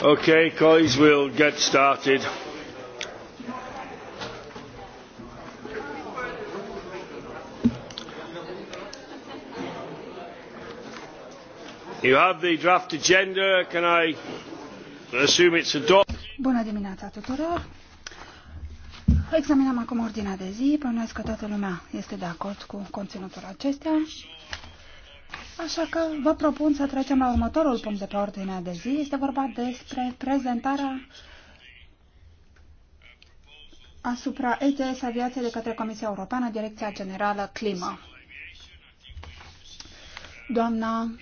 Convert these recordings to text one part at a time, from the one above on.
Okay, colleagues, we'll get started. You have the draft agenda. Can I assume it's adopted? Bună dimineața tuturor. Examinăm acum ordinea de zi. Bănuiesc că toată lumea este de acord cu conținutul acestea. Așa că vă propun să trecem la următorul punct de pe ordinea de zi. Este vorba despre prezentarea asupra ETS aviației de către Comisia Europeană, Direcția Generală Climă. Doamna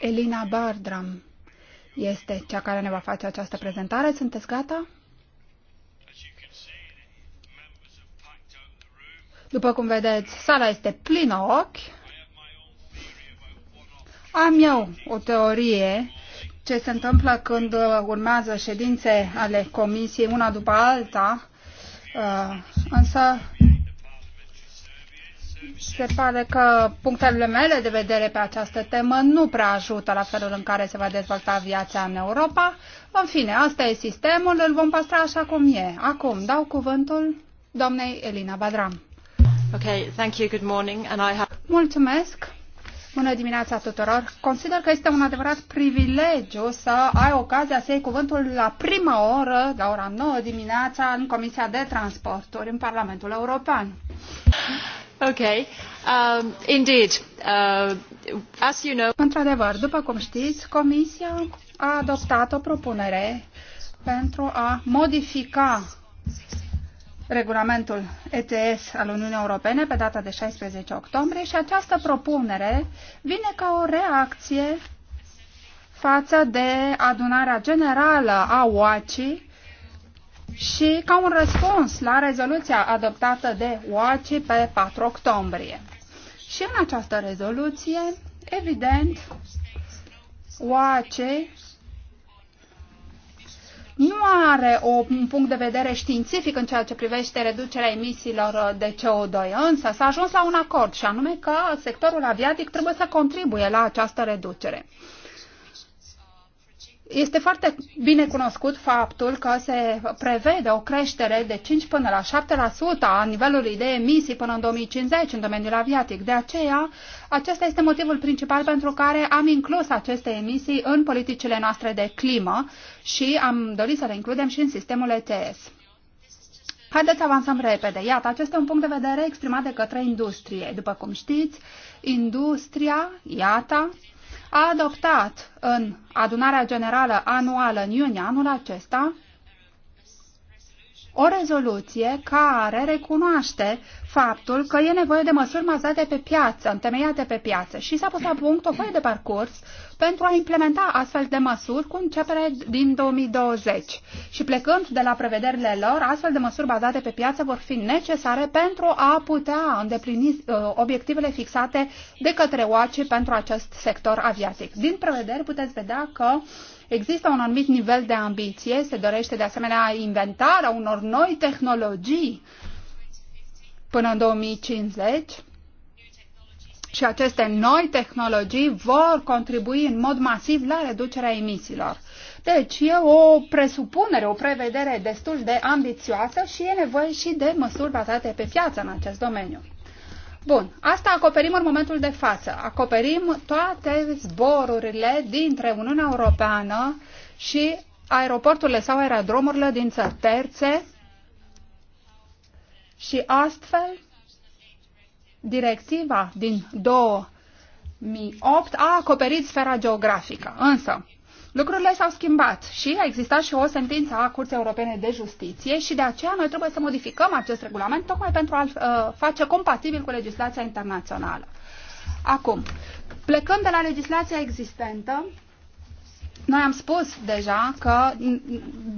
Elina Bardram este cea care ne va face această prezentare. Sunteți gata? După cum vedeți, sala este plină ochi. Am eu o teorie ce se întâmplă când uh, urmează ședințe ale comisiei una după alta, uh, însă se pare că punctele mele de vedere pe această temă nu prea ajută la felul în care se va dezvolta viața în Europa. În fine, asta e sistemul, îl vom păstra așa cum e. Acum dau cuvântul doamnei Elina Badram. Okay, thank you, good morning, and I have... Mulțumesc. Bună dimineața tuturor! Consider că este un adevărat privilegiu să ai ocazia să iei cuvântul la prima oră, la ora 9 dimineața, în Comisia de Transporturi în Parlamentul European. Ok. Uh, indeed. Uh, as you know... Într-adevăr, după cum știți, Comisia a adoptat o propunere pentru a modifica regulamentul ETS al Uniunii Europene pe data de 16 octombrie și această propunere vine ca o reacție față de adunarea generală a OACI și ca un răspuns la rezoluția adoptată de OACI pe 4 octombrie. Și în această rezoluție, evident, OACI nu are o, un punct de vedere științific în ceea ce privește reducerea emisiilor de CO2, însă s-a ajuns la un acord și anume că sectorul aviatic trebuie să contribuie la această reducere. Este foarte bine cunoscut faptul că se prevede o creștere de 5 până la 7% a nivelului de emisii până în 2050 în domeniul aviatic. De aceea, acesta este motivul principal pentru care am inclus aceste emisii în politicile noastre de climă și am dorit să le includem și în sistemul ETS. Haideți să avansăm repede. Iată, acesta este un punct de vedere exprimat de către industrie. După cum știți, industria, iată, a adoptat în adunarea generală anuală în iunie anul acesta o rezoluție care recunoaște faptul că e nevoie de măsuri bazate pe piață, întemeiate pe piață și s-a pus la punct o foaie de parcurs pentru a implementa astfel de măsuri cu începere din 2020. Și plecând de la prevederile lor, astfel de măsuri bazate pe piață vor fi necesare pentru a putea îndeplini uh, obiectivele fixate de către OACI pentru acest sector aviatic. Din prevederi puteți vedea că uh, Există un anumit nivel de ambiție, se dorește de asemenea inventarea unor noi tehnologii până în 2050 și aceste noi tehnologii vor contribui în mod masiv la reducerea emisiilor. Deci e o presupunere, o prevedere destul de ambițioasă și e nevoie și de măsuri bazate pe piață în acest domeniu. Bun, asta acoperim în momentul de față. Acoperim toate zborurile dintre Uniunea Europeană și aeroporturile sau aerodromurile din țări terțe și astfel directiva din 2008 a acoperit sfera geografică. Însă, Lucrurile s-au schimbat și a existat și o sentință a Curții Europene de Justiție și de aceea noi trebuie să modificăm acest regulament tocmai pentru a-l uh, face compatibil cu legislația internațională. Acum, plecând de la legislația existentă, noi am spus deja că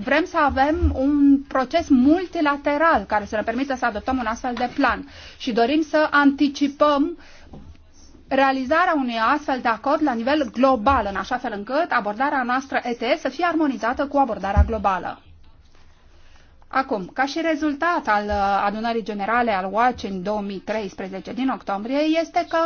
vrem să avem un proces multilateral care să ne permită să adoptăm un astfel de plan și dorim să anticipăm uh, realizarea unui astfel de acord la nivel global, în așa fel încât abordarea noastră ETS să fie armonizată cu abordarea globală. Acum, ca și rezultat al uh, adunării generale al WACH în 2013 din octombrie, este că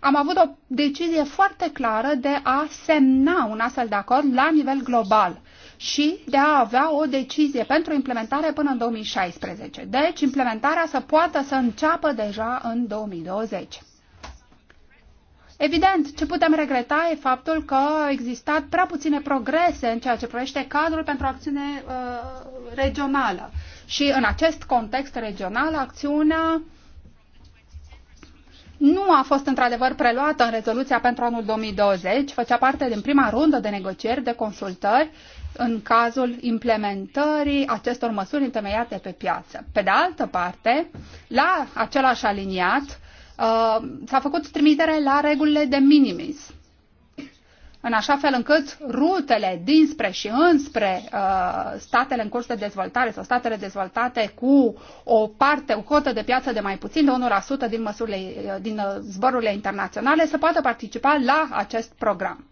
am avut o decizie foarte clară de a semna un astfel de acord la nivel global și de a avea o decizie pentru implementare până în 2016. Deci, implementarea să poată să înceapă deja în 2020. Evident, ce putem regreta e faptul că au existat prea puține progrese în ceea ce privește cadrul pentru acțiune uh, regională. Și în acest context regional, acțiunea nu a fost într-adevăr preluată în rezoluția pentru anul 2020, făcea parte din prima rundă de negocieri, de consultări, în cazul implementării acestor măsuri întemeiate pe piață. Pe de altă parte, la același aliniat, Uh, s-a făcut trimitere la regulile de minimis în așa fel încât rutele dinspre și înspre uh, statele în curs de dezvoltare sau statele dezvoltate cu o parte, o cotă de piață de mai puțin de 1% din, măsurile, uh, din uh, zborurile internaționale să poată participa la acest program.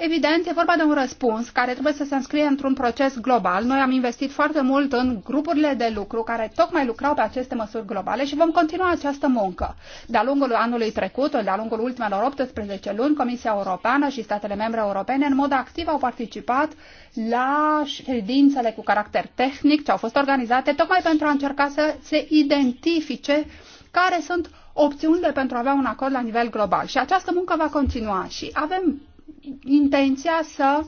Evident, e vorba de un răspuns care trebuie să se înscrie într-un proces global. Noi am investit foarte mult în grupurile de lucru care tocmai lucrau pe aceste măsuri globale și vom continua această muncă. De-a lungul anului trecut, de-a lungul ultimelor 18 luni, Comisia Europeană și statele membre europene în mod activ au participat la ședințele cu caracter tehnic ce au fost organizate tocmai pentru a încerca să se identifice care sunt opțiunile pentru a avea un acord la nivel global. Și această muncă va continua și avem intenția să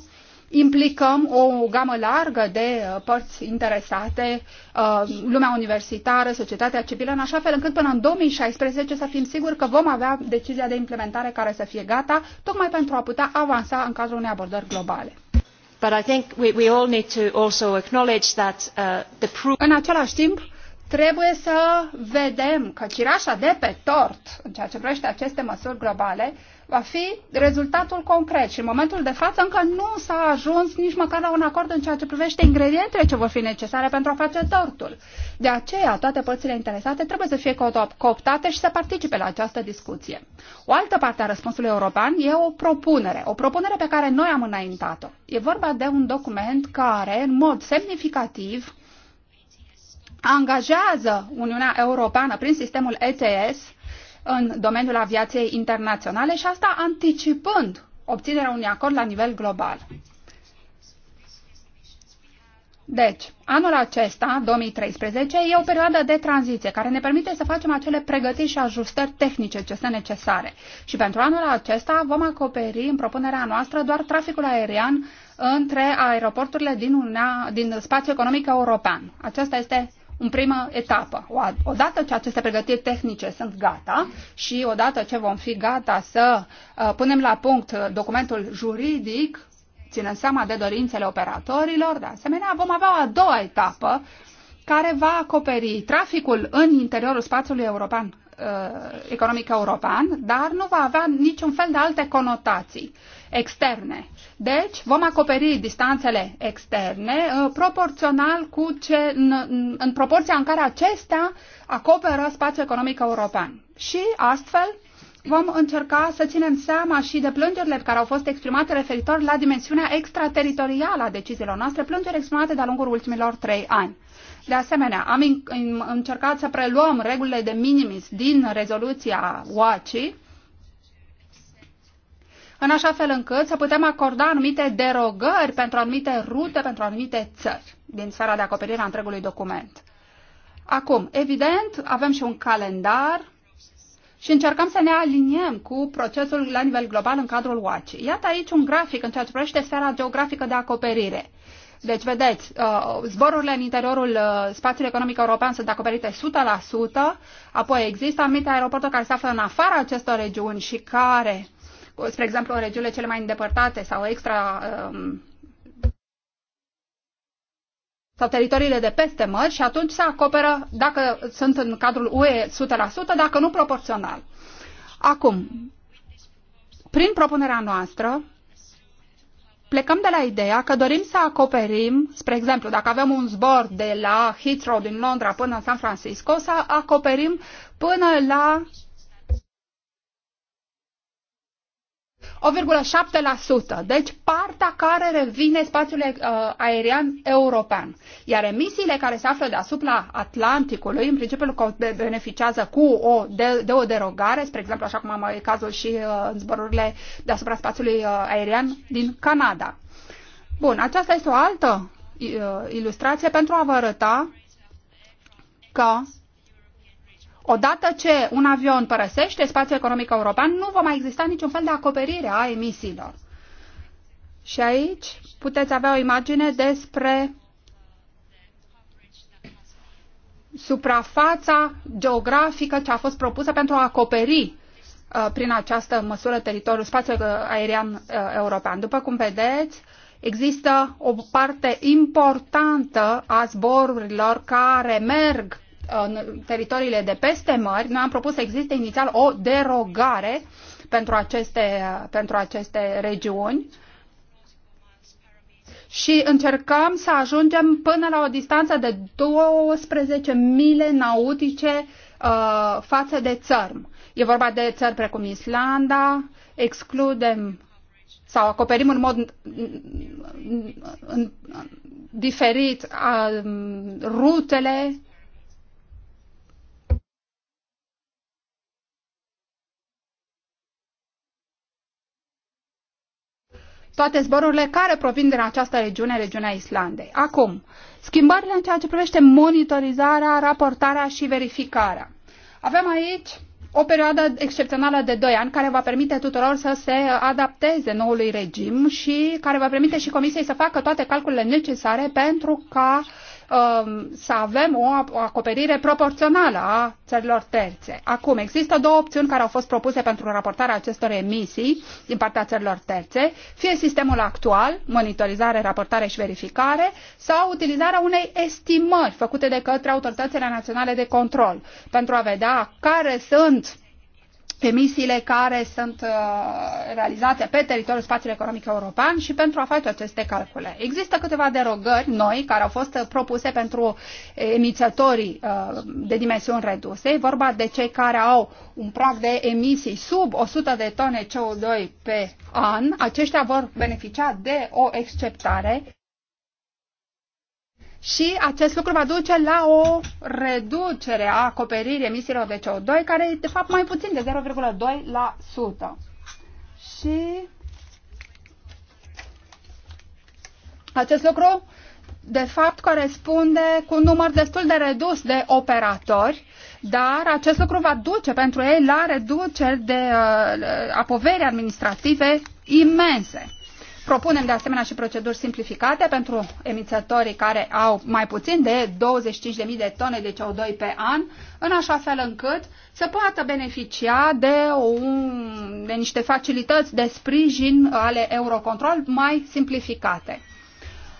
implicăm o gamă largă de uh, părți interesate, uh, lumea universitară, societatea civilă, în așa fel încât până în 2016 să fim siguri că vom avea decizia de implementare care să fie gata, tocmai pentru a putea avansa în cadrul unei abordări globale. Uh, în același timp, trebuie să vedem că cirașa de pe tort, în ceea ce privește aceste măsuri globale, va fi rezultatul concret și în momentul de față încă nu s-a ajuns nici măcar la un acord în ceea ce privește ingredientele ce vor fi necesare pentru a face tortul. De aceea, toate părțile interesate trebuie să fie cooptate și să participe la această discuție. O altă parte a răspunsului european e o propunere, o propunere pe care noi am înaintat-o. E vorba de un document care, în mod semnificativ, angajează Uniunea Europeană prin sistemul ETS în domeniul aviației internaționale și asta anticipând obținerea unui acord la nivel global. Deci, anul acesta, 2013, e o perioadă de tranziție care ne permite să facem acele pregătiri și ajustări tehnice ce sunt necesare. Și pentru anul acesta vom acoperi în propunerea noastră doar traficul aerian între aeroporturile din, una, din spațiul economic european. Aceasta este în prima etapă. Odată ce aceste pregătiri tehnice sunt gata și odată ce vom fi gata să uh, punem la punct uh, documentul juridic, ținând seama de dorințele operatorilor, de asemenea, vom avea o a doua etapă care va acoperi traficul în interiorul spațiului european, uh, economic european, dar nu va avea niciun fel de alte conotații externe. Deci, vom acoperi distanțele externe uh, proporțional cu ce, în, în proporția în care acestea acoperă spațiul economic european. Și astfel, vom încerca să ținem seama și de plângerile care au fost exprimate referitor la dimensiunea extrateritorială a deciziilor noastre, plângeri exprimate de-a lungul ultimilor trei ani. De asemenea, am încercat să preluăm regulile de minimis din rezoluția UACI, în așa fel încât să putem acorda anumite derogări pentru anumite rute, pentru anumite țări din sfera de acoperire a întregului document. Acum, evident, avem și un calendar și încercăm să ne aliniem cu procesul la nivel global în cadrul WACI. Iată aici un grafic în ceea ce privește sfera geografică de acoperire. Deci, vedeți, uh, zborurile în interiorul uh, spațiului economic european sunt acoperite 100%, apoi există anumite aeroporturi care se află în afara acestor regiuni și care spre exemplu, în regiunile cele mai îndepărtate sau extra um, sau teritoriile de peste mări și atunci se acoperă, dacă sunt în cadrul UE 100%, dacă nu proporțional. Acum, prin propunerea noastră, plecăm de la ideea că dorim să acoperim, spre exemplu, dacă avem un zbor de la Heathrow din Londra până în San Francisco, să acoperim până la 1,7%, deci partea care revine spațiului uh, aerian european. Iar emisiile care se află deasupra Atlanticului, în principiu beneficiază cu o, de, de o derogare, spre exemplu așa cum am cazul și uh, în zborurile deasupra spațiului uh, aerian din Canada. Bun, aceasta este o altă ilustrație pentru a vă arăta că Odată ce un avion părăsește spațiul economic european, nu va mai exista niciun fel de acoperire a emisiilor. Și aici puteți avea o imagine despre suprafața geografică ce a fost propusă pentru a acoperi uh, prin această măsură teritoriul spațiul uh, aerian uh, european. După cum vedeți, există o parte importantă a zborurilor care merg în teritoriile de peste mări, noi am propus să existe inițial o derogare pentru aceste, pentru aceste regiuni și încercăm să ajungem până la o distanță de 12 mile nautice uh, față de țărm. E vorba de țări precum Islanda, excludem sau acoperim în mod diferit uh, rutele toate zborurile care provin din această regiune, regiunea Islandei. Acum, schimbările în ceea ce privește monitorizarea, raportarea și verificarea. Avem aici o perioadă excepțională de 2 ani care va permite tuturor să se adapteze noului regim și care va permite și Comisiei să facă toate calculele necesare pentru ca uh, Um, să avem o acoperire proporțională a țărilor terțe. Acum, există două opțiuni care au fost propuse pentru raportarea acestor emisii din partea țărilor terțe, fie sistemul actual, monitorizare, raportare și verificare, sau utilizarea unei estimări făcute de către autoritățile naționale de control pentru a vedea care sunt misiile care sunt uh, realizate pe teritoriul spațiului economic european și pentru a face aceste calcule. Există câteva derogări noi care au fost propuse pentru emițătorii uh, de dimensiuni reduse. E vorba de cei care au un prag de emisii sub 100 de tone CO2 pe an. Aceștia vor beneficia de o exceptare și acest lucru va duce la o reducere a acoperirii emisiilor de CO2, care e de fapt mai puțin de 0,2%. Și acest lucru de fapt corespunde cu un număr destul de redus de operatori, dar acest lucru va duce pentru ei la reduceri de uh, apoveri administrative imense. Propunem de asemenea și proceduri simplificate pentru emițătorii care au mai puțin de 25.000 de tone de CO2 pe an, în așa fel încât să poată beneficia de, un, de niște facilități de sprijin ale Eurocontrol mai simplificate.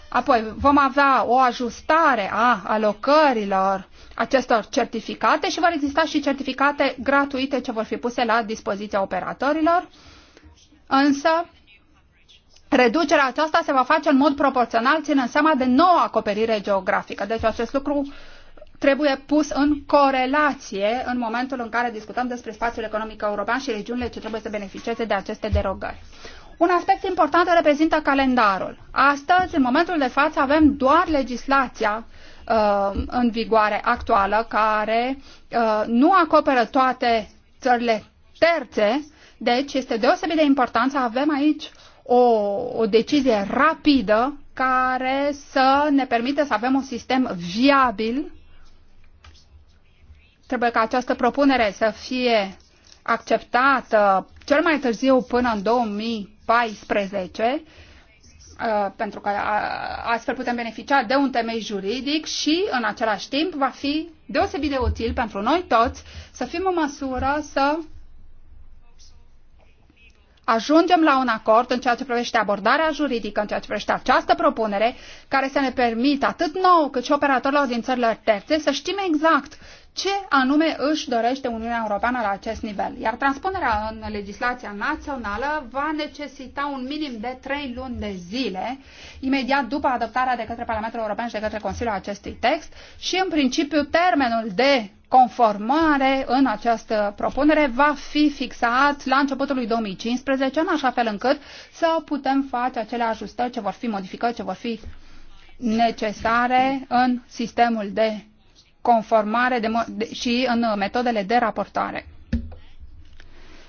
Apoi vom avea o ajustare a alocărilor acestor certificate și vor exista și certificate gratuite ce vor fi puse la dispoziția operatorilor. Însă, Reducerea aceasta se va face în mod proporțional, ținând seama de noua acoperire geografică. Deci acest lucru trebuie pus în corelație în momentul în care discutăm despre spațiul economic european și regiunile ce trebuie să beneficieze de aceste derogări. Un aspect important reprezintă calendarul. Astăzi, în momentul de față, avem doar legislația uh, în vigoare actuală care uh, nu acoperă toate țările terțe, deci este deosebit de important să avem aici o, o decizie rapidă care să ne permită să avem un sistem viabil. Trebuie ca această propunere să fie acceptată cel mai târziu până în 2014 uh, pentru că uh, astfel putem beneficia de un temei juridic și, în același timp, va fi deosebit de util pentru noi toți să fim în măsură să ajungem la un acord în ceea ce privește abordarea juridică, în ceea ce privește această propunere, care să ne permită atât nouă cât și operatorilor din țările terțe să știm exact ce anume își dorește Uniunea Europeană la acest nivel. Iar transpunerea în legislația națională va necesita un minim de trei luni de zile, imediat după adoptarea de către Parlamentul European și de către Consiliul acestui text și, în principiu, termenul de conformare în această propunere va fi fixat la începutul lui 2015, în așa fel încât să putem face acele ajustări ce vor fi modificări, ce vor fi necesare în sistemul de conformare de, de, și în metodele de raportare.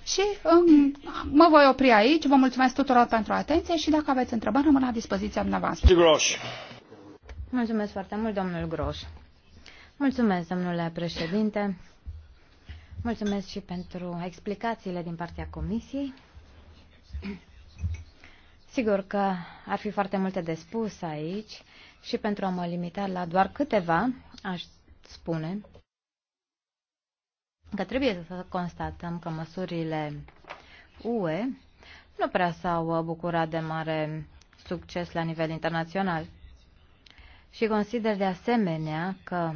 Și um, mă voi opri aici. Vă mulțumesc tuturor pentru atenție și dacă aveți întrebări, rămân la dispoziția dumneavoastră. Groș. Mulțumesc foarte mult, domnul Groș. Mulțumesc, domnule președinte. Mulțumesc și pentru explicațiile din partea Comisiei. Sigur că ar fi foarte multe de spus aici și pentru a mă limita la doar câteva, aș spune că trebuie să constatăm că măsurile UE nu prea s-au bucurat de mare succes la nivel internațional. Și consider de asemenea că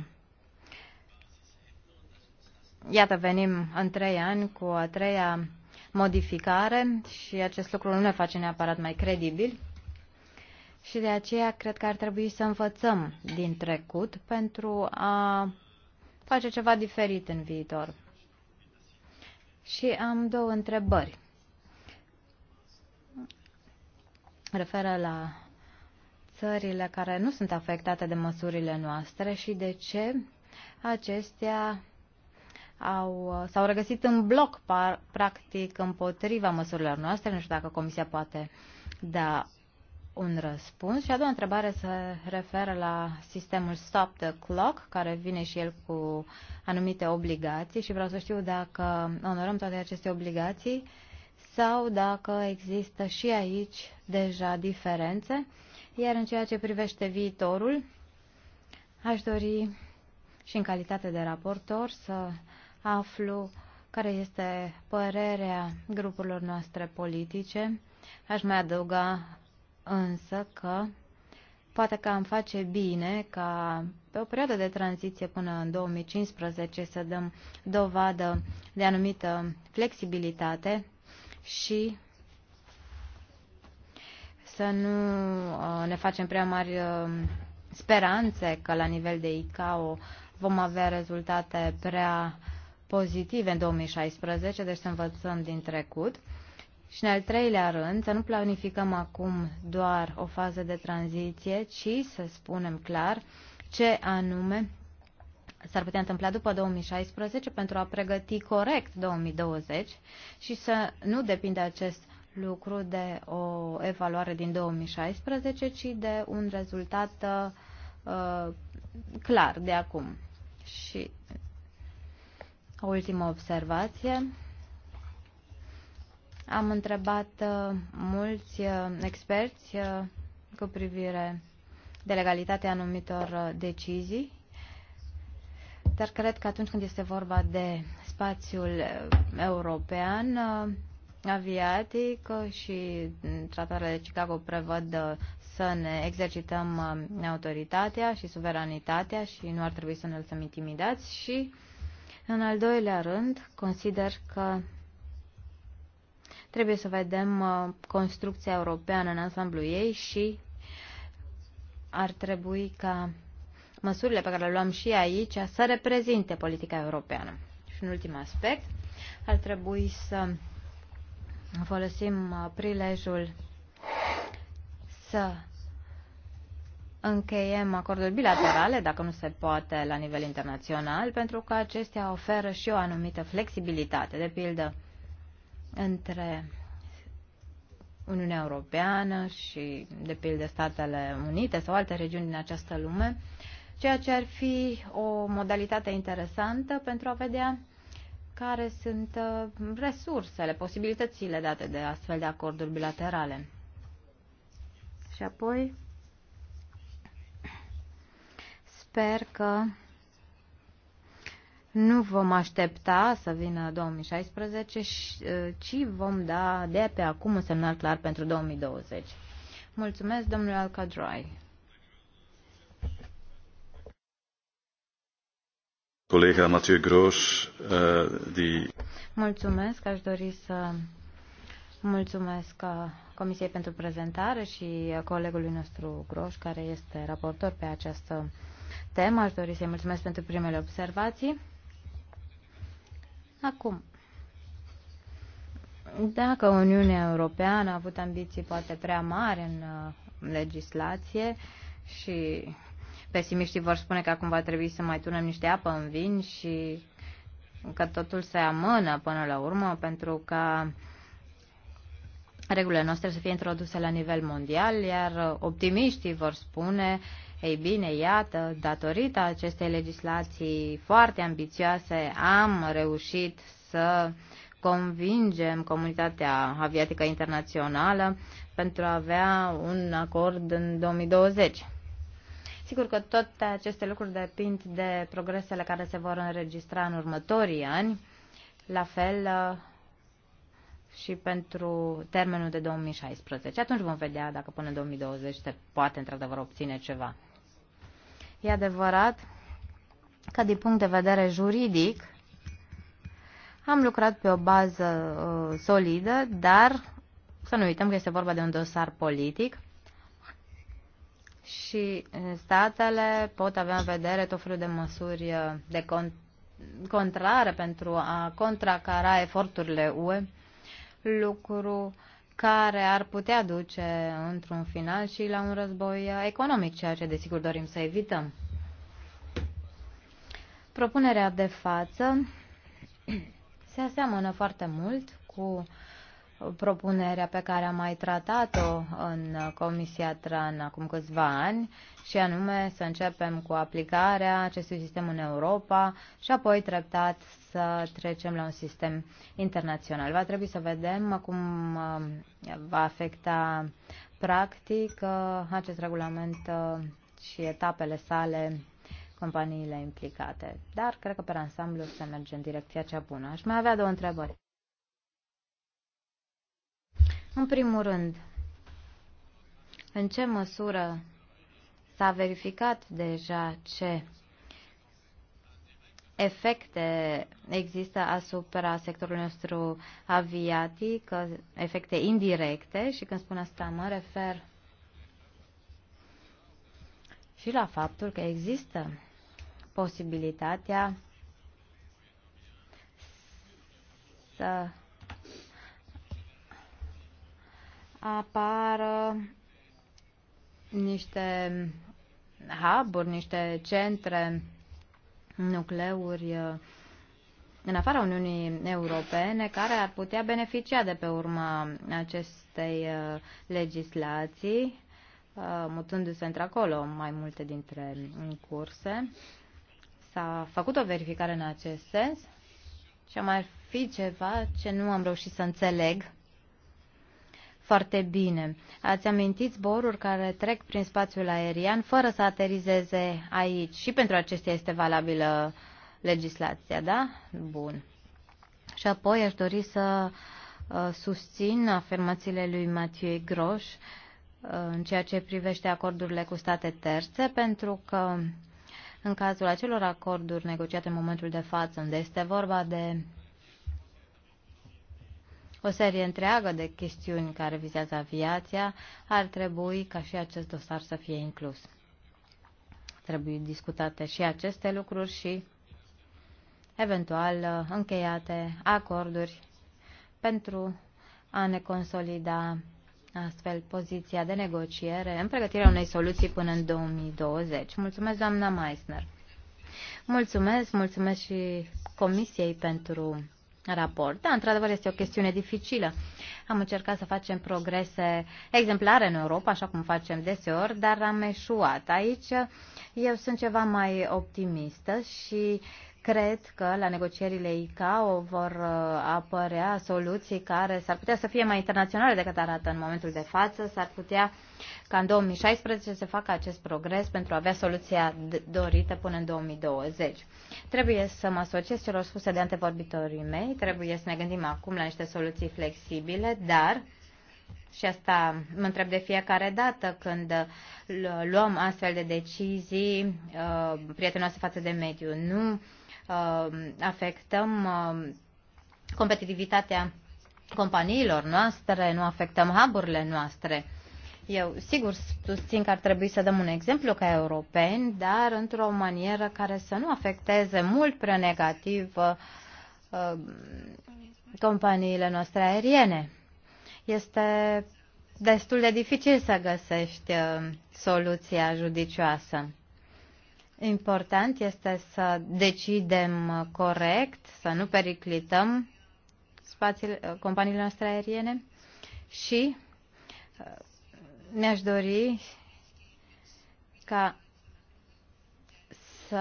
Iată, venim în trei ani cu a treia modificare și acest lucru nu ne face neapărat mai credibil Și de aceea cred că ar trebui să învățăm din trecut pentru a face ceva diferit în viitor. Și am două întrebări. Referă la țările care nu sunt afectate de măsurile noastre și de ce acestea au, uh, s-au regăsit în bloc, par, practic, împotriva măsurilor noastre. Nu știu dacă Comisia poate da un răspuns. Și a doua întrebare se referă la sistemul Stop the Clock, care vine și el cu anumite obligații și vreau să știu dacă onorăm toate aceste obligații sau dacă există și aici deja diferențe. Iar în ceea ce privește viitorul, aș dori și în calitate de raportor să aflu care este părerea grupurilor noastre politice. Aș mai adăuga însă că poate că am face bine ca pe o perioadă de tranziție până în 2015 să dăm dovadă de anumită flexibilitate și să nu uh, ne facem prea mari uh, speranțe că la nivel de ICAO vom avea rezultate prea pozitive în 2016, deci să învățăm din trecut. Și în al treilea rând, să nu planificăm acum doar o fază de tranziție, ci să spunem clar ce anume s-ar putea întâmpla după 2016 pentru a pregăti corect 2020 și să nu depinde acest lucru de o evaluare din 2016, ci de un rezultat uh, clar de acum. Și o ultimă observație. Am întrebat uh, mulți uh, experți uh, cu privire de legalitatea anumitor decizii, dar cred că atunci când este vorba de spațiul european, aviatic și tratarea de Chicago prevăd să ne exercităm autoritatea și suveranitatea și nu ar trebui să ne lăsăm intimidați și în al doilea rând, consider că trebuie să vedem uh, construcția europeană în ansamblu ei și ar trebui ca măsurile pe care le luăm și aici să reprezinte politica europeană. Și un ultim aspect, ar trebui să folosim uh, prilejul să încheiem acorduri bilaterale, dacă nu se poate la nivel internațional, pentru că acestea oferă și o anumită flexibilitate, de pildă între Uniunea Europeană și, de pildă, Statele Unite sau alte regiuni din această lume, ceea ce ar fi o modalitate interesantă pentru a vedea care sunt uh, resursele, posibilitățile date de astfel de acorduri bilaterale. Și apoi, sper că nu vom aștepta să vină 2016, uh, ci vom da de pe acum un semnal clar pentru 2020. Mulțumesc, domnule Alcadroi. Colega Mathieu Gros, uh, di... Mulțumesc, aș dori să mulțumesc uh, Comisiei pentru prezentare și uh, colegului nostru Groș, care este raportor pe această temă. Aș dori să-i mulțumesc pentru primele observații. Acum, dacă Uniunea Europeană a avut ambiții poate prea mari în uh, legislație și pesimiștii vor spune că acum va trebui să mai tunem niște apă în vin și că totul se amână până la urmă pentru că regulile noastre să fie introduse la nivel mondial, iar optimiștii vor spune ei bine, iată, datorită acestei legislații foarte ambițioase, am reușit să convingem comunitatea aviatică internațională pentru a avea un acord în 2020. Sigur că toate aceste lucruri depind de progresele care se vor înregistra în următorii ani, la fel uh, și pentru termenul de 2016. Atunci vom vedea dacă până 2020 se poate într-adevăr obține ceva. E adevărat că din punct de vedere juridic am lucrat pe o bază uh, solidă, dar să nu uităm că este vorba de un dosar politic și uh, statele pot avea în vedere tot felul de măsuri uh, de con- contrare pentru a contracara eforturile UE, lucru uh, care ar putea duce într-un final și la un război economic, ceea ce desigur dorim să evităm. Propunerea de față se aseamănă foarte mult cu propunerea pe care am mai tratat-o în Comisia TRAN acum câțiva ani, și anume să începem cu aplicarea acestui sistem în Europa și apoi treptat să trecem la un sistem internațional. Va trebui să vedem cum uh, va afecta practic uh, acest regulament uh, și etapele sale companiile implicate. Dar cred că pe ansamblu se merge în direcția cea bună. Aș mai avea două întrebări. În primul rând, în ce măsură s-a verificat deja ce efecte există asupra sectorului nostru aviatic, efecte indirecte și când spun asta mă refer și la faptul că există posibilitatea să Apar niște hub niște centre, nucleuri uh, în afara Uniunii Europene care ar putea beneficia de pe urma acestei uh, legislații, uh, mutându-se într-acolo mai multe dintre curse. S-a făcut o verificare în acest sens și a mai fi ceva ce nu am reușit să înțeleg foarte bine. Ați amintit zboruri care trec prin spațiul aerian fără să aterizeze aici. Și pentru acestea este valabilă legislația, da? Bun. Și apoi aș dori să uh, susțin afirmațiile lui Mathieu Groș uh, în ceea ce privește acordurile cu state terțe, pentru că în cazul acelor acorduri negociate în momentul de față, unde este vorba de o serie întreagă de chestiuni care vizează aviația, ar trebui ca și acest dosar să fie inclus. Trebuie discutate și aceste lucruri și eventual încheiate acorduri pentru a ne consolida astfel poziția de negociere în pregătirea unei soluții până în 2020. Mulțumesc, doamna Meissner. Mulțumesc, mulțumesc și Comisiei pentru raport. Da, într-adevăr, este o chestiune dificilă. Am încercat să facem progrese exemplare în Europa, așa cum facem deseori, dar am eșuat. Aici eu sunt ceva mai optimistă și Cred că la negocierile ICAO vor uh, apărea soluții care s-ar putea să fie mai internaționale decât arată în momentul de față, s-ar putea ca în 2016 să facă acest progres pentru a avea soluția dorită până în 2020. Trebuie să mă asociez celor spuse de antevorbitorii mei, trebuie să ne gândim acum la niște soluții flexibile, dar și asta mă întreb de fiecare dată când uh, luăm astfel de decizii uh, prietenoase față de mediu. Nu Uh, afectăm uh, competitivitatea companiilor noastre, nu afectăm haburile noastre. Eu sigur susțin că ar trebui să dăm un exemplu ca europeni, dar într-o manieră care să nu afecteze mult prea negativ uh, companiile noastre aeriene. Este destul de dificil să găsești uh, soluția judicioasă. Important este să decidem corect, să nu periclităm spațiile, companiile noastre aeriene și mi-aș uh, dori ca să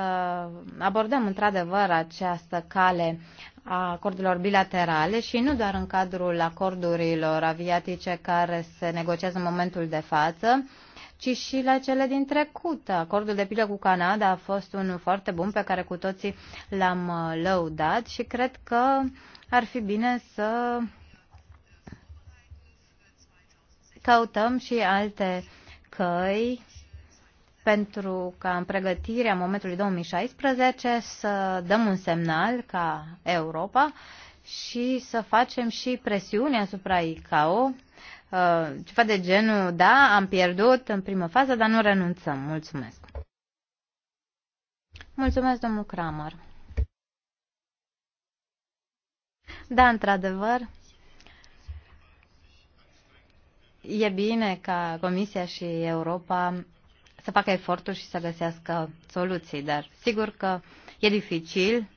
abordăm într-adevăr această cale a acordurilor bilaterale și nu doar în cadrul acordurilor aviatice care se negociază în momentul de față, ci și la cele din trecut. Acordul de pilă cu Canada a fost unul foarte bun pe care cu toții l-am uh, lăudat și cred că ar fi bine să căutăm și alte căi pentru ca în pregătirea momentului 2016 să dăm un semnal ca Europa și să facem și presiune asupra ICAO Uh, ceva de genul, da, am pierdut în primă fază, dar nu renunțăm. Mulțumesc. Mulțumesc, domnul Kramer. Da, într-adevăr, e bine ca Comisia și Europa să facă eforturi și să găsească soluții, dar sigur că e dificil.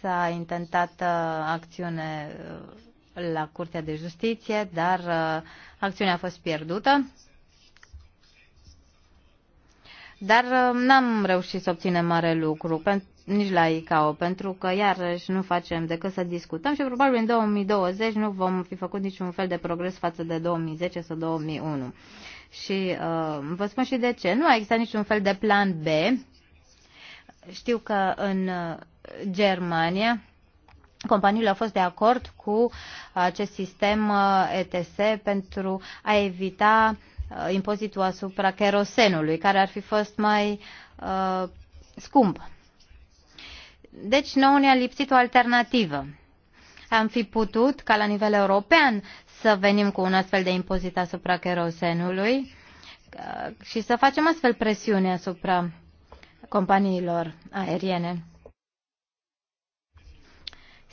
S-a intentat uh, acțiune uh, la Curtea de Justiție, dar uh, acțiunea a fost pierdută. Dar uh, n-am reușit să obținem mare lucru, nici la ICAO, pentru că iarăși nu facem decât să discutăm și probabil în 2020 nu vom fi făcut niciun fel de progres față de 2010 sau 2001. Și uh, vă spun și de ce. Nu a existat niciun fel de plan B. Știu că în uh, Germania Companiile au fost de acord cu acest sistem uh, ETS pentru a evita uh, impozitul asupra kerosenului, care ar fi fost mai uh, scump. Deci nouă ne-a lipsit o alternativă. Am fi putut, ca la nivel european, să venim cu un astfel de impozit asupra kerosenului uh, și să facem astfel presiune asupra companiilor aeriene.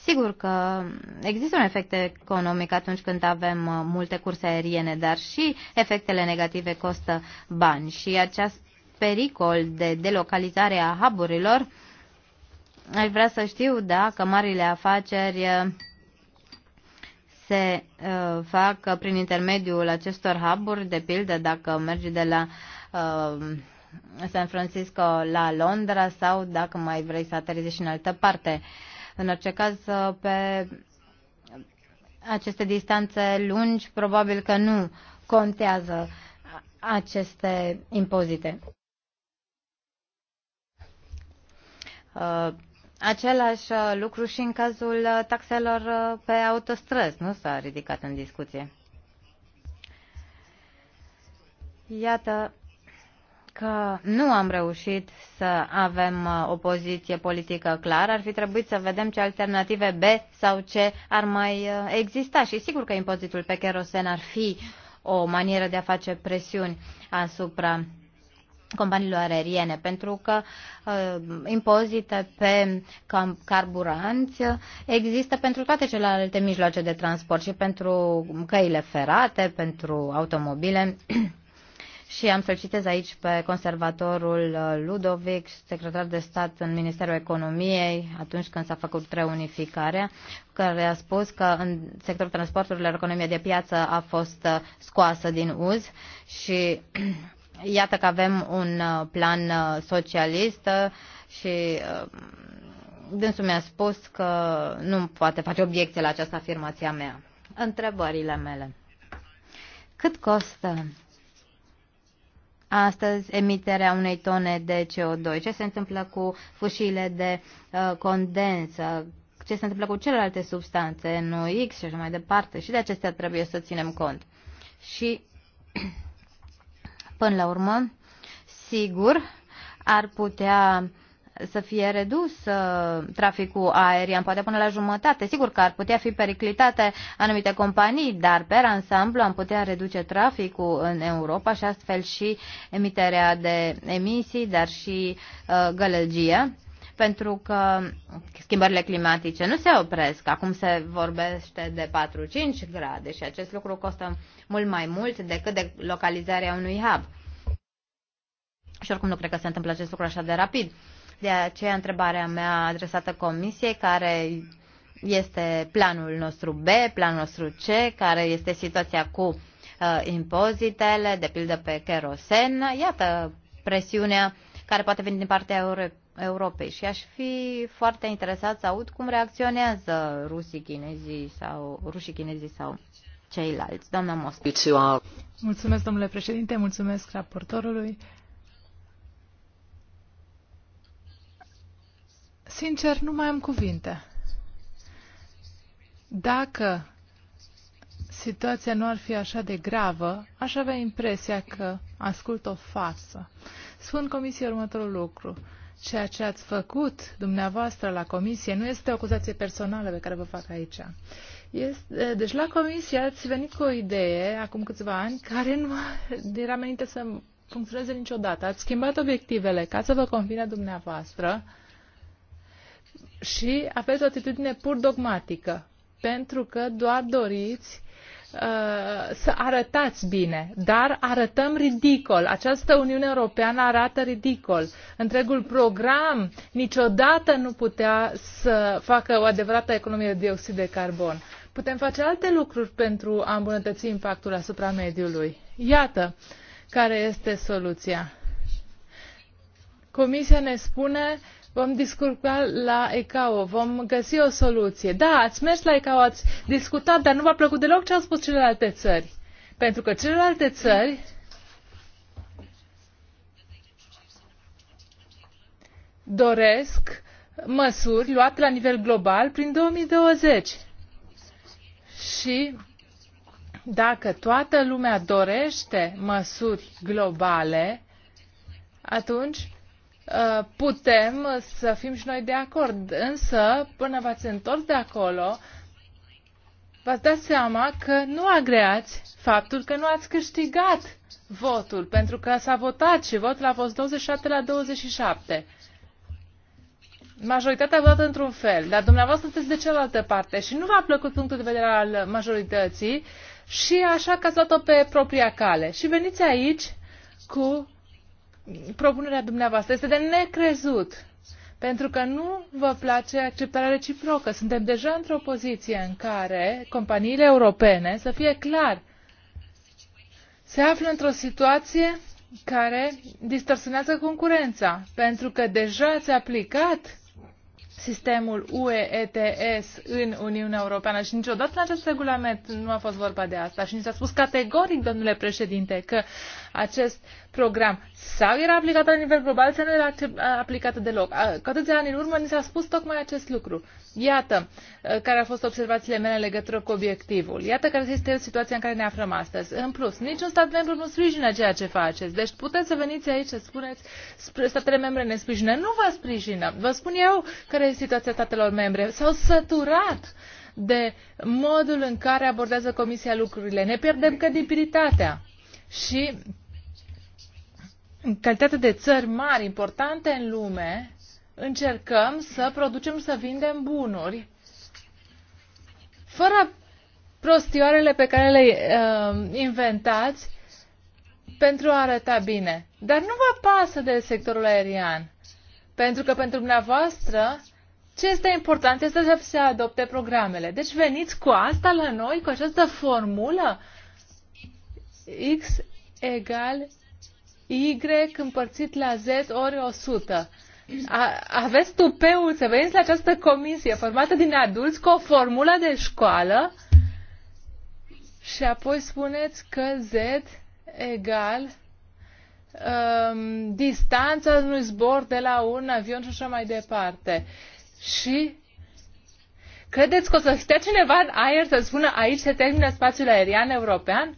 Sigur că există un efect economic atunci când avem uh, multe curse aeriene, dar și efectele negative costă bani și acest pericol de delocalizare a haburilor aș vrea să știu dacă marile afaceri uh, se uh, fac prin intermediul acestor huburi, de pildă dacă mergi de la uh, San Francisco la Londra sau dacă mai vrei să aterizezi și în altă parte. Uh, în orice caz, pe aceste distanțe lungi, probabil că nu contează aceste impozite. Uh, același uh, lucru și în cazul uh, taxelor pe autostrăzi, nu s-a ridicat în discuție. Iată că nu am reușit să avem uh, o poziție politică clară. Ar fi trebuit să vedem ce alternative B sau C ar mai uh, exista și sigur că impozitul pe kerosen ar fi o manieră de a face presiuni asupra companiilor aeriene, pentru că uh, impozite pe carburanți există pentru toate celelalte mijloace de transport și pentru căile ferate, pentru automobile. și am să-l citez aici pe conservatorul uh, Ludovic, secretar de stat în Ministerul Economiei, atunci când s-a făcut reunificarea, care a spus că în sectorul transporturilor economia de piață a fost uh, scoasă din uz și iată că avem un uh, plan socialist și dânsul mi-a spus că nu poate face obiecție la această afirmație a mea. Întrebările mele. Cât costă astăzi emiterea unei tone de CO2. Ce se întâmplă cu fâșiile de uh, condensă? condens? Ce se întâmplă cu celelalte substanțe, NOx și așa mai departe? Și de acestea trebuie să ținem cont. Și până la urmă, sigur, ar putea să fie redus uh, traficul aerian, poate până la jumătate. Sigur că ar putea fi periclitate anumite companii, dar pe ansamblu am putea reduce traficul în Europa și astfel și emiterea de emisii, dar și uh, gălăgie pentru că schimbările climatice nu se opresc. Acum se vorbește de 4-5 grade și acest lucru costă mult mai mult decât de localizarea unui hub. Și oricum nu cred că se întâmplă acest lucru așa de rapid. De aceea întrebarea mea adresată Comisiei, care este planul nostru B, planul nostru C, care este situația cu uh, impozitele, de pildă pe kerosen. Iată presiunea care poate veni din partea Europei și aș fi foarte interesat să aud cum reacționează rusii, chinezii sau rușii, chinezii sau ceilalți. Doamna Moscu. Mulțumesc, domnule președinte, mulțumesc raportorului Sincer, nu mai am cuvinte. Dacă situația nu ar fi așa de gravă, aș avea impresia că ascult o farsă. Spun comisiei următorul lucru. Ceea ce ați făcut dumneavoastră la comisie nu este o acuzație personală pe care vă fac aici. Este, deci la comisie ați venit cu o idee acum câțiva ani care nu era menită să funcționeze niciodată. Ați schimbat obiectivele ca să vă convine dumneavoastră și aveți o atitudine pur dogmatică, pentru că doar doriți uh, să arătați bine, dar arătăm ridicol. Această Uniune Europeană arată ridicol. Întregul program niciodată nu putea să facă o adevărată economie de dioxid de carbon. Putem face alte lucruri pentru a îmbunătăți impactul asupra mediului. Iată care este soluția. Comisia ne spune vom discuta la ICAO, vom găsi o soluție. Da, ați mers la ICAO, ați discutat, dar nu v-a plăcut deloc ce au spus celelalte țări. Pentru că celelalte țări doresc măsuri luate la nivel global prin 2020. Și dacă toată lumea dorește măsuri globale, atunci Uh, putem să fim și noi de acord. Însă, până v-ați întors de acolo, v-ați dat seama că nu agreați faptul că nu ați câștigat votul, pentru că s-a votat și votul a fost 27 la 27. Majoritatea a votat într-un fel, dar dumneavoastră sunteți de cealaltă parte și nu v-a plăcut punctul de vedere al majorității și așa că ați luat-o pe propria cale. Și veniți aici cu propunerea dumneavoastră este de necrezut, pentru că nu vă place acceptarea reciprocă. Suntem deja într-o poziție în care companiile europene, să fie clar, se află într-o situație care distorsionează concurența, pentru că deja ați aplicat sistemul UE ETS în Uniunea Europeană și niciodată în acest regulament nu a fost vorba de asta și ni s-a spus categoric, domnule președinte, că acest program sau era aplicată la nivel global sau nu era aplicată deloc. Cu atâția ani în urmă ni s-a spus tocmai acest lucru. Iată care au fost observațiile mele în legătură cu obiectivul. Iată care este situația în care ne aflăm astăzi. În plus, niciun stat membru nu sprijină ceea ce faceți. Deci puteți să veniți aici să spuneți statele membre ne sprijină. Nu vă sprijină. Vă spun eu care este situația statelor membre. S-au săturat de modul în care abordează Comisia lucrurile. Ne pierdem credibilitatea. Și în calitate de țări mari, importante în lume, încercăm să producem, să vindem bunuri, fără prostioarele pe care le uh, inventați pentru a arăta bine. Dar nu vă pasă de sectorul aerian, pentru că pentru dumneavoastră ce este important este să se adopte programele. Deci veniți cu asta la noi, cu această formulă X egal Y împărțit la Z ori 100. A, aveți tupeul să veniți la această comisie formată din adulți cu o formulă de școală și apoi spuneți că Z egal um, distanța unui zbor de la un avion și așa mai departe. Și credeți că o să stea cineva în aer să spună aici se termină spațiul aerian european?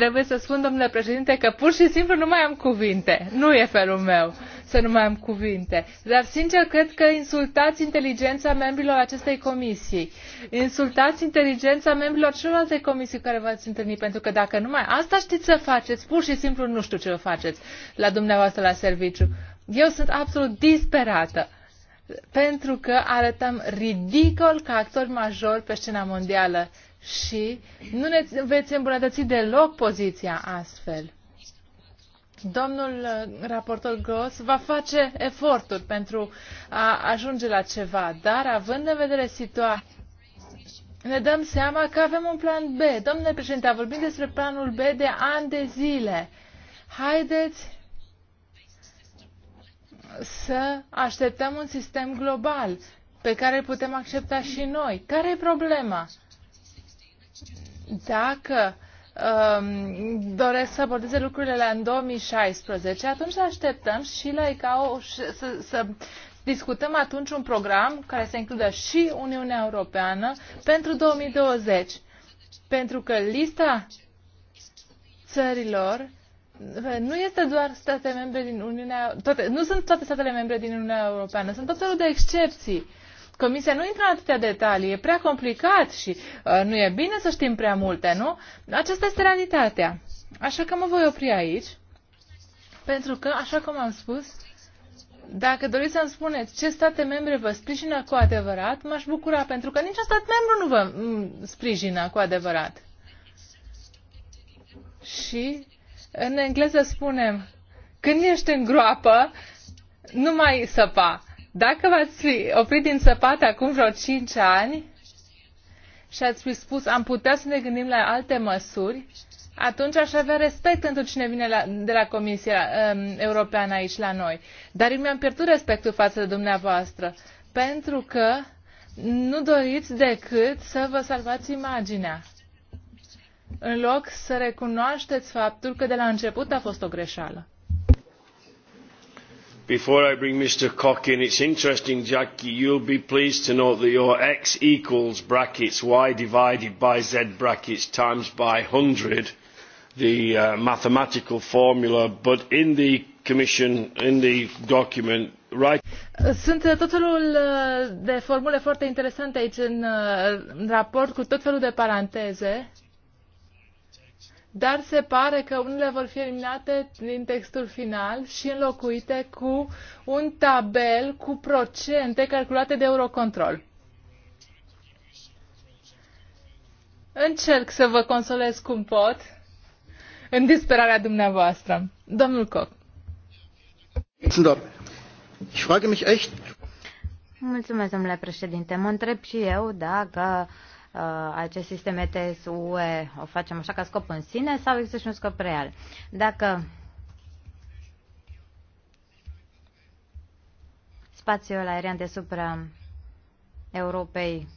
Trebuie să spun, domnule președinte, că pur și simplu nu mai am cuvinte. Nu e felul meu să nu mai am cuvinte. Dar, sincer, cred că insultați inteligența membrilor acestei comisii. Insultați inteligența membrilor celorlalte comisii care v-ați întâlnit, pentru că dacă nu mai asta știți să faceți, pur și simplu nu știu ce vă faceți la dumneavoastră la serviciu. Eu sunt absolut disperată pentru că arătăm ridicol ca actori majori pe scena mondială și nu ne veți îmbunătăți deloc poziția astfel. Domnul uh, raportor Gross va face eforturi pentru a ajunge la ceva, dar având în vedere situația, ne dăm seama că avem un plan B. Domnule președinte, a vorbit despre planul B de ani de zile. Haideți să așteptăm un sistem global pe care îl putem accepta și noi. Care e problema? dacă um, doresc să abordeze lucrurile la în 2016, atunci așteptăm și la ICAO să, să discutăm atunci un program care să includă și Uniunea Europeană pentru 2020. Pentru că lista țărilor uh, nu este doar state membre din Uniunea toate, nu sunt toate statele membre din Uniunea Europeană, sunt tot felul de excepții. Uh, Comisia nu intră în atâtea detalii, e prea complicat și uh, nu e bine să știm prea multe, nu? Aceasta este realitatea. Așa că mă voi opri aici, pentru că, așa cum am spus, dacă doriți să-mi spuneți ce state membre vă sprijină cu adevărat, m-aș bucura, pentru că niciun stat membru nu vă sprijină cu adevărat. Și în engleză spunem, când ești în groapă, nu mai săpa. Dacă v-ați fi oprit din săpate acum vreo 5 ani și ați fi spus am putea să ne gândim la alte măsuri, atunci aș avea respect pentru cine vine la, de la Comisia um, Europeană aici la noi. Dar eu mi-am pierdut respectul față de dumneavoastră, pentru că nu doriți decât să vă salvați imaginea. În loc să recunoașteți faptul că de la început a fost o greșeală. Before I bring Mr Cock in, it's interesting, Jackie, you'll be pleased to note that your x equals brackets y divided by z brackets times by 100, the uh, mathematical formula, but in the Commission, in the document, right... Sunt uh, tot felul uh, de formule foarte interesante aici uh, în raport, cu tot felul de paranteze dar se pare că unele vor fi eliminate din textul final și înlocuite cu un tabel cu procente calculate de Eurocontrol. Încerc să vă consolez cum pot în disperarea dumneavoastră. Domnul Koch. Ich frage mich echt. Mulțumesc, domnule președinte. Mă întreb și eu dacă uh, Uh, acest sistem ETS-UE o facem așa ca scop în sine sau există și un scop real? Dacă spațiul aerian deasupra Europei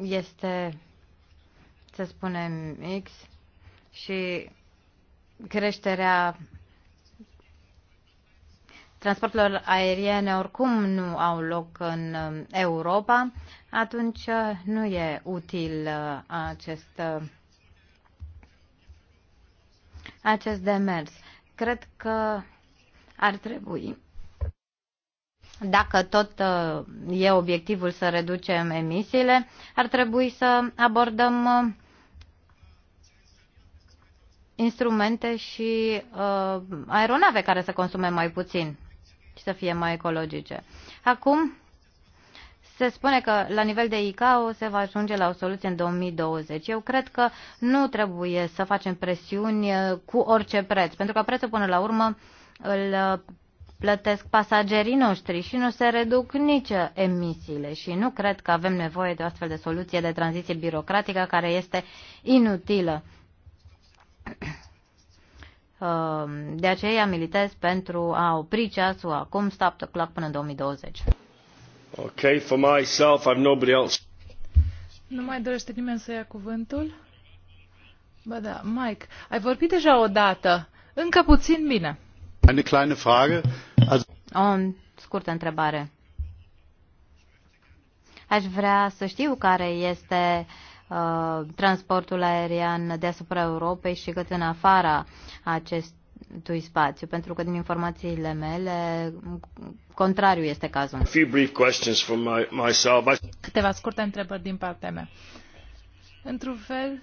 este, să spunem, X și creșterea transporturilor aeriene oricum nu au loc în um, Europa, atunci uh, nu e util uh, acest, uh, acest demers. Cred că ar trebui dacă tot e obiectivul să reducem emisiile, ar trebui să abordăm instrumente și aeronave care să consume mai puțin și să fie mai ecologice. Acum, se spune că la nivel de ICAO se va ajunge la o soluție în 2020. Eu cred că nu trebuie să facem presiuni uh, cu orice preț, pentru că prețul până la urmă îl uh, plătesc pasagerii noștri și nu se reduc nici emisiile și nu cred că avem nevoie de o astfel de soluție de tranziție birocratică care este inutilă. Um, de aceea militez pentru a opri ceasul acum, stop the clock până în 2020. Okay, for myself, I've nobody else. Nu mai dorește nimeni să ia cuvântul? Ba da, Mike, ai vorbit deja o dată. Încă puțin bine. Eine kleine Frage. Also... O scurtă întrebare. Aș vrea să știu care este uh, Uh, transportul aerian deasupra Europei și cât în afara acestui spațiu, pentru că din informațiile mele contrariu este cazul. Câteva scurte întrebări din partea mea. Într-un fel,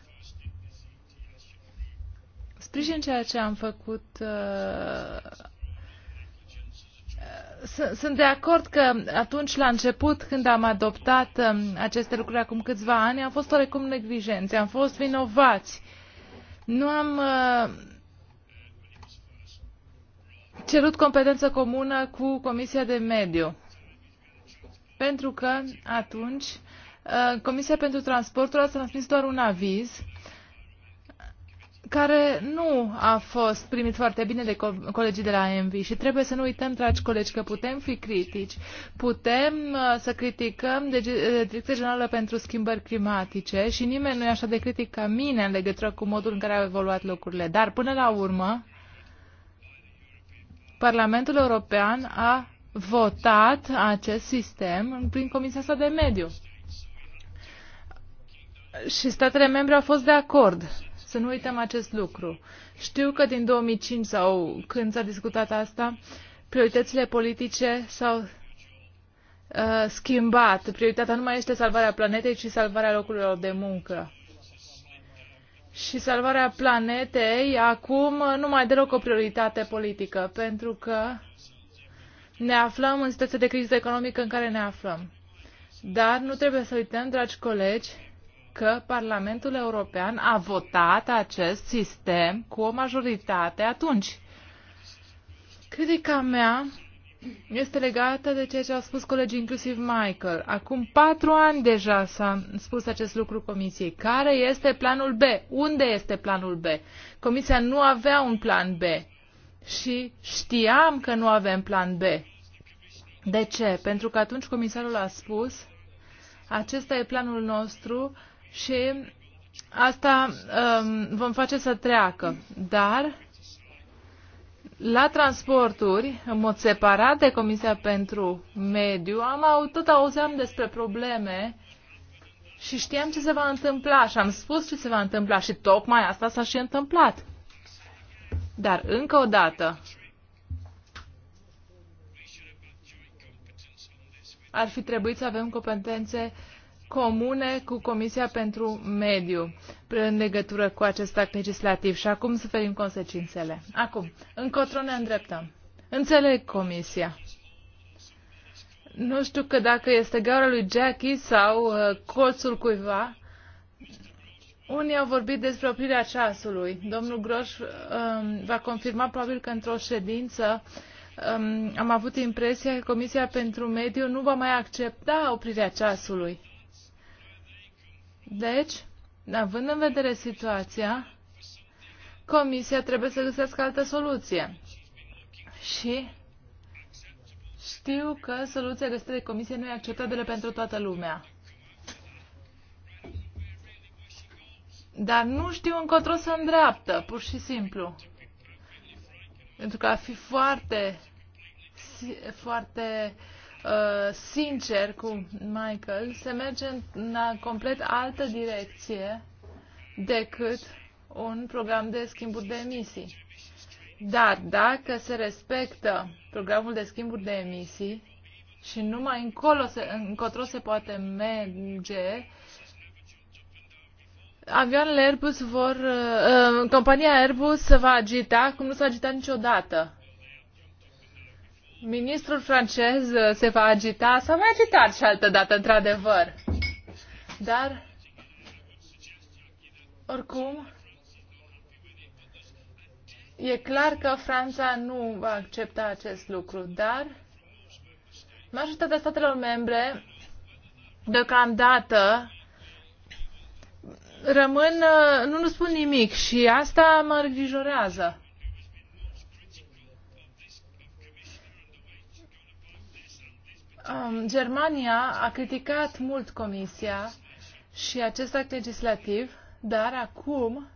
sprijin ceea ce am făcut uh, sunt de acord că atunci, la început, când am adoptat um, aceste lucruri acum câțiva ani, am fost oarecum neglijenți, am fost vinovați. Nu am uh, cerut competență comună cu Comisia de Mediu. Pentru că atunci uh, Comisia pentru Transportul a transmis doar un aviz care nu a fost primit foarte bine de co colegii de la ENVI și trebuie să nu uităm, dragi colegi, că putem fi critici, putem uh, să criticăm Direcția Generală pentru Schimbări Climatice și nimeni nu e așa de critic ca mine în legătură cu modul în care au evoluat lucrurile. Dar până la urmă, Parlamentul European a votat acest sistem prin Comisia sa de Mediu. Și statele membre au fost de acord. Să nu uităm acest lucru. Știu că din 2005 sau când s-a discutat asta, prioritățile politice s-au uh, schimbat. Prioritatea nu mai este salvarea planetei, ci salvarea locurilor de muncă. Și salvarea planetei acum nu mai deloc o prioritate politică, pentru că ne aflăm în situația de criză economică în care ne aflăm. Dar nu trebuie să uităm, dragi colegi, că Parlamentul European a votat acest sistem cu o majoritate atunci. Critica mea este legată de ceea ce au spus colegii, inclusiv Michael. Acum patru ani deja s-a spus acest lucru Comisiei. Care este planul B? Unde este planul B? Comisia nu avea un plan B și știam că nu avem plan B. De ce? Pentru că atunci comisarul a spus, acesta e planul nostru, și asta um, vom face să treacă. Dar la transporturi, în mod separat de Comisia pentru Mediu, am tot auzeam despre probleme și știam ce se va întâmpla și am spus ce se va întâmpla și tocmai asta s-a și întâmplat. Dar încă o dată, ar fi trebuit să avem competențe uh, comune cu Comisia pentru Mediu în legătură cu acest act legislativ și acum suferim consecințele. Acum, încotro ne îndreptăm. Înțeleg Comisia. Nu știu că dacă este gaura lui Jackie sau uh, colțul cuiva, unii au vorbit despre oprirea ceasului. Domnul Groș um, va confirma probabil că într-o ședință um, am avut impresia că Comisia pentru Mediu nu va mai accepta oprirea ceasului. Deci, având în vedere situația, Comisia trebuie să găsească altă soluție. Și știu că soluția găsită de Comisie nu e acceptabilă pentru toată lumea. Dar nu știu încotro să îndreaptă, pur și simplu. Pentru că a fi foarte, foarte uh, uh, sincer cu Michael, se merge în a complet altă direcție decât un program de schimburi de emisii. Dar dacă se respectă programul de schimburi de emisii și numai încolo se, încotro se poate merge, avioanele Airbus vor, uh, uh compania Airbus se va agita cum nu s-a agitat niciodată. Ministrul francez uh, se va agita, s-a mai agitat și altă dată, într-adevăr. Dar, oricum, e clar că Franța nu va accepta acest lucru, dar majoritatea statelor membre, deocamdată, rămân, uh, nu, nu spun nimic și asta mă îngrijorează. um, Germania a criticat mult Comisia și acest act legislativ, dar acum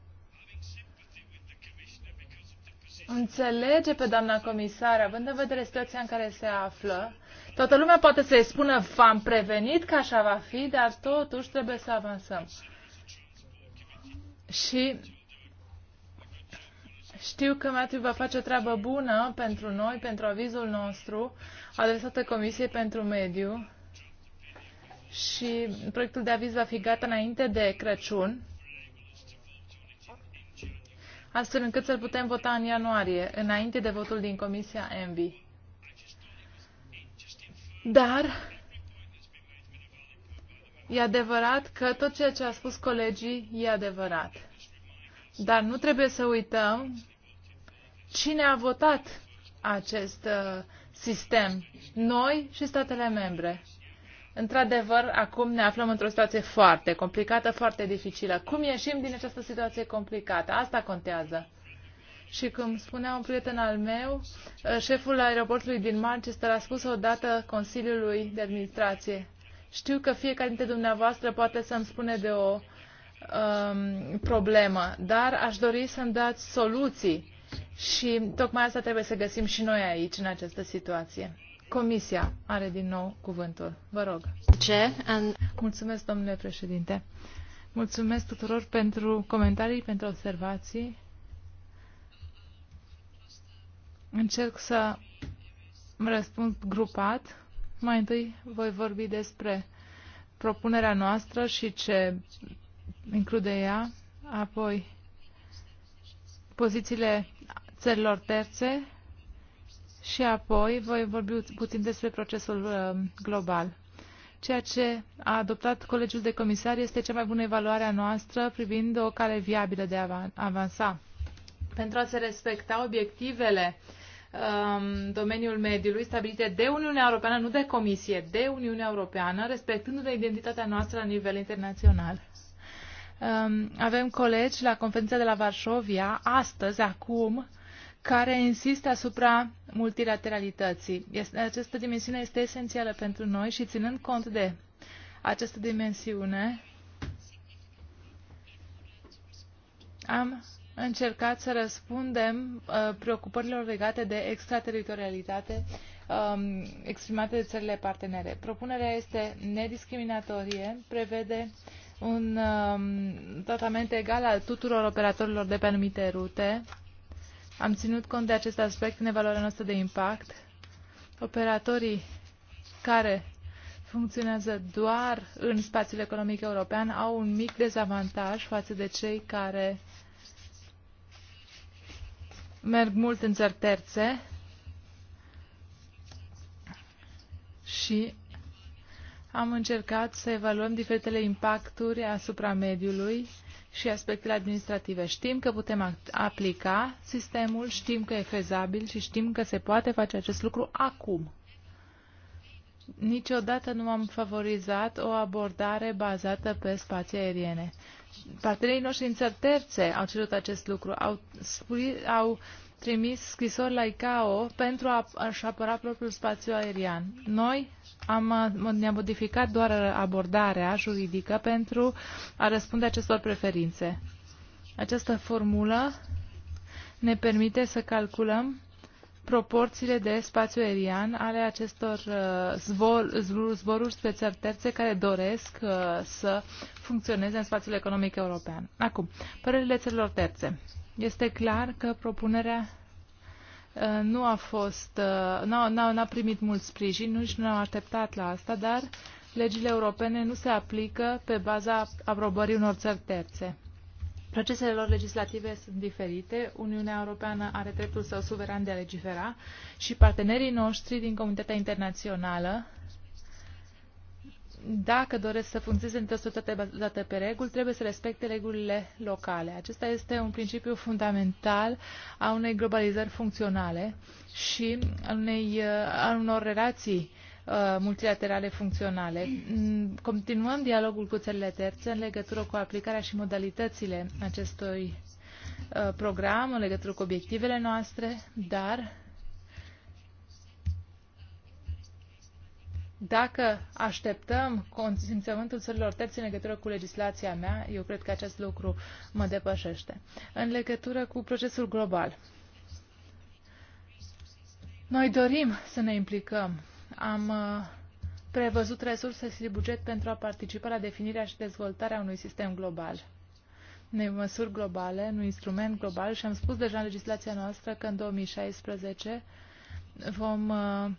înțelege pe doamna comisar, având în vedere situația în care se află, toată lumea poate să-i spună, v-am prevenit că așa va fi, dar totuși trebuie să avansăm. Și știu că Matthew va face o treabă bună pentru noi, pentru avizul nostru, adresată Comisiei pentru Mediu și proiectul de aviz va fi gata înainte de Crăciun, astfel încât să-l putem vota în ianuarie, înainte de votul din Comisia ENVI. Dar e adevărat că tot ceea ce a spus colegii e adevărat. Dar nu trebuie să uităm Cine a votat acest uh, sistem? Noi și statele membre. Într-adevăr, acum ne aflăm într-o situație foarte complicată, foarte dificilă. Cum ieșim din această situație complicată? Asta contează. Și cum spunea un prieten al meu, uh, șeful aeroportului din Manchester a spus odată Consiliului de Administrație. Știu că fiecare dintre dumneavoastră poate să-mi spune de o um, problemă, dar aș dori să-mi dați soluții și tocmai asta trebuie să găsim și noi aici, în această situație. Comisia are din nou cuvântul. Vă rog. Ce? Mulțumesc, domnule președinte. Mulțumesc tuturor pentru comentarii, pentru observații. Încerc să răspund grupat. Mai întâi voi vorbi despre propunerea noastră și ce include ea, apoi pozițiile țărilor terțe și apoi voi vorbi puțin despre procesul uh, global. Ceea ce a adoptat Colegiul de Comisari este cea mai bună evaluare a noastră privind o cale viabilă de a avansa. Pentru a se respecta obiectivele um, domeniul mediului stabilite de Uniunea Europeană, nu de Comisie, de Uniunea Europeană, respectându-ne identitatea noastră la nivel internațional. Um, avem colegi la conferința de la Varșovia, astăzi, acum, care insistă asupra multilateralității. Este, această dimensiune este esențială pentru noi și ținând cont de această dimensiune, am încercat să răspundem uh, preocupărilor legate de extraterritorialitate um, exprimate de țările partenere. Propunerea este nediscriminatorie, prevede un um, tratament egal al tuturor operatorilor de pe anumite rute, am ținut cont de acest aspect în evaluarea noastră de impact. Operatorii care funcționează doar în spațiul economic european au un mic dezavantaj față de cei care merg mult în țări terțe și am încercat să evaluăm diferitele impacturi asupra mediului și aspectele administrative. Știm că putem aplica sistemul, știm că e fezabil și știm că se poate face acest lucru acum. Niciodată nu am favorizat o abordare bazată pe spații aeriene. Partenerii noștri în țări terțe au cerut acest lucru, au, spui, au trimis scrisori la ICAO pentru a-și apăra propriul spațiu aerian. Noi am, uh, ne am modificat doar abordarea juridică pentru a răspunde acestor preferințe. Această formulă ne permite să calculăm proporțiile de spațiu aerian ale acestor uh, zbor, zboruri spre țări terțe care doresc uh, să funcționeze în spațiul economic european. Acum, părerile țărilor terțe. Este clar că propunerea Uh, nu a fost, uh, n-a primit mult sprijin, nu și nu am așteptat la asta, dar legile europene nu se aplică pe baza aprobării unor țări terțe. Procesele lor legislative sunt diferite, Uniunea Europeană are dreptul său suveran de a legifera și partenerii noștri din comunitatea internațională dacă doresc să funcționeze într-o societate bazată pe reguli, trebuie să respecte regulile locale. Acesta este un principiu fundamental a unei globalizări funcționale și a, unei, a unor relații uh, multilaterale funcționale. Mm, continuăm dialogul cu țările terțe în legătură cu aplicarea și modalitățile acestui uh, program, în legătură cu obiectivele noastre, dar Dacă așteptăm consimțământul țărilor terți în legătură cu legislația mea, eu cred că acest lucru mă depășește. În legătură cu procesul global, noi dorim să ne implicăm. Am uh, prevăzut resurse și buget pentru a participa la definirea și dezvoltarea unui sistem global unei măsuri globale, un instrument global și am spus deja în legislația noastră că în 2016 vom uh,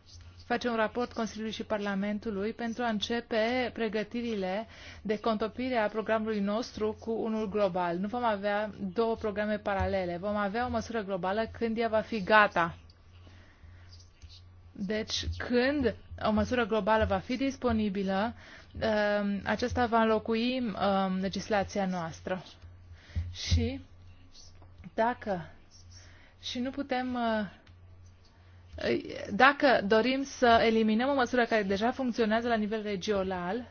face un raport Consiliului și Parlamentului pentru a începe pregătirile de contopire a programului nostru cu unul global. Nu vom avea două programe paralele, vom avea o măsură globală când ea va fi gata. Deci, când o măsură globală va fi disponibilă, um, acesta va înlocui um, legislația noastră. Și dacă și nu putem uh, dacă dorim să eliminăm o măsură care deja funcționează la nivel regional,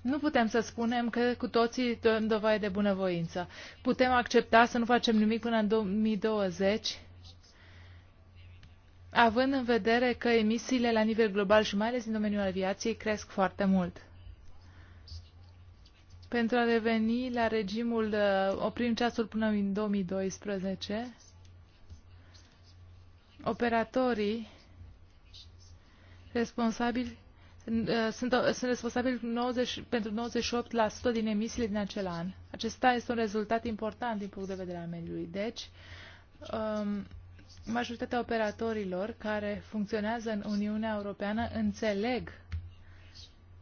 nu putem să spunem că cu toții dăm dovadă de bunăvoință. Putem accepta să nu facem nimic până în 2020, având în vedere că emisiile la nivel global și mai ales în domeniul aviației cresc foarte mult. Pentru a reveni la regimul uh, oprim ceasul până în 2012, operatorii responsabili uh, sunt, uh, sunt responsabili 90, pentru 98% din emisiile din acel an. Acesta este un rezultat important din punct de vedere al mediului. Deci, um, majoritatea operatorilor care funcționează în Uniunea Europeană înțeleg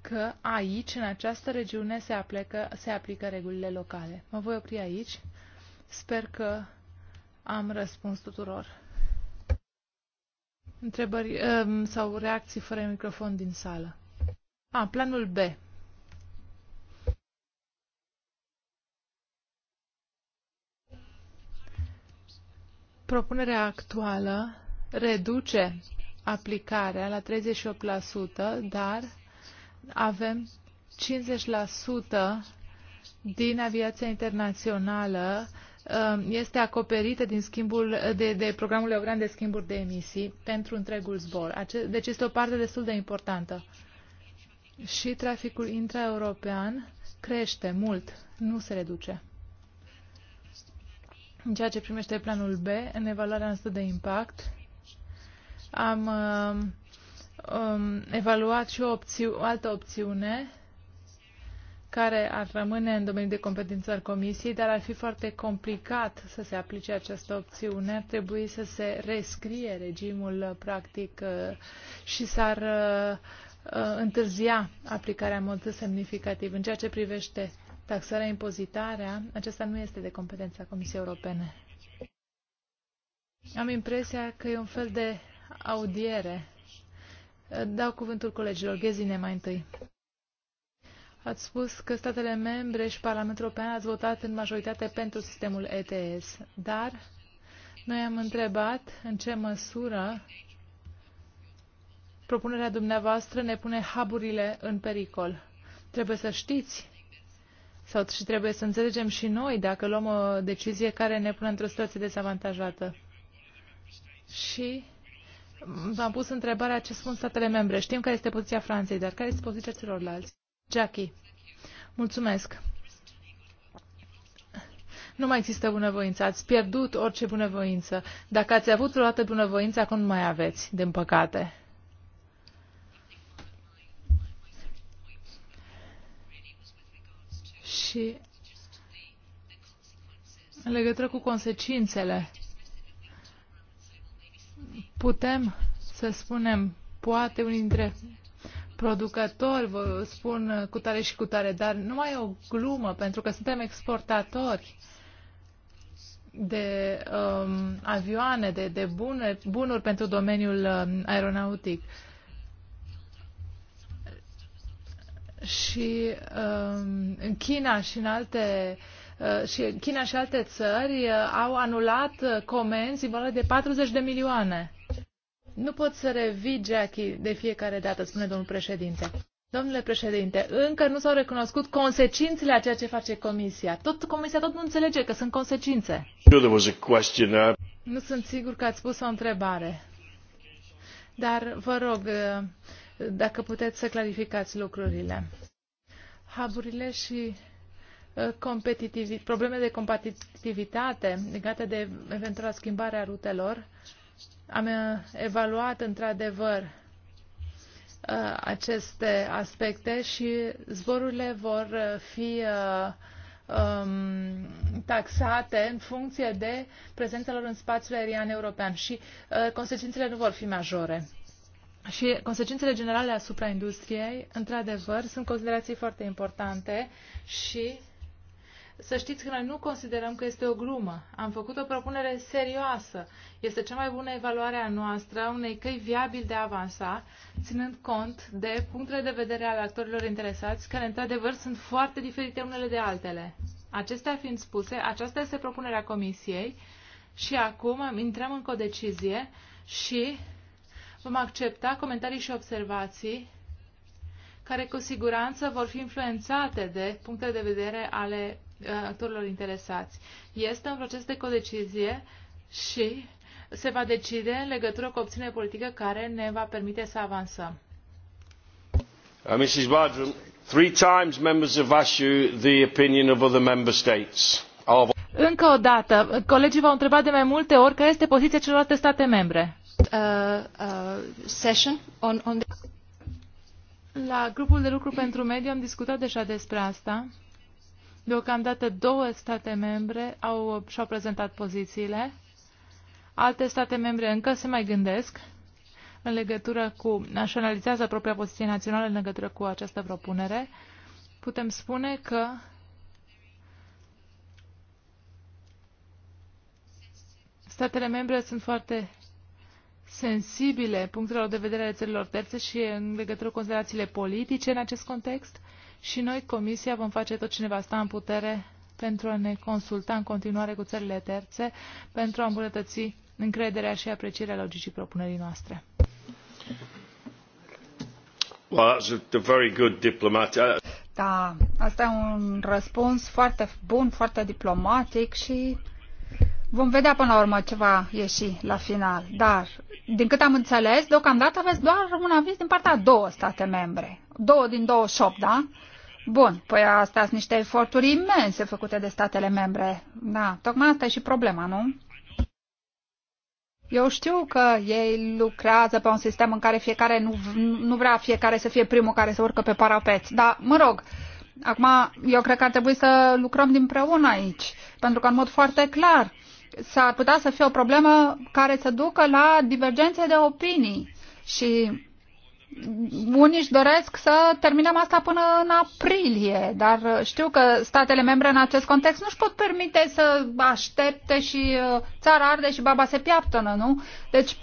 că aici, în această regiune, se, aplecă, se aplică regulile locale. Mă voi opri aici. Sper că am răspuns tuturor Întrebări um, sau reacții fără microfon din sală. A, planul B. Propunerea actuală reduce aplicarea la 38%, dar avem 50% din aviația internațională Uh, este acoperită din schimbul de, de programul european de schimburi de emisii pentru întregul zbor. Deci este o parte destul de importantă. Și traficul intraeuropean crește mult, nu se reduce. În ceea ce primește planul B, în evaluarea noastră de impact, am uh, um, evaluat și o opțiu- altă opțiune care ar rămâne în domeniul de competență al Comisiei, dar ar fi foarte complicat să se aplice această opțiune. Ar trebui să se rescrie regimul uh, practic uh, și s-ar uh, întârzia aplicarea în mod semnificativ. În ceea ce privește taxarea, impozitarea, acesta nu este de competența Comisiei Europene. Am impresia că e un fel de audiere. Dau cuvântul colegilor. Ghezine mai întâi. Ați spus că statele membre și Parlamentul European ați votat în majoritate pentru sistemul ETS, dar noi am întrebat în ce măsură propunerea dumneavoastră ne pune haburile în pericol. Trebuie să știți sau și trebuie să înțelegem și noi dacă luăm o decizie care ne pune într-o situație dezavantajată. Și v-am pus întrebarea ce spun statele membre. Știm care este poziția Franței, dar care este poziția celorlalți? Jackie. Mulțumesc. Nu mai există bunăvoință. Ați pierdut orice bunăvoință. Dacă ați avut vreodată bunăvoință, acum nu mai aveți, din păcate. Și în legătură cu consecințele, putem să spunem, poate unii dintre producători vă spun cu tare și cu tare, dar nu mai e o glumă, pentru că suntem exportatori de um, avioane, de, de bune, bunuri pentru domeniul um, aeronautic. Și um, în China și în alte uh, și China și alte țări uh, au anulat uh, comenzi în valoare de 40 de milioane. Nu pot să revii, Jackie, de fiecare dată, spune domnul președinte. Domnule președinte, încă nu s-au recunoscut consecințele a ceea ce face Comisia. Tot Comisia tot nu înțelege că sunt consecințe. Nu sunt sigur că ați spus o întrebare. Dar vă rog, uh, dacă puteți să clarificați lucrurile. Haburile și uh, competitivi, probleme de competitivitate legate de eventuala schimbare a rutelor am uh, evaluat într-adevăr uh, aceste aspecte și zborurile vor uh, fi um, taxate în funcție de prezența lor în spațiul aerian european și consecințele nu vor fi majore. Și consecințele generale asupra industriei, într-adevăr, sunt considerații foarte importante și să știți că noi nu considerăm că este o glumă. Am făcut o propunere serioasă. Este cea mai bună evaluare a noastră unei căi viabil de a avansa, ținând cont de punctele de vedere ale actorilor interesați, care într-adevăr sunt foarte diferite unele de altele. Acestea fiind spuse, aceasta este propunerea Comisiei și acum intrăm în codecizie și vom accepta comentarii și observații care cu siguranță vor fi influențate de punctele de vedere ale Uh, actorilor interesați. Este un proces de codecizie și se va decide în legătură cu opțiune politică care ne va permite să avansăm. Uh, Mrs. Bardrum, three times members have asked you the opinion of other member states. Of... Încă o dată, colegii v-au întrebat de mai multe ori care este poziția celorlalte state membre. Uh, uh, session on, on the... La grupul de lucru pentru mediu am discutat deja despre asta. Deocamdată două state membre au, și-au prezentat pozițiile. Alte state membre încă se mai gândesc în legătură cu, își analizează propria poziție națională în legătură cu această propunere. Putem spune că statele membre sunt foarte sensibile punctelor de vedere ale țărilor terțe și în legătură cu considerațiile politice în acest context. Uh, și noi, Comisia, vom face tot ce ne va sta în putere pentru a ne consulta în continuare cu țările terțe, pentru a îmbunătăți încrederea și aprecierea logicii propunerii noastre. Da, asta e un răspuns foarte bun, foarte diplomatic și vom vedea până la urmă ce va ieși la final. Dar, din cât am înțeles, deocamdată aveți doar un aviz din partea a două state membre. Două din 28, da? Bun, păi astea sunt niște eforturi imense făcute de statele membre. Da, tocmai asta e și problema, nu? Eu știu că ei lucrează pe un sistem în care fiecare nu, nu vrea fiecare să fie primul care să urcă pe parapet. Dar, mă rog, acum eu cred că ar trebui să lucrăm împreună aici, pentru că în mod foarte clar s-ar putea să fie o problemă care să ducă la divergențe de opinii. Și unii își doresc să terminăm asta până în aprilie, dar știu că statele membre în acest context nu-și pot permite să aștepte și uh, țara arde și baba se piaptănă, nu? Deci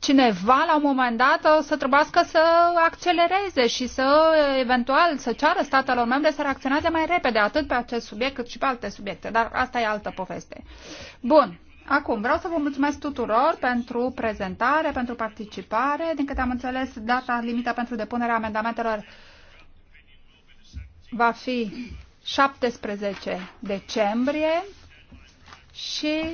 cineva la un moment dat o să trebuiască să accelereze și să eventual să ceară statelor membre să reacționeze mai repede atât pe acest subiect cât și pe alte subiecte, dar asta e altă poveste. Bun. Acum, vreau să vă mulțumesc tuturor pentru prezentare, pentru participare. Din câte am înțeles, data limită pentru depunerea amendamentelor va fi 17 decembrie și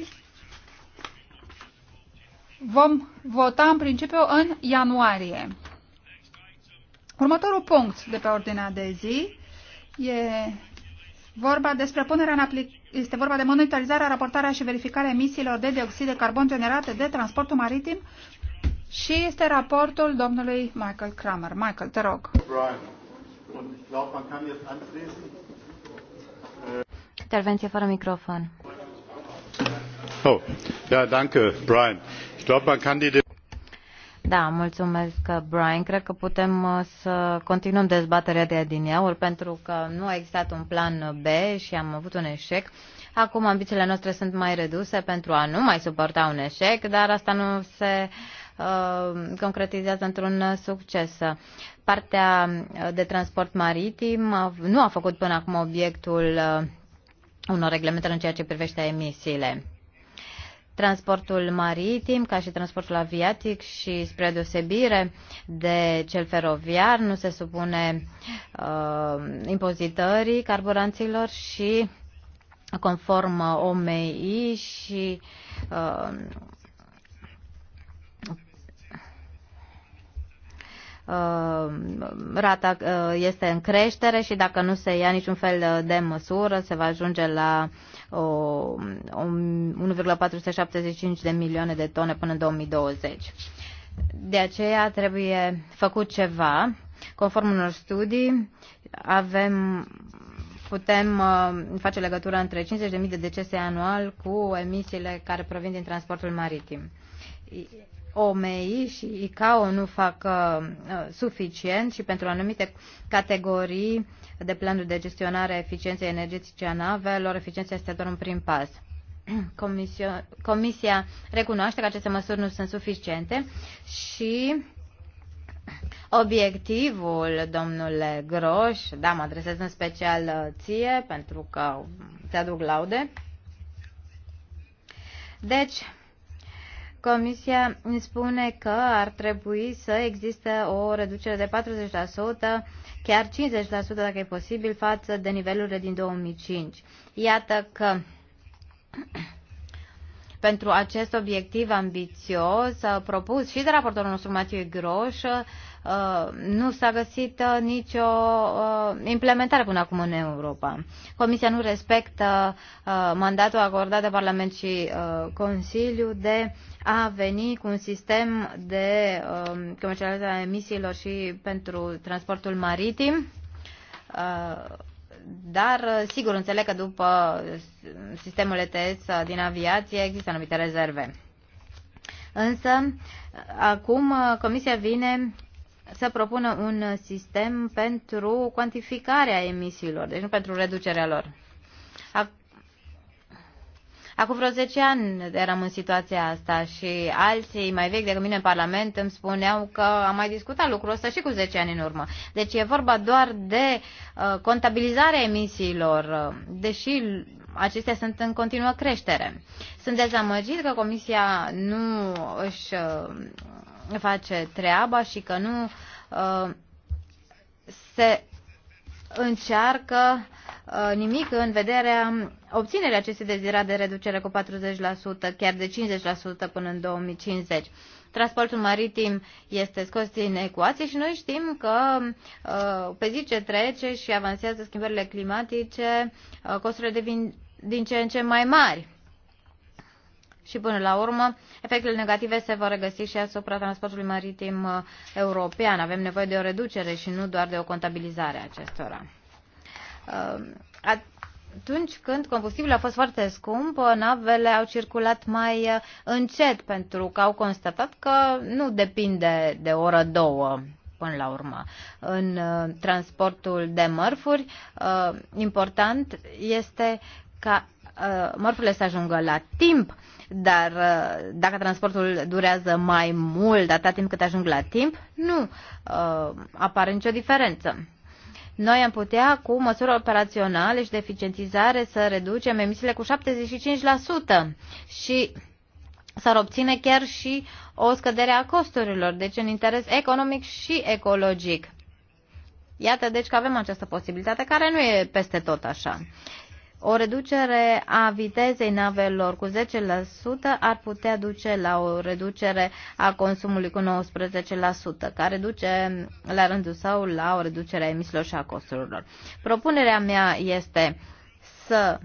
vom vota în principiu în ianuarie. Următorul punct de pe ordinea de zi e vorba despre punerea în aplicare este vorba de monitorizarea, raportarea și verificarea emisiilor de dioxid de carbon generate de transportul maritim și este raportul domnului Michael Kramer. Michael, te rog. Intervenție fără microfon. Oh, ja, danke, Brian. Ich glaube, man kann die da, mulțumesc, uh, Brian. Cred că putem uh, să continuăm dezbaterea de adineauri pentru că nu a existat un plan B și am avut un eșec. Acum ambițiile noastre sunt mai reduse pentru a nu mai suporta un eșec, dar asta nu se uh, concretizează într-un succes. Partea uh, de transport maritim nu a făcut până acum obiectul uh, unor reglementări în ceea ce privește emisiile. Transportul maritim, ca și transportul aviatic și spre deosebire de cel feroviar, nu se supune uh, impozitării carburanților și conform OMI și uh, uh rata uh, este în creștere și dacă nu se ia niciun fel de măsură, se va ajunge la 1,475 de milioane de tone până în 2020. De aceea trebuie făcut ceva. Conform unor studii, avem putem uh, face legătura între 50.000 de decese anual cu emisiile care provin din transportul maritim. OMEI și ICAO nu fac uh, suficient și pentru anumite categorii de planuri de gestionare a eficienței energetice a navelor, eficiența este doar un prim pas. Comisia, comisia recunoaște că aceste măsuri nu sunt suficiente și Obiectivul, domnule Groș, da, mă adresez în special uh, ție, pentru că te aduc laude. Deci, Comisia spune că ar trebui să existe o reducere de 40%, chiar 50% dacă e posibil, față de nivelurile din 2005. Iată că pentru acest obiectiv ambițios propus și de raportorul nostru Matiu Groș, uh, nu s-a găsit uh, nicio uh, implementare până acum în Europa. Comisia nu respectă mandatul acordat de Parlament și Consiliu de a veni cu un sistem de um, comercializare a emisiilor și pentru transportul maritim. Uh, dar, sigur, înțeleg că după sistemul ETS din aviație există anumite rezerve. Însă, acum Comisia vine să propună un sistem pentru cuantificarea emisiilor, deci nu pentru reducerea lor. Acum vreo 10 ani eram în situația asta și alții mai vechi decât mine în Parlament îmi spuneau că am mai discutat lucrul ăsta și cu 10 ani în urmă. Deci e vorba doar de uh, contabilizarea emisiilor, uh, deși acestea sunt în continuă creștere. Sunt dezamăgit că Comisia nu își uh, face treaba și că nu uh, se încearcă Uh, nimic în vederea obținerea acestei dezirat de reducere cu 40%, chiar de 50% până în 2050. Transportul maritim este scos din ecuație și noi știm că uh, pe zi ce trece și avansează schimbările climatice, uh, costurile devin din ce în ce mai mari. Și până la urmă, efectele negative se vor regăsi și asupra transportului maritim european. Avem nevoie de o reducere și nu doar de o contabilizare a acestora. Um, atunci când combustibilul a fost foarte scump, navele au circulat mai uh, încet pentru că au constatat că nu depinde de oră două până la urmă. În uh, transportul de mărfuri, uh, important este ca mărfurile să ajungă la timp, dar dacă transportul durează mai mult, atâta timp cât ajung la timp, nu apare nicio diferență. Noi am putea, cu măsuri operaționale și de eficientizare, să reducem emisiile cu 75% și s-ar obține chiar și o scădere a costurilor, deci în interes economic și ecologic. Iată, deci că avem această posibilitate, care nu e peste tot așa. O reducere a vitezei navelor cu 10% ar putea duce la o reducere a consumului cu 19%, care duce la rândul său la o reducere a emisiilor și a costurilor. Propunerea mea este să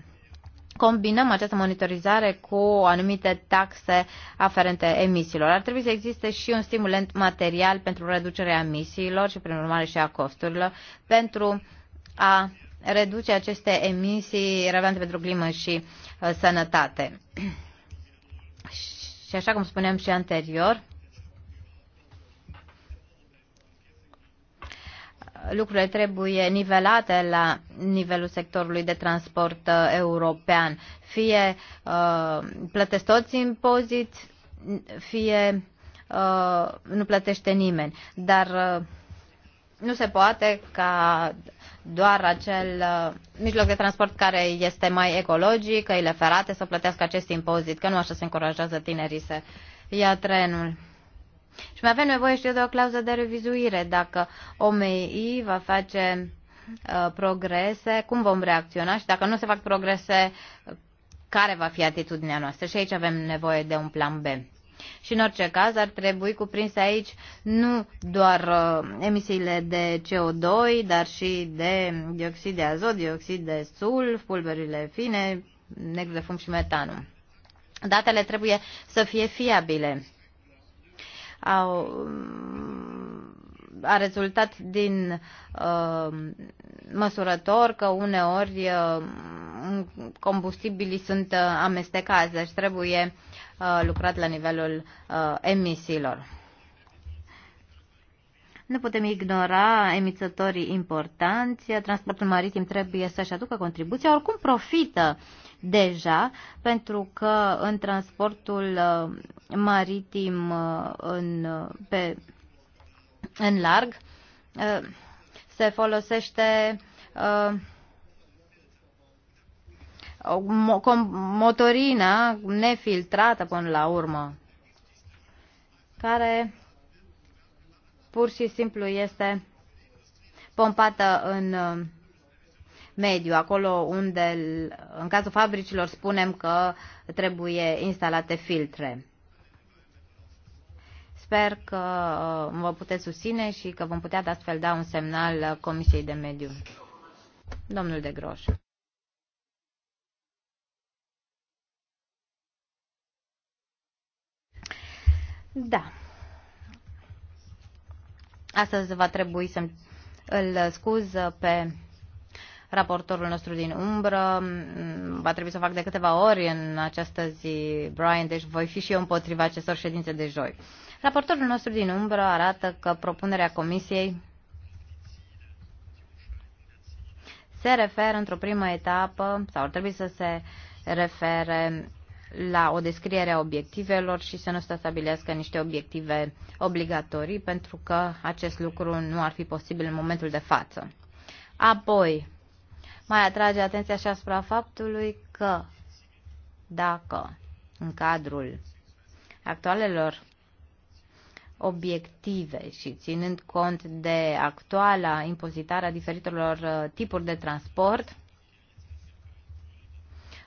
combinăm această monitorizare cu anumite taxe aferente emisiilor. Ar trebui să existe și un stimulent material pentru reducerea emisiilor și, prin urmare, și a costurilor pentru a reduce aceste emisii relevante pentru climă și uh, sănătate. și așa cum spuneam și anterior, lucrurile trebuie nivelate la nivelul sectorului de transport uh, european. Fie uh, plătesc toți impozit, fie uh, nu plătește nimeni. Dar uh, nu se poate ca doar acel uh, mijloc de transport care este mai ecologic, căile ferate, să plătească acest impozit, că nu așa se încurajează tinerii să ia trenul. Și mai avem nevoie, eu de o clauză de revizuire. Dacă OMI va face uh, progrese, cum vom reacționa și dacă nu se fac progrese, care va fi atitudinea noastră? Și aici avem nevoie de un plan B și în orice caz ar trebui cuprins aici nu doar uh, emisiile de CO2, dar și de dioxid de azot, dioxid de sulf, pulverile fine, negru de fum și metanul. Datele trebuie să fie fiabile. Au, a rezultat din uh, măsurător că uneori uh, combustibilii sunt uh, amestecați, deci trebuie Uh, lucrat la nivelul uh, emisiilor. Nu putem ignora emițătorii importanți. Transportul maritim trebuie să-și aducă contribuția, oricum profită deja, pentru că în transportul uh, maritim în, pe, în larg se folosește o motorină nefiltrată până la urmă, care pur și simplu este pompată în uh, mediu, acolo unde, uh, în cazul fabricilor, spunem că trebuie instalate filtre. Sper că uh, vă puteți susține și că vom putea de astfel da un semnal Comisiei de Mediu. Domnul de Groș. Da. Astăzi va trebui să îl scuz pe raportorul nostru din umbră. Va trebui să fac de câteva ori în această zi, Brian, deci voi fi și eu împotriva acestor ședințe de joi. Raportorul nostru din umbră arată că propunerea comisiei se referă într-o primă etapă, sau ar trebui să se refere la o descriere a obiectivelor și să nu stabilească niște obiective obligatorii, pentru că acest lucru nu ar fi posibil în momentul de față. Apoi, mai atrage atenția și asupra faptului că dacă în cadrul actualelor obiective și ținând cont de actuala impozitare a diferitelor uh, tipuri de transport,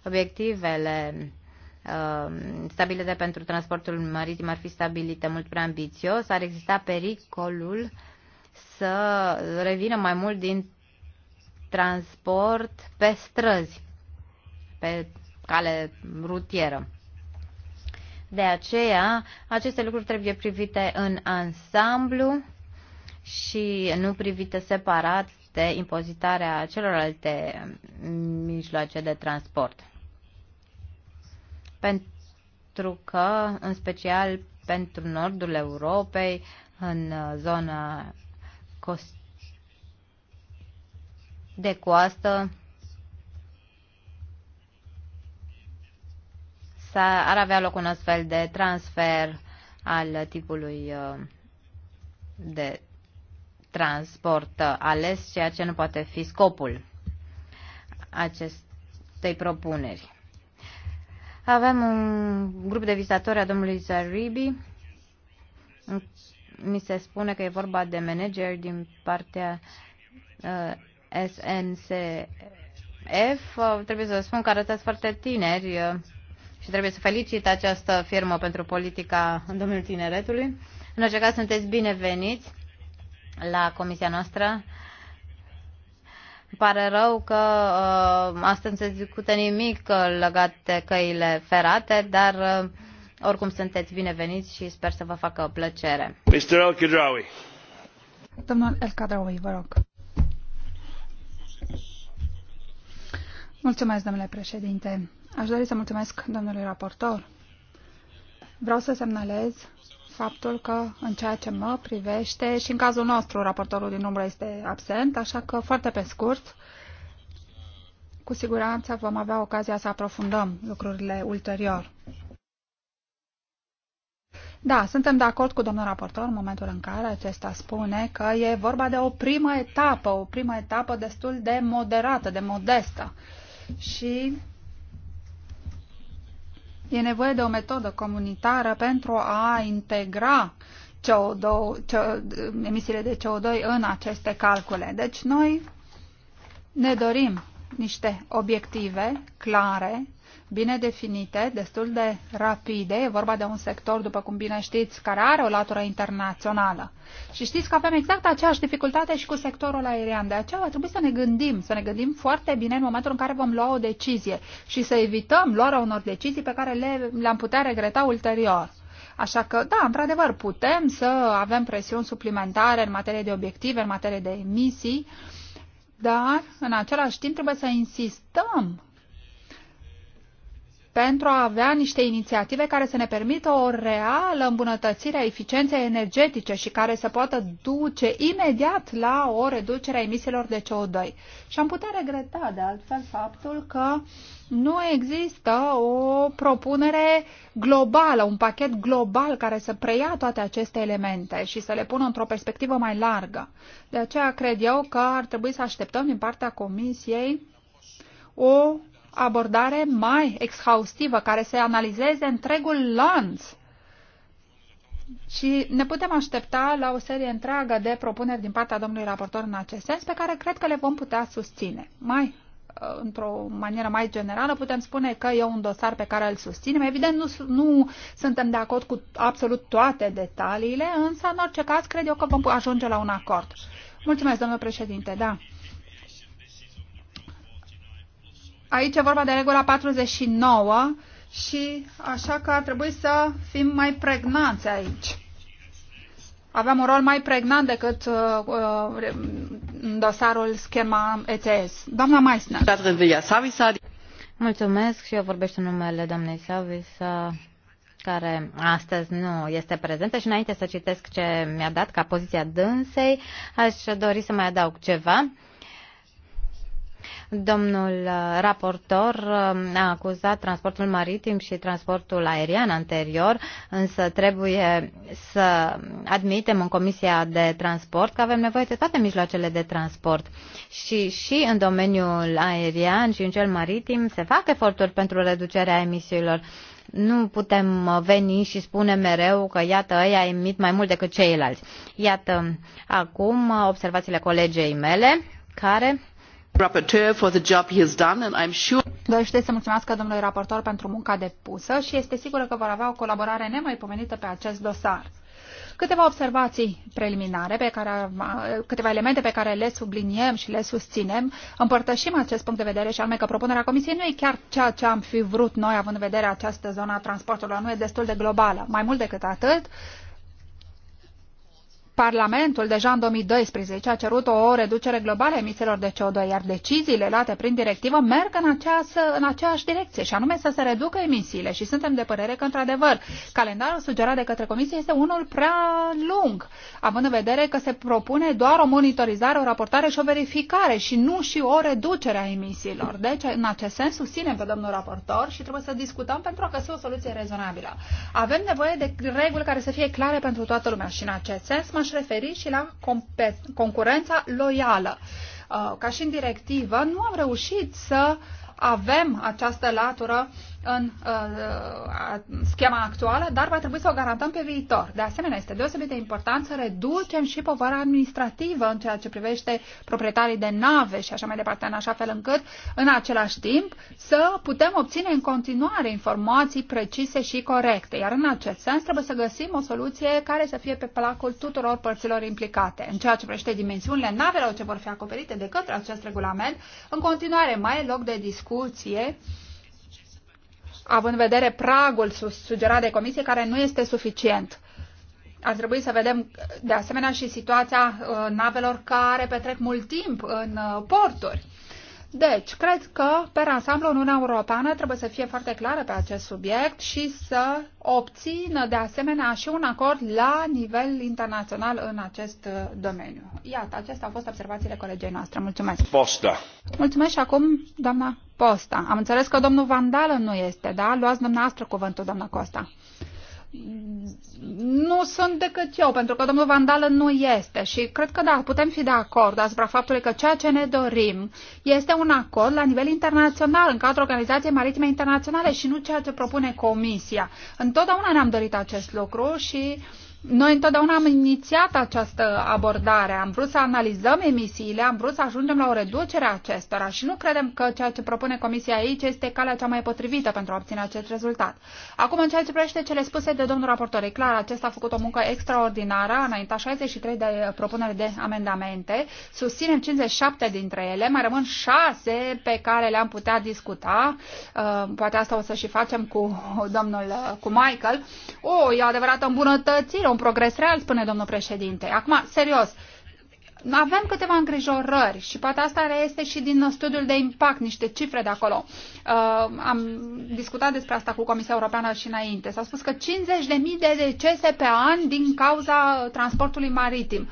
obiectivele Uh, stabilite pentru transportul maritim ar fi stabilite mult prea ambițios, ar exista pericolul să revină mai mult din transport pe străzi, pe cale rutieră. De aceea, aceste lucruri trebuie privite în ansamblu și nu privite separat de impozitarea celorlalte mijloace de transport pentru că, în special pentru nordul Europei, în uh, zona de coastă, ar avea loc un astfel de transfer al tipului uh, de transport ales, ceea ce nu poate fi scopul acestei propuneri. Avem un grup de vizitatori a domnului Zaribi. Mi se spune că e vorba de manager din partea uh, SNCF. Uh, trebuie să vă spun că arătați foarte tineri uh, și trebuie să felicit această firmă pentru politica în domeniul tineretului. În orice caz, sunteți bineveniți la comisia noastră. Uh, pare rău că uh, astăzi nu se discută nimic uh, legat de căile ferate, dar uh, oricum sunteți bineveniți și sper să vă facă plăcere. Mr. El Kadrawi. Domnul El Kadrawi, vă rog. Mulțumesc, domnule președinte. Aș dori să mulțumesc domnului raportor. Vreau să semnalez faptul că în ceea ce mă privește și în cazul nostru raportorul din umbră este absent, așa că foarte pe scurt, cu siguranță vom avea ocazia să aprofundăm lucrurile ulterior. Da, suntem de acord cu domnul raportor în momentul în care acesta spune că e vorba de o primă etapă, o primă etapă destul de moderată, de modestă. Și E nevoie de o metodă comunitară pentru a integra CO2, CO, emisiile de CO2 în aceste calcule. Deci noi ne dorim niște obiective clare bine definite, destul de rapide. E vorba de un sector, după cum bine știți, care are o latură internațională. Și știți că avem exact aceeași dificultate și cu sectorul aerian. De aceea va trebui să ne gândim, să ne gândim foarte bine în momentul în care vom lua o decizie și să evităm luarea unor decizii pe care le, le-am putea regreta ulterior. Așa că, da, într-adevăr, putem să avem presiuni suplimentare în materie de obiective, în materie de emisii, dar, în același timp, trebuie să insistăm pentru a avea niște inițiative care să ne permită o reală îmbunătățire a eficienței energetice și care să poată duce imediat la o reducere a emisiilor de CO2. Și am putea regreta de altfel faptul că nu există o propunere globală, un pachet global care să preia toate aceste elemente și să le pună într-o perspectivă mai largă. De aceea cred eu că ar trebui să așteptăm din partea Comisiei o abordare mai exhaustivă, care să analizeze întregul lanț. Și ne putem aștepta la o serie întreagă de propuneri din partea domnului raportor în acest sens, pe care cred că le vom putea susține. Mai uh, într-o manieră mai generală, putem spune că e un dosar pe care îl susținem. Evident, nu, nu suntem de acord cu absolut toate detaliile, însă, în orice caz, cred eu că vom ajunge la un acord. Mulțumesc, domnule președinte. Da. Aici e vorba de regula 49 și așa că ar trebui să fim mai pregnanți aici. Aveam un rol mai pregnant decât uh, uh în dosarul schema ETS. Doamna Meissner. Mulțumesc și eu vorbesc în numele doamnei Savisa care astăzi nu este prezentă și înainte să citesc ce mi-a dat ca poziția dânsei, aș dori să mai adaug ceva. Domnul uh, raportor uh, a acuzat transportul maritim și transportul aerian anterior, însă trebuie să admitem în Comisia de Transport că avem nevoie de toate mijloacele de transport. Și, și în domeniul aerian și în cel maritim se fac eforturi pentru reducerea emisiilor nu putem uh, veni și spune mereu că iată ei emit mai mult decât ceilalți. Iată acum observațiile colegei mele care Dorește să mulțumesc domnului raportor pentru munca depusă și este sigură că vor avea o colaborare nemaipomenită pe acest dosar. Câteva observații preliminare, pe care, câteva elemente pe care le subliniem și le susținem, împărtășim acest punct de vedere și anume că propunerea Comisiei nu e chiar ceea ce am fi vrut noi, având în vedere această zonă a nu e destul de globală. Mai mult decât atât, Parlamentul deja în 2012 a cerut o reducere globală a emisiilor de CO2, iar deciziile luate prin directivă merg în, aceasă, în aceeași direcție, și anume să se reducă emisiile. Și suntem de părere că, într-adevăr, calendarul sugerat de către Comisie este unul prea lung, având în vedere că se propune doar o monitorizare, o raportare și o verificare și nu și o reducere a emisiilor. Deci, în acest sens, susținem pe domnul raportor și trebuie să discutăm pentru a găsi o soluție rezonabilă. Avem nevoie de reguli care să fie clare pentru toată lumea și, în acest sens, m-aș aș referi și la concurența loială. Uh, ca și în directivă, nu am reușit să avem această latură în uh, schema actuală, dar va trebui să o garantăm pe viitor. De asemenea, este deosebit de important să reducem și povara administrativă în ceea ce privește proprietarii de nave și așa mai departe, în așa fel încât, în același timp, să putem obține în continuare informații precise și corecte. Iar în acest sens trebuie să găsim o soluție care să fie pe placul tuturor părților implicate. În ceea ce privește dimensiunile navelor ce vor fi acoperite de către acest regulament, în continuare mai e loc de discuție având în vedere pragul sugerat de comisie, care nu este suficient. Ar trebui să vedem, de asemenea, și situația uh, navelor care petrec mult timp în uh, porturi. Deci, cred că, pe ansamblu, Uniunea Europeană trebuie să fie foarte clară pe acest subiect și să obțină, de asemenea, și un acord la nivel internațional în acest uh, domeniu. Iată, acestea au fost observațiile colegei noastre. Mulțumesc. Posta. Mulțumesc și acum, doamna Posta. Am înțeles că domnul Vandală nu este, da? Luați dumneavoastră cuvântul, doamna Costa nu sunt decât eu, pentru că domnul Vandală nu este și cred că da, putem fi de acord asupra faptului că ceea ce ne dorim este un acord la nivel internațional, în cadrul Organizației Maritime Internaționale și nu ceea ce propune Comisia. Întotdeauna ne-am dorit acest lucru și uh, noi întotdeauna am inițiat această abordare, am vrut să analizăm emisiile, am vrut să ajungem la o reducere a acestora și nu credem că ceea ce propune Comisia aici este calea cea mai potrivită pentru a obține acest rezultat. Acum, în ceea ce privește cele spuse de domnul raportor, e clar, acesta a făcut o muncă extraordinară, a înaintat 63 de uh, propuneri de amendamente, susținem 57 dintre ele, mai rămân 6 pe care le-am putea discuta, uh, poate asta o să și facem cu domnul, uh, cu Michael. O, e adevărată îmbunătățire, un progres real, spune domnul președinte. Acum, serios, avem câteva îngrijorări și poate asta este și din studiul de impact, niște cifre de acolo. Uh, am discutat despre asta cu Comisia Europeană și înainte. S-a spus că 50.000 de decese pe an din cauza transportului maritim.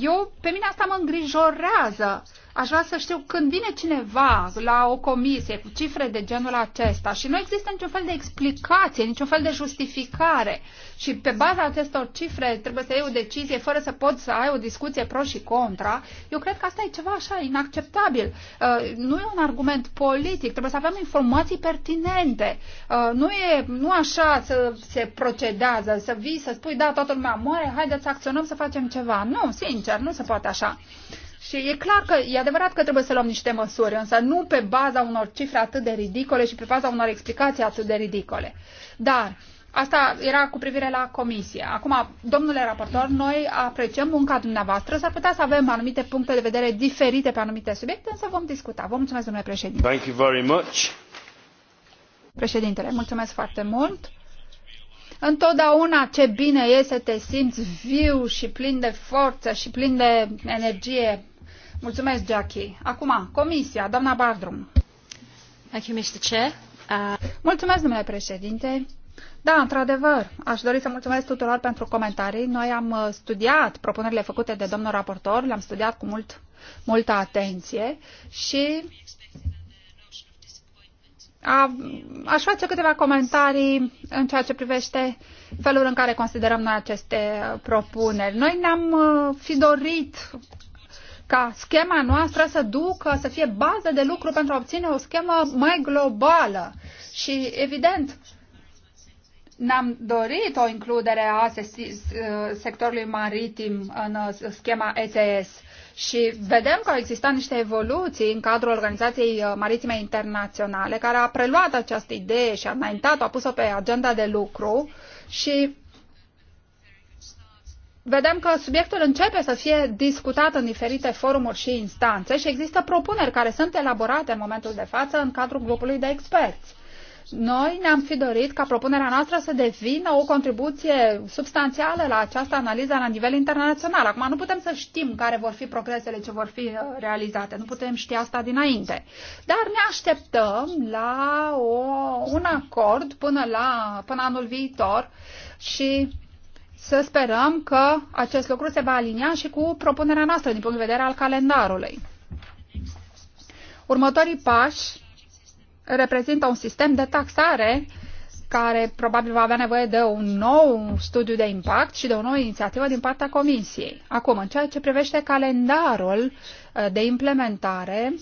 Eu, pe mine asta mă îngrijorează. Uh, Aș vrea să știu când vine cineva la o comisie cu cifre de genul acesta și nu există niciun fel de explicație, niciun fel de justificare și pe baza acestor cifre trebuie să iei o decizie fără să poți să ai o discuție pro și contra, eu cred că asta e ceva așa inacceptabil. Uh, nu e un argument politic, trebuie să avem informații pertinente. Uh, nu e nu așa să se procedează, să vii, să spui, da, toată lumea moare, haideți să acționăm, să facem ceva. Nu, sincer, nu se poate așa. Și e clar că e adevărat că trebuie să luăm niște măsuri, însă nu pe baza unor cifre atât de ridicole și pe baza unor explicații atât de ridicole. Dar Asta era cu privire la comisie. Acum, domnule raportor, noi apreciem munca dumneavoastră. S-ar putea să avem anumite puncte de vedere diferite pe anumite subiecte, însă vom discuta. Vă mulțumesc, domnule președinte. Thank you very much. Președintele, mulțumesc foarte mult. Întotdeauna ce bine e să te simți viu și plin de forță și plin de energie Mulțumesc, Jackie. Acum, Comisia, doamna Bardrum. Thank you, Mr. Chair. Uh... Mulțumesc, domnule președinte. Da, într-adevăr, aș dori să mulțumesc tuturor pentru comentarii. Noi am uh, studiat propunerile făcute de domnul raportor, le-am studiat cu mult, multă atenție și a, aș face câteva comentarii în ceea ce privește felul în care considerăm noi aceste uh, propuneri. Noi ne-am uh, fi dorit ca schema noastră să ducă, să fie bază de lucru pentru a obține o schemă mai globală. Și, evident, ne-am dorit o includere a sectorului maritim în uh, schema ETS și vedem că au existat niște evoluții în cadrul Organizației uh, Maritime Internaționale care a preluat această idee și a înaintat-o, a pus-o pe agenda de lucru și vedem că subiectul începe să fie discutat în diferite forumuri și instanțe și există propuneri care sunt elaborate în momentul de față în cadrul grupului de experți. Noi ne-am fi dorit ca propunerea noastră să devină o contribuție substanțială la această analiză la nivel internațional. Acum nu putem să știm care vor fi progresele ce vor fi uh, realizate, nu putem ști asta dinainte. Dar ne așteptăm la o, un acord până, la, până anul viitor și să sperăm că acest lucru se va alinia și cu propunerea noastră din punct de vedere al calendarului. Următorii pași reprezintă un sistem de taxare care probabil va avea nevoie de un nou studiu de impact și de o nouă inițiativă din partea Comisiei. Acum, în ceea ce privește calendarul eh, de implementare,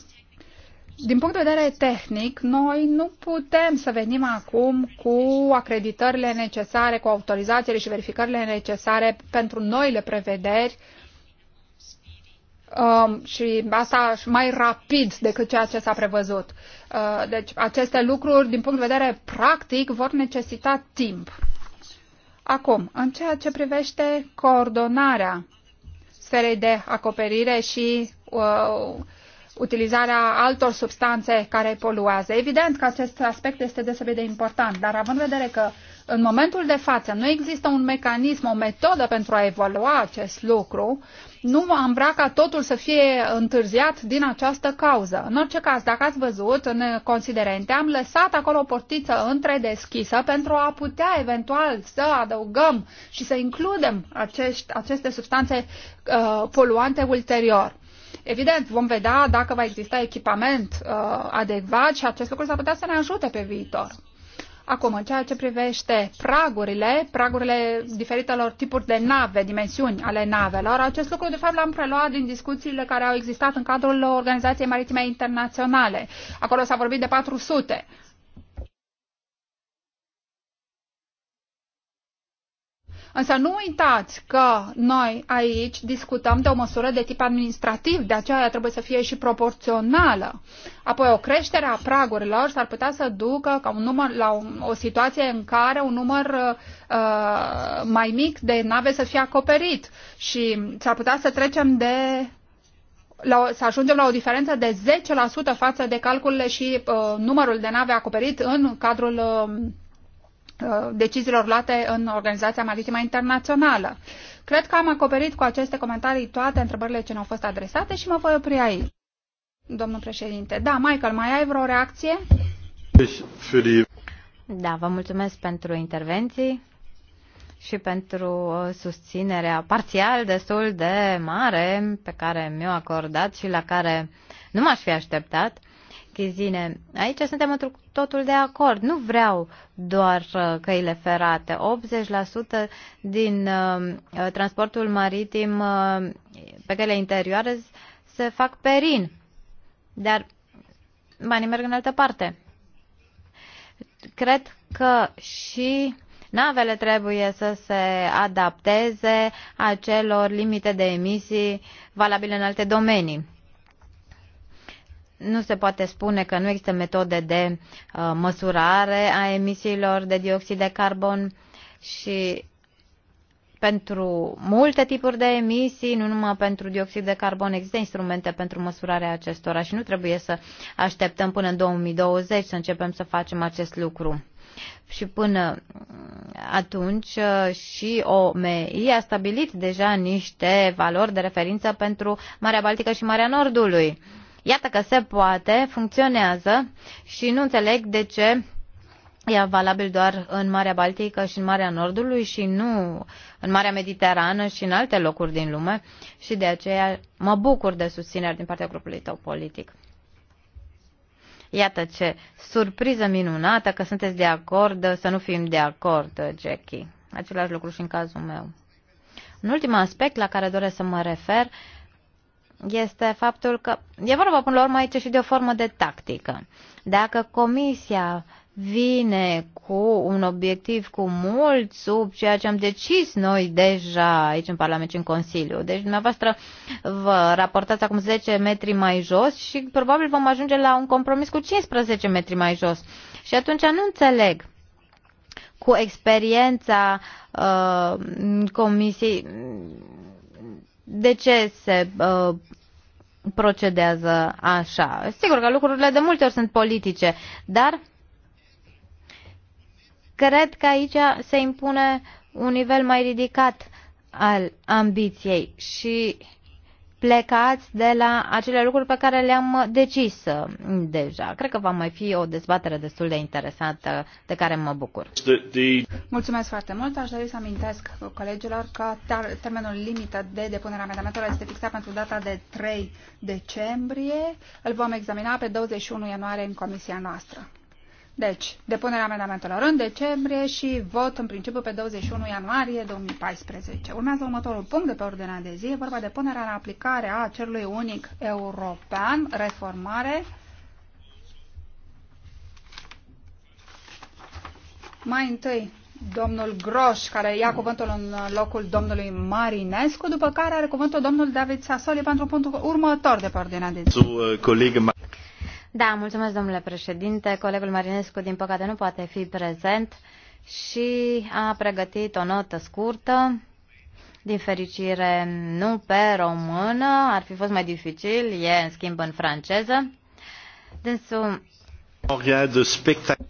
din punct de vedere tehnic, noi nu putem să venim acum cu acreditările necesare, cu autorizațiile și verificările necesare pentru noile prevederi um, și asta mai rapid decât ceea ce s-a prevăzut. Uh, deci aceste lucruri, din punct de vedere practic, vor necesita timp. Acum, în ceea ce privește coordonarea sferei de acoperire și uh, utilizarea altor substanțe care poluează. Evident că acest aspect este deosebit de important, dar având în vedere că în momentul de față nu există un mecanism, o metodă pentru a evalua acest lucru, nu am vrea ca totul să fie întârziat din această cauză. În orice caz, dacă ați văzut în considerente, am lăsat acolo o portiță întredeschisă pentru a putea eventual să adăugăm și să includem acești, aceste substanțe uh, poluante ulterior. Evident, vom vedea dacă va exista echipament uh, adecvat și acest lucru s-ar putea să ne ajute pe viitor. Acum, în ceea ce privește pragurile, pragurile diferitelor tipuri de nave, dimensiuni ale navelor, acest lucru, de fapt, l-am preluat din discuțiile care au existat în cadrul Organizației Maritime Internaționale. Acolo s-a vorbit de 400. Însă nu uitați că noi aici discutăm de o măsură de tip administrativ, de aceea trebuie să fie și proporțională. Apoi o creștere a pragurilor s-ar putea să ducă ca un număr, la o, o situație în care un număr uh, mai mic de nave să fie acoperit și s-ar putea să trecem de la, să ajungem la o diferență de 10% față de calculele și uh, numărul de nave acoperit în cadrul uh, Uh, deciziilor luate în Organizația Maritimă Internațională. Cred că am acoperit cu aceste comentarii toate întrebările ce ne-au fost adresate și mă voi opri aici. Domnul președinte, da, Michael, mai ai vreo reacție? Da, vă mulțumesc pentru intervenții și pentru uh, susținerea parțial destul de mare pe care mi-o acordat și la care nu m-aș fi așteptat. Chizine, aici suntem într totul de acord. Nu vreau doar uh, căile ferate. 80% din uh, uh, transportul maritim uh, pe căile interioare se fac pe RIN. Dar banii merg în altă parte. Cred că și navele trebuie să se adapteze acelor limite de emisii valabile în alte domenii nu se poate spune că nu există metode de uh, măsurare a emisiilor de dioxid de carbon și pentru multe tipuri de emisii, nu numai pentru dioxid de carbon, există instrumente pentru măsurarea acestora și nu trebuie să așteptăm până în 2020 să începem să facem acest lucru. Și până mm, atunci uh, și OMI a stabilit deja niște valori de referință pentru Marea Baltică și Marea Nordului. Uh, Iată că se poate, funcționează și nu înțeleg de ce e valabil doar în Marea Baltică și în Marea Nordului și nu în Marea Mediterană și în alte locuri din lume și de aceea mă bucur de susținere din partea grupului tău politic. Iată ce surpriză minunată că sunteți de acord să nu fim de acord, Jackie. Același lucru și în cazul meu. Un ultim aspect la care doresc să mă refer este faptul că e vorba până la urmă aici și de o formă de tactică. Dacă comisia vine cu un obiectiv cu mult sub ceea ce am decis noi deja aici în Parlament și în Consiliu. Deci dumneavoastră vă raportați acum 10 metri mai jos și probabil vom ajunge la un compromis cu 15 metri mai jos. Și atunci nu înțeleg cu experiența uh, comisiei de ce se uh, procedează așa. Sigur că lucrurile de multe ori sunt politice, dar cred că aici se impune un nivel mai ridicat al ambiției și plecați de la acele lucruri pe care le-am decis uh, deja. Cred că va mai fi o dezbatere destul de interesantă de care mă bucur. Mulțumesc foarte mult. Aș dori să amintesc colegilor că termenul limită de depunere a amendamentelor este fixat pentru data de 3 decembrie. Îl vom examina pe 21 ianuarie în comisia noastră. Deci, depunerea amendamentelor în decembrie și vot în principiu pe 21 ianuarie 2014. Urmează următorul punct de pe ordinea de zi, e vorba de punerea în aplicare a cerului unic european, reformare. Mai întâi, domnul Groș, care ia cuvântul în locul domnului Marinescu, după care are cuvântul domnul David Sasoli pentru punctul următor de pe ordinea de zi. Da, mulțumesc, domnule președinte. Colegul Marinescu, din păcate, nu poate fi prezent și a pregătit o notă scurtă. Din fericire, nu pe română, ar fi fost mai dificil, e în schimb în franceză.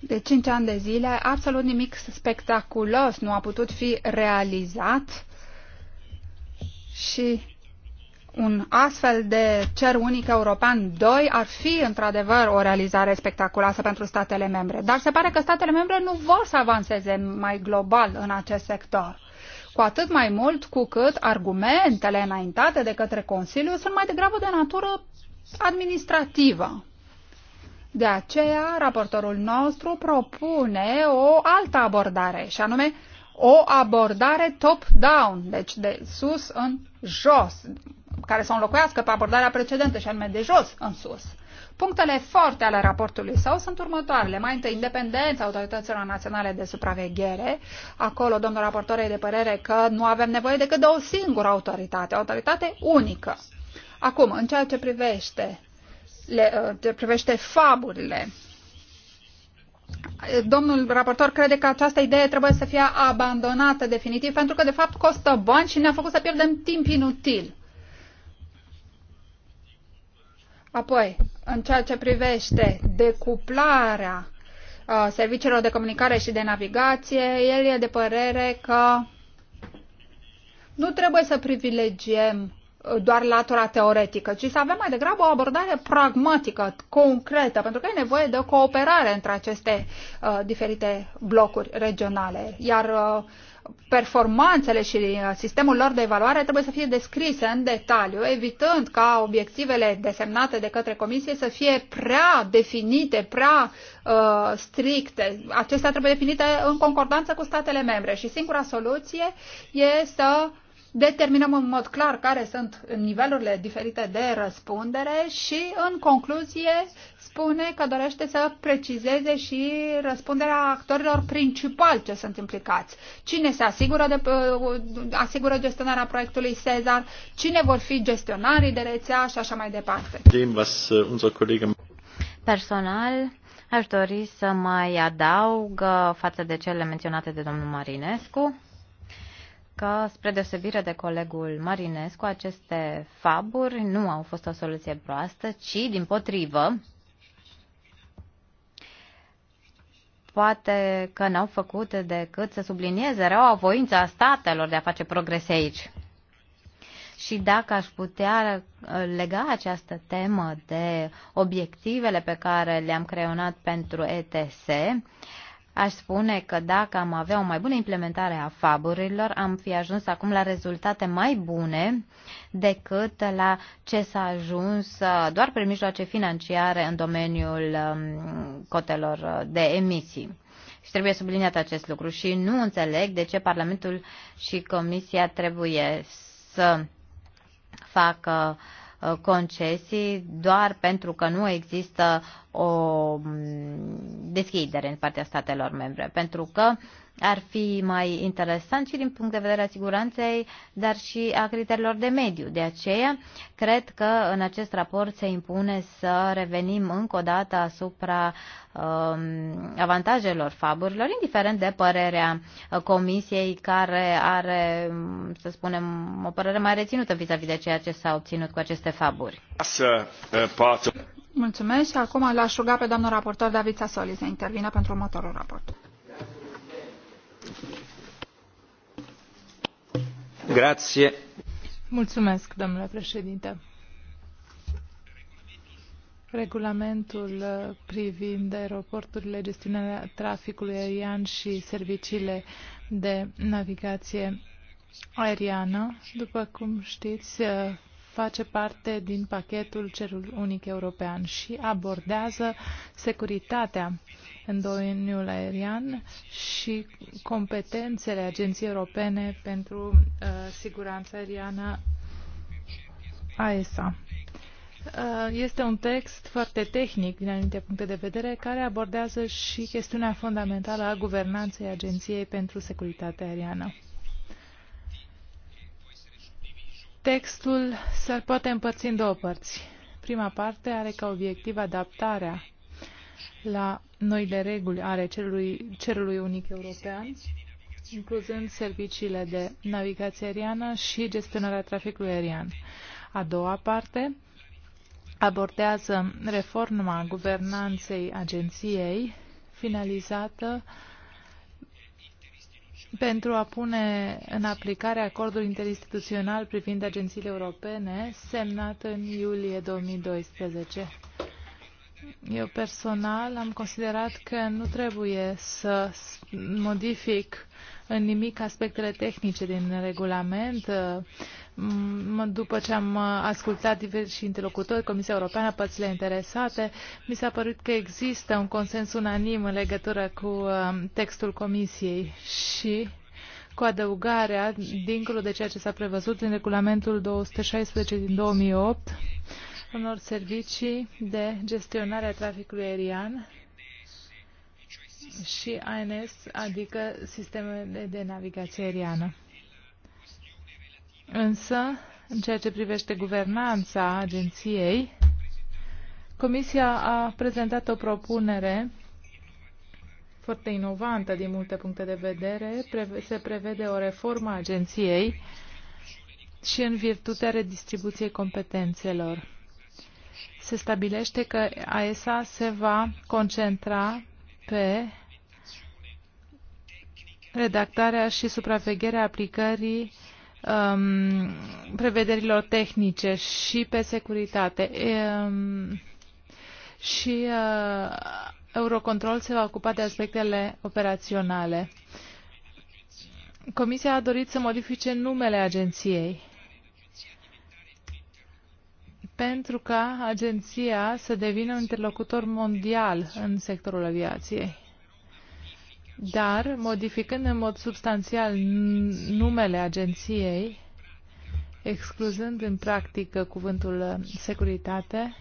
de 5 ani de zile, absolut nimic spectaculos nu a putut fi realizat și un astfel de cer unic european 2 ar fi într-adevăr o realizare spectaculoasă pentru statele membre. Dar se pare că statele membre nu vor să avanseze mai global în acest sector. Cu atât mai mult cu cât argumentele înaintate de către Consiliu sunt mai degrabă de natură administrativă. De aceea, raportorul nostru propune o altă abordare, și anume o abordare top-down, deci de sus în jos, care să înlocuiască pe abordarea precedentă și anume de jos în sus. Punctele forte ale raportului său sunt următoarele. Mai întâi, independența autorităților naționale de supraveghere. Acolo, domnul raportor e de părere că nu avem nevoie decât de o singură autoritate, o autoritate unică. Acum, în ceea ce privește, le, uh, ce privește faburile, domnul raportor crede că această idee trebuie să fie abandonată definitiv pentru că, de fapt, costă bani și ne-a făcut să pierdem timp inutil. Apoi, în ceea ce privește decuplarea uh, serviciilor de comunicare și de navigație, el e de părere că nu trebuie să privilegiem uh, doar latura teoretică, ci să avem mai degrabă o abordare pragmatică, concretă, pentru că e nevoie de o cooperare între aceste uh, diferite blocuri regionale. Iar uh, performanțele și sistemul lor de evaluare trebuie să fie descrise în detaliu, evitând ca obiectivele desemnate de către comisie să fie prea definite, prea uh, stricte. Acestea trebuie definite în concordanță cu statele membre și singura soluție e să determinăm în mod clar care sunt nivelurile diferite de răspundere și, în concluzie, spune că dorește să precizeze și răspunderea actorilor principali ce sunt implicați. Cine se asigură, de, uh, asigură gestionarea proiectului Cezar, cine vor fi gestionarii de rețea și așa mai departe. Uh, Personal, aș dori să mai adaug uh, față de cele menționate de domnul Marinescu că, spre deosebire de colegul Marinescu, aceste faburi nu au fost o soluție proastă, ci, din potrivă, poate că n-au făcut decât să sublinieze reaua voința a statelor de a face progrese aici. Și dacă aș putea uh, lega această temă de obiectivele pe care le-am creionat pentru ETS, Aș spune că dacă am avea o mai bună implementare a faburilor, am fi ajuns acum la rezultate mai bune decât la ce s-a ajuns uh, doar prin mijloace financiare în domeniul um, cotelor uh, de emisii. Și trebuie subliniat acest lucru și nu înțeleg de ce Parlamentul și Comisia trebuie să facă uh, concesii doar pentru că nu există o mm, deschidere în partea statelor membre, pentru că ar fi mai interesant și din punct de vedere a siguranței, dar și a criteriilor de mediu. De aceea, cred că în acest raport se impune să revenim încă o dată asupra um, avantajelor faburilor, indiferent de părerea uh, comisiei care are, um, să spunem, o părere mai reținută vis-a-vis -vis de ceea ce s-a obținut cu aceste faburi. Uh, Mulțumesc și acum l-aș ruga pe domnul raportor David Sassoli să intervină pentru următorul raport. Grazie. Mulțumesc, domnule președinte. Regulamentul privind aeroporturile, gestiunea traficului aerian și serviciile de navigație aeriană, după cum știți, face parte din pachetul Cerul Unic European și abordează securitatea în domeniul aerian și competențele Agenției Europene pentru uh, Siguranța Aeriană AESA. Uh, este un text foarte tehnic din anumite puncte de vedere care abordează și chestiunea fundamentală a guvernanței Agenției pentru Securitatea Aeriană. Textul se poate împărți în două părți. Prima parte are ca obiectiv adaptarea la noile reguli ale cerului, cerului unic european, incluzând serviciile de navigație aeriană și gestionarea traficului aerian. A doua parte abordează reforma guvernanței agenției, finalizată uh, pentru a pune în aplicare acordul interinstituțional privind agențiile europene semnat în iulie 2012. Eu personal am considerat că nu trebuie să modific în nimic aspectele tehnice din regulament după ce am uh, ascultat diversi interlocutori, Comisia Europeană, părțile interesate, mi s-a părut că există un consens unanim în legătură cu uh, textul Comisiei și cu adăugarea, dincolo de ceea ce s-a prevăzut în regulamentul 216 din 2008, unor servicii de gestionare a traficului aerian și ANS, adică sistemele de navigație aeriană. Însă, în ceea ce privește guvernanța agenției, Comisia a prezentat o propunere foarte inovantă din multe puncte de vedere. Se prevede o reformă a agenției și în virtutea redistribuției competențelor. Se stabilește că AESA se va concentra pe redactarea și supravegherea aplicării um, prevederilor tehnice și pe securitate. Um, și uh, Eurocontrol se va ocupa de aspectele operaționale. Comisia a dorit să modifice numele agenției pentru ca agenția să devină un interlocutor mondial în sectorul aviației dar modificând în mod substanțial numele agenției, excluzând în practică cuvântul uh, securitate,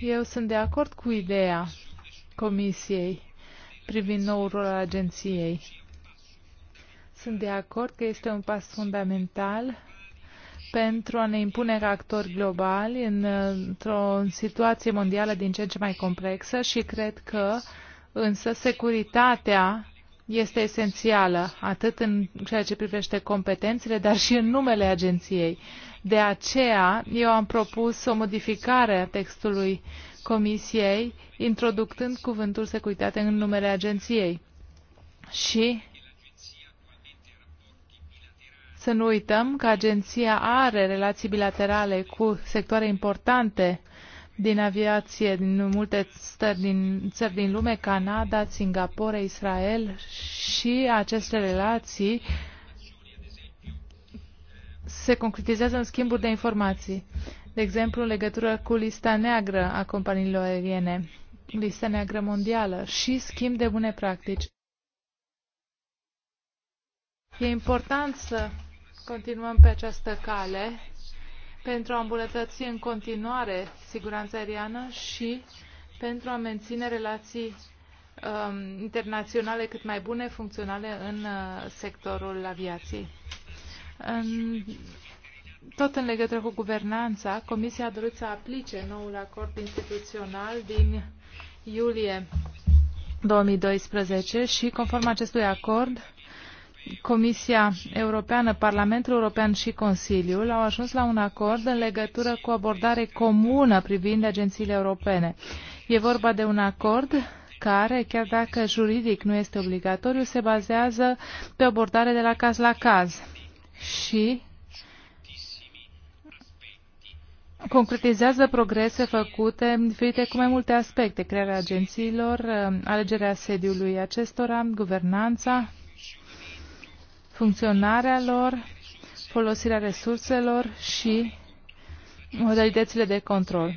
eu sunt de acord cu ideea Comisiei privind noul rol al agenției. Sunt de acord că este un pas fundamental pentru a ne impune ca actori globali uh, într-o situație mondială din ce în ce mai complexă și cred că uh, Însă securitatea este esențială, atât în ceea ce privește competențele, dar și în numele agenției. De aceea, eu am propus o modificare a textului Comisiei, introducând cuvântul securitate în numele agenției. Și să nu uităm că agenția are relații bilaterale cu sectoare importante din aviație din multe țări din, țări din lume, Canada, Singapore, Israel și aceste relații se concretizează în schimburi de informații. De exemplu, în legătură cu lista neagră a companiilor aeriene, lista neagră mondială și schimb de bune practici. E important să continuăm pe această cale pentru a îmbunătăți în continuare siguranța aeriană și pentru a menține relații um, internaționale cât mai bune, funcționale în uh, sectorul aviației. În, tot în legătură cu guvernanța, Comisia a dorit să aplice noul acord instituțional din iulie 2012 și, conform acestui acord, Comisia Europeană, Parlamentul European și Consiliul au ajuns la un acord în legătură cu abordare comună privind agențiile europene. E vorba de un acord care, chiar dacă juridic nu este obligatoriu, se bazează pe abordare de la caz la caz și concretizează progrese făcute diferite cu mai multe aspecte, crearea agențiilor, alegerea sediului acestora, guvernanța, funcționarea lor, folosirea resurselor și modalitățile de control.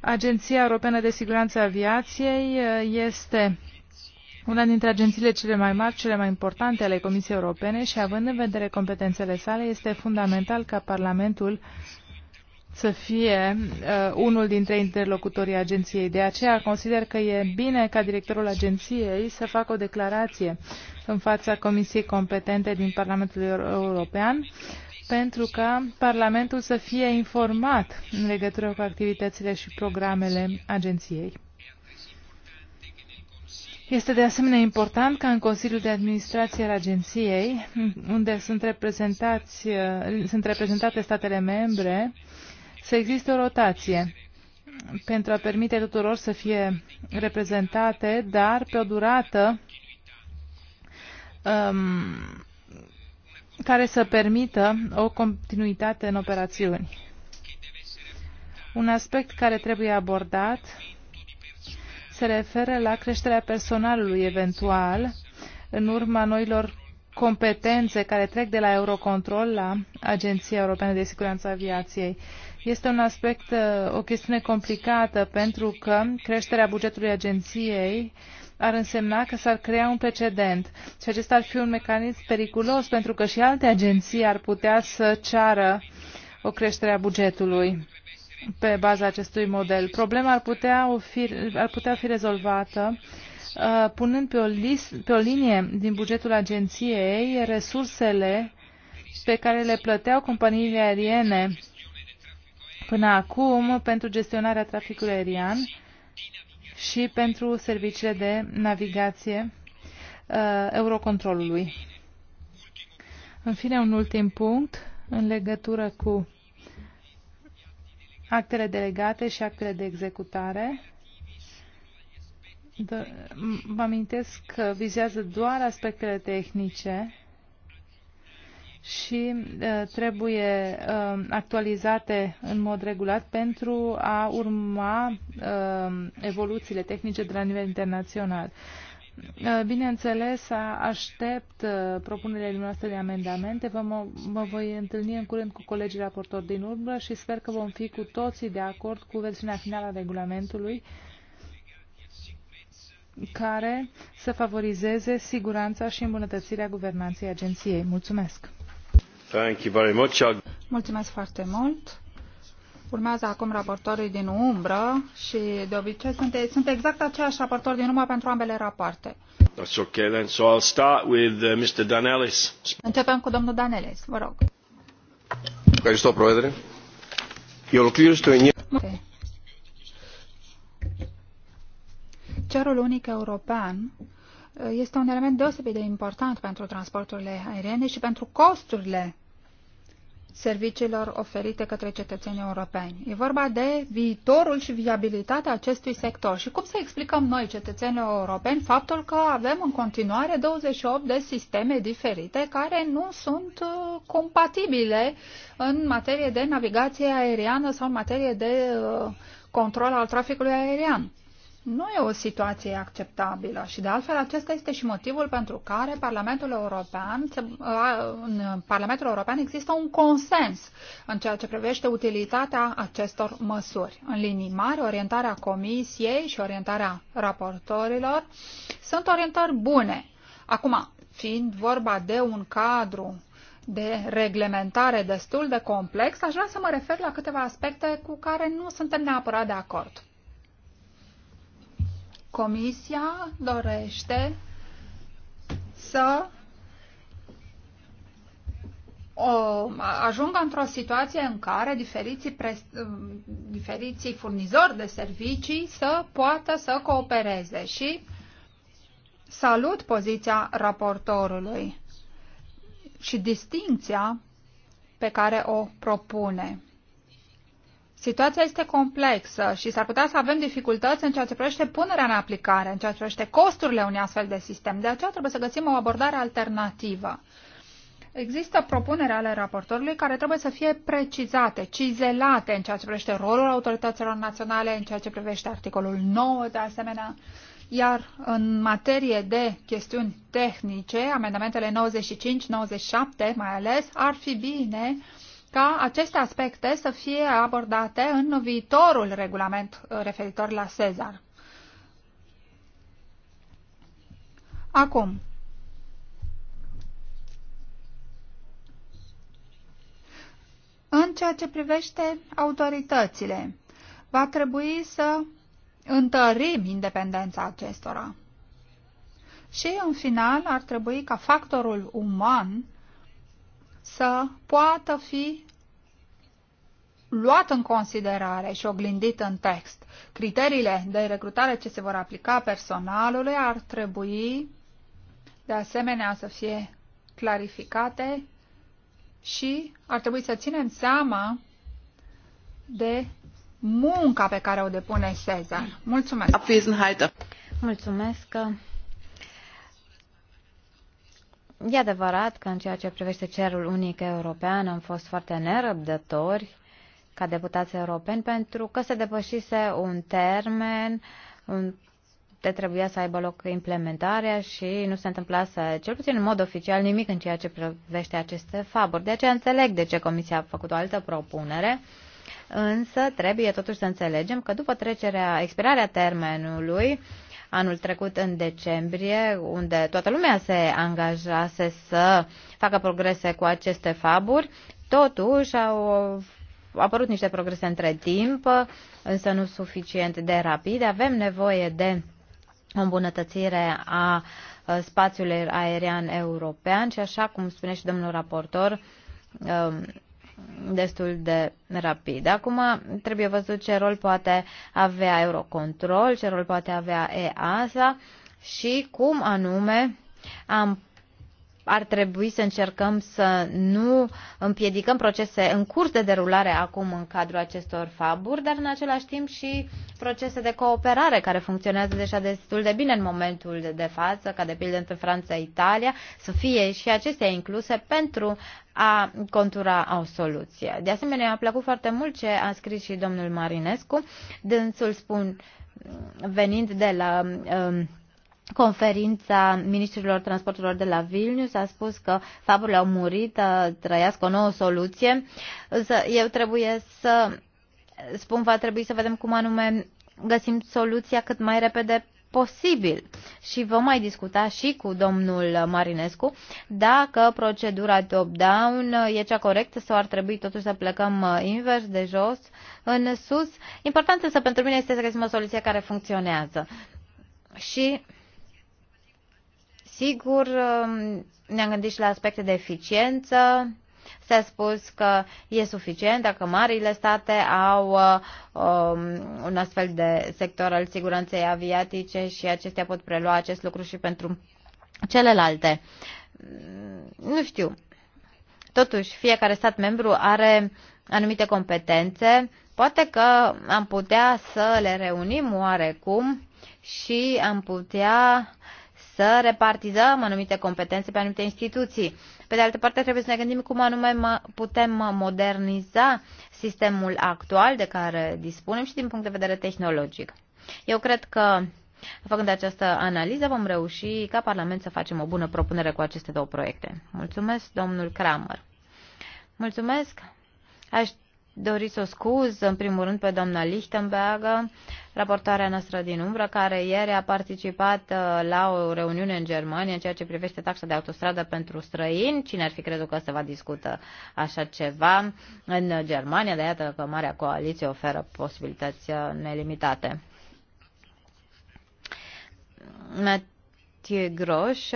Agenția Europeană de Siguranță Aviației uh, este una dintre agențiile cele mai mari, cele mai importante ale Comisiei Europene și având în vedere competențele sale, este fundamental ca Parlamentul să fie uh, unul dintre interlocutorii agenției. De aceea consider că e bine ca directorul agenției să facă o declarație în fața comisiei competente din Parlamentul European pentru ca Parlamentul să fie informat în legătură cu activitățile și programele agenției. Este de asemenea important ca în Consiliul de Administrație al Agenției, unde sunt, reprezentați, uh, sunt reprezentate statele membre, uh, să existe o rotație pentru a permite tuturor să fie reprezentate, dar pe o durată um, care să permită o continuitate în operațiuni. Un aspect care trebuie abordat se referă la creșterea personalului eventual în urma noilor competențe care trec de la Eurocontrol la Agenția Europeană de Siguranță Aviației. Este un aspect, uh, o chestiune complicată, pentru că creșterea bugetului agenției ar însemna că s-ar crea un precedent și acesta ar fi un mecanism periculos, pentru că și alte agenții ar putea să ceară o creștere a bugetului pe baza acestui model. Problema ar putea fi, ar putea fi rezolvată uh, punând pe o, list, pe o linie din bugetul agenției resursele pe care le plăteau companiile aeriene până acum pentru gestionarea traficului aerian și pentru serviciile de navigație uh, Eurocontrolului. În fine, un ultim punct în legătură cu actele delegate și actele de executare. Vă amintesc că vizează doar aspectele tehnice și uh, trebuie uh, actualizate în mod regulat pentru a urma uh, evoluțiile tehnice de la nivel internațional. Uh, bineînțeles, aștept uh, propunerile noastre de amendamente. Vă mă, mă voi întâlni în curând cu colegii raportori din urmă și sper că vom fi cu toții de acord cu versiunea finală a regulamentului care să favorizeze siguranța și îmbunătățirea guvernanței agenției. Mulțumesc! Mulțumesc foarte mult. Urmează acum raportorii din umbră și de obicei sunt, sunt exact aceiași raportori din umbră pentru ambele rapoarte. That's okay then. So I'll start with uh, Mr. Danelis. Începem cu domnul Danelis, vă rog. Ευχαριστώ, Πρόεδρε. Η ολοκλήρωση του Okay. Cerul unic european uh, este un element deosebit de important pentru transporturile aeriene și pentru costurile serviciilor oferite către cetățenii europeni. E vorba de viitorul și viabilitatea acestui sector. Și cum să explicăm noi, cetățenilor europeni, faptul că avem în continuare 28 de sisteme diferite care nu sunt uh, compatibile în materie de navigație aeriană sau în materie de uh, control al traficului aerian. Nu e o situație acceptabilă și de altfel acesta este și motivul pentru care Parlamentul European, în Parlamentul European există un consens în ceea ce privește utilitatea acestor măsuri. În linii mari, orientarea Comisiei și orientarea raportorilor sunt orientări bune. Acum, fiind vorba de un cadru de reglementare destul de complex, aș vrea să mă refer la câteva aspecte cu care nu suntem neapărat de acord. Comisia dorește să o, ajungă într-o situație în care diferiții, pre, diferiții furnizori de servicii să poată să coopereze și salut poziția raportorului și distinția pe care o propune. Situația este complexă și s-ar putea să avem dificultăți în ceea ce privește punerea în aplicare, în ceea ce privește costurile unui astfel de sistem. De aceea trebuie să găsim o abordare alternativă. Există propuneri ale raportorului care trebuie să fie precizate, cizelate în ceea ce privește rolul autorităților naționale, în ceea ce privește articolul 9 de asemenea, iar în materie de chestiuni tehnice, amendamentele 95-97 mai ales, ar fi bine uh, ca aceste aspecte să fie abordate în viitorul regulament uh, referitor la Cezar. Acum, în ceea ce privește autoritățile, va trebui să întărim independența acestora. Și, în final, ar trebui ca factorul uman să poată fi luat în considerare și oglindit în text. Criteriile de recrutare ce se vor aplica personalului ar trebui de asemenea să fie clarificate și ar trebui să ținem seama de munca pe care o depune Cezar. Mulțumesc! Mulțumesc! E adevărat că în ceea ce privește cerul unic european am fost foarte nerăbdători ca deputați europeni pentru că se depășise un termen de trebuia să aibă loc implementarea și nu se întâmplase, cel puțin în mod oficial, nimic în ceea ce privește aceste faburi. De aceea înțeleg de ce Comisia a făcut o altă propunere, însă trebuie totuși să înțelegem că după trecerea, expirarea termenului, uh, anul trecut în decembrie, unde toată lumea se angajase să facă progrese cu aceste faburi. Totuși au au apărut niște progrese între timp, însă nu suficient de rapide. Avem nevoie de o îmbunătățire a spațiului aerian european și așa cum spune și domnul raportor, um, destul de rapid. Acum trebuie văzut ce rol poate avea Eurocontrol, ce rol poate avea EASA și cum anume am ar trebui să încercăm să nu împiedicăm procese în curs de derulare acum în cadrul acestor faburi, dar în același timp și procese de cooperare care funcționează deja destul de bine în momentul de față, ca de pildă între Franța, Italia, să fie și acestea incluse pentru a contura o soluție. De asemenea, mi-a plăcut foarte mult ce a scris și domnul Marinescu. Dânsul spun, venind de la um, conferința ministrilor transporturilor de la Vilnius a spus că faburile au murit, trăiască o nouă soluție. Însă eu trebuie să spun, va trebui să vedem cum anume găsim soluția cât mai repede posibil. Și vom mai discuta și cu domnul Marinescu dacă procedura top-down e cea corectă sau ar trebui totuși să plecăm uh, invers, de jos, în sus. Important însă pentru mine este să găsim o soluție care funcționează. Și Sigur, um, ne-am gândit și la aspecte de eficiență. S-a spus că e suficient dacă marile state au uh, um, un astfel de sector al siguranței aviatice și acestea pot prelua acest lucru și pentru celelalte. Mm, nu știu. Totuși, fiecare stat membru are anumite competențe. Poate că am putea să le reunim oarecum și am putea uh, să repartizăm anumite competențe pe anumite instituții. Pe de altă parte, trebuie să ne gândim cum anume putem moderniza sistemul actual de care dispunem și din punct de vedere tehnologic. Eu cred că Făcând această analiză, vom reuși ca Parlament să facem o bună propunere cu aceste două proiecte. Mulțumesc, domnul Kramer. Mulțumesc. Aș dori să o scuz, în primul rând, pe doamna Lichtenberger raportarea noastră din umbră, care ieri a participat uh, la o reuniune în Germania în ceea ce privește taxa de autostradă pentru străini. Cine ar fi crezut că se va discută așa ceva în Germania? De iată că Marea Coaliție oferă posibilități uh, nelimitate. Mathieu Groș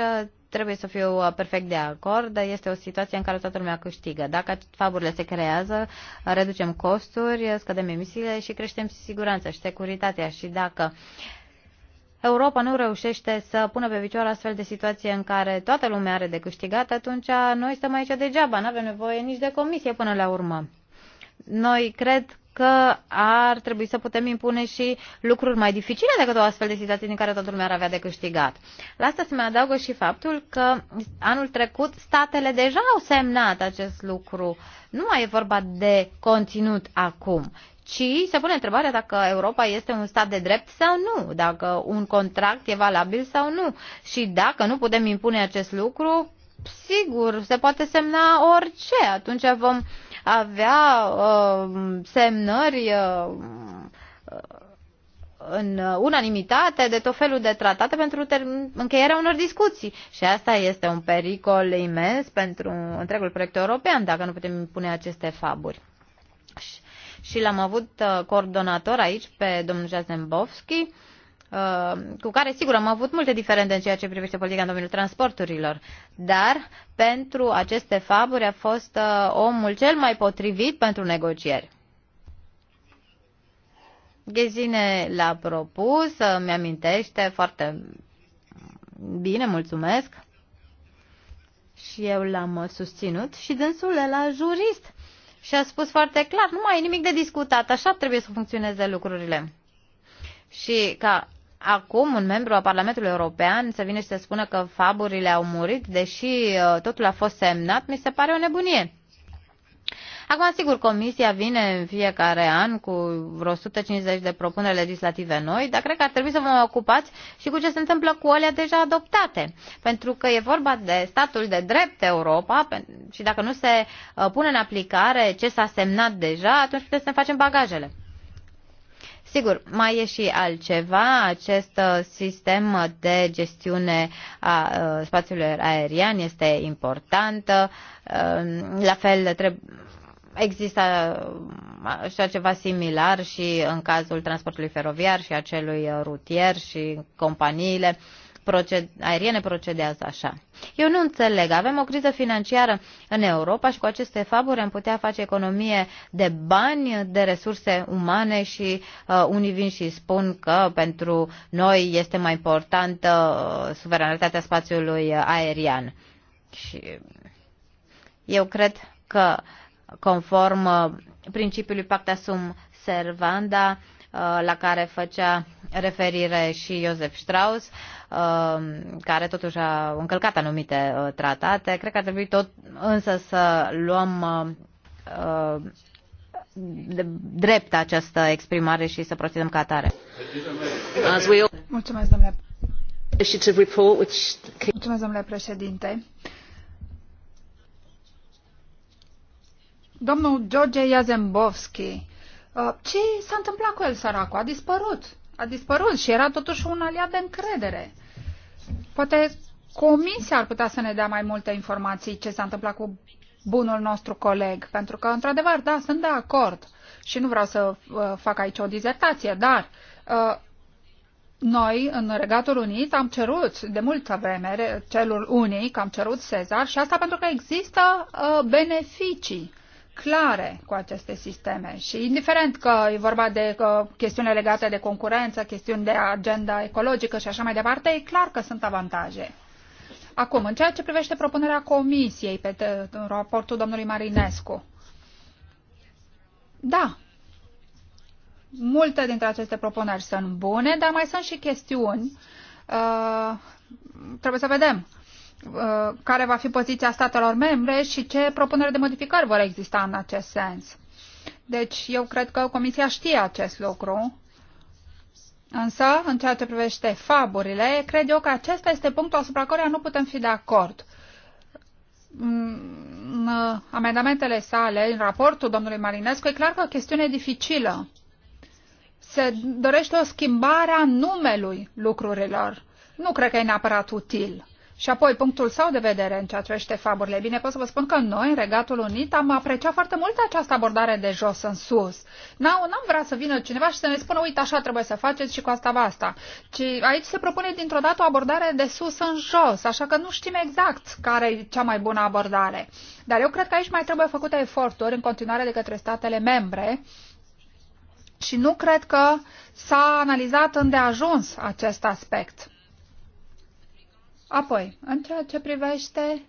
trebuie să fiu uh, perfect de acord, este o situație în care toată lumea câștigă. Dacă faburile se creează, reducem costuri, scădem emisiile și creștem siguranța și securitatea. Și dacă Europa nu reușește să pună pe picioare astfel de situație în care toată lumea are de câștigat, atunci noi stăm aici degeaba, nu avem nevoie nici de comisie până la urmă. Noi cred că ar trebui să putem impune și lucruri mai dificile decât o astfel de situație din care toată lumea ar avea de câștigat. La asta se mai adaugă și faptul că anul trecut statele deja au semnat acest lucru. Nu mai e vorba de conținut acum, ci se pune întrebarea dacă Europa este un stat de drept sau nu, dacă un contract e valabil sau nu. Și dacă nu putem impune acest lucru, sigur, se poate semna orice. Atunci vom uh, avea uh, semnări uh, în unanimitate de tot felul de tratate pentru încheierea unor discuții. Și asta este un pericol imens pentru întregul proiect european, dacă nu putem impune aceste faburi. Și l-am avut uh, coordonator aici pe domnul Jazenbovski, uh, Uh, cu care, sigur, am avut multe diferențe în ceea ce privește politica în domeniul transporturilor, dar pentru aceste faburi a fost uh, omul cel mai potrivit pentru negocieri. Ghezine l-a propus, mi amintește foarte bine, mulțumesc. Și eu l-am susținut și dânsul la jurist și a spus foarte clar, nu mai e nimic de discutat, așa trebuie să funcționeze lucrurile. Și ca acum un membru al Parlamentului European să vină și să spună că faburile au murit, deși uh, totul a fost semnat, mi se pare o nebunie. Acum, sigur, Comisia vine în fiecare an cu vreo 150 de propuneri legislative noi, dar cred că ar trebui să vă ocupați și cu ce se întâmplă cu alea deja adoptate. Pentru că e vorba de statul de drept Europa și dacă nu se uh, pune în aplicare ce s-a semnat deja, atunci putem să ne facem bagajele. Sigur, mai e și altceva. Acest uh, sistem de gestiune a uh, spațiului aerian este important. Uh, la fel trebuie Există așa ceva similar și în cazul transportului feroviar și acelui celui rutier și companiile uh, proced- aeriene procedează așa. Eu nu înțeleg. Avem o criză financiară în Europa și cu aceste faburi am putea face economie de bani, de resurse umane și uh, unii vin și spun că pentru noi este mai importantă uh, suveranitatea spațiului aerian. Și eu cred că conform uh, principiului pacta sum servanda, uh, Uh, la care făcea referire și Joseph Strauss, uh, care totuși a încălcat anumite uh, tratate. Cred că ar trebui tot însă să luăm drept această exprimare și să procedăm ca atare. Mulțumesc, domnule Mulțumesc, domnule președinte. Domnul George Iazembovski Uh, ce s-a întâmplat cu el, săracul? A dispărut. A dispărut și era totuși un aliat de încredere. Poate comisia ar putea să ne dea mai multe informații ce s-a întâmplat cu bunul nostru coleg, pentru că, într-adevăr, da, sunt de acord și nu vreau să uh, fac aici o dizertație, dar uh, noi, în Regatul Unit, am cerut de multă vreme, celul unic, am cerut Cezar și asta pentru că există uh, beneficii clare cu aceste sisteme și indiferent că e vorba de uh, chestiuni legate de concurență, chestiuni de agenda ecologică și așa mai departe, e clar că sunt avantaje. Acum, în ceea ce privește propunerea comisiei pe raportul domnului Marinescu, da, multe dintre aceste propuneri sunt bune, dar mai sunt și chestiuni. Uh, trebuie să vedem Uh, care va fi poziția statelor membre și ce propuneri de modificări vor exista în acest sens. Deci eu cred că Comisia știe acest lucru, însă în ceea ce privește faburile, cred eu că acesta este punctul asupra căruia nu putem fi de acord. În uh, amendamentele sale, în raportul domnului Marinescu, e clar că o chestiune dificilă. Se dorește o schimbare a numelui lucrurilor. Nu cred că e neapărat util. Și apoi, punctul său de vedere în ceea ce privește faburile. Bine, pot să vă spun că noi, în Regatul Unit, am apreciat foarte mult această abordare de jos în sus. N-am vrea să vină cineva și să ne spună, uite, așa trebuie să faceți și cu asta basta. Ci aici se propune dintr-o dată o abordare de sus în jos, așa că nu știm exact care e cea mai bună abordare. Dar eu cred că aici mai trebuie făcute eforturi în continuare de către statele membre și nu cred că s-a analizat îndeajuns acest aspect. Apoi, în ceea ce privește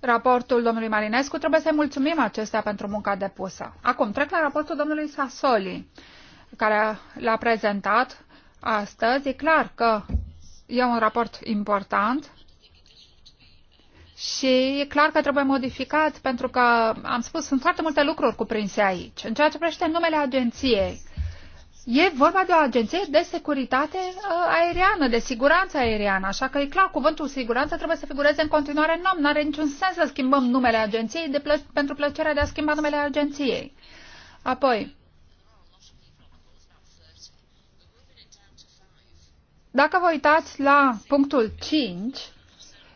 raportul domnului Marinescu, trebuie să-i mulțumim acestea pentru munca depusă. Acum, trec la raportul domnului Sassoli, care l-a prezentat astăzi. E clar că e un raport important și e clar că trebuie modificat, pentru că, am spus, sunt foarte multe lucruri cuprinse aici. În ceea ce privește numele agenției, E vorba de o agenție de securitate uh, aeriană, de siguranță aeriană, așa că e clar, cuvântul siguranță trebuie să figureze în continuare în nom. N-are niciun sens să schimbăm numele agenției de plă- pentru plăcerea de a schimba numele agenției. Apoi, dacă vă uitați la punctul 5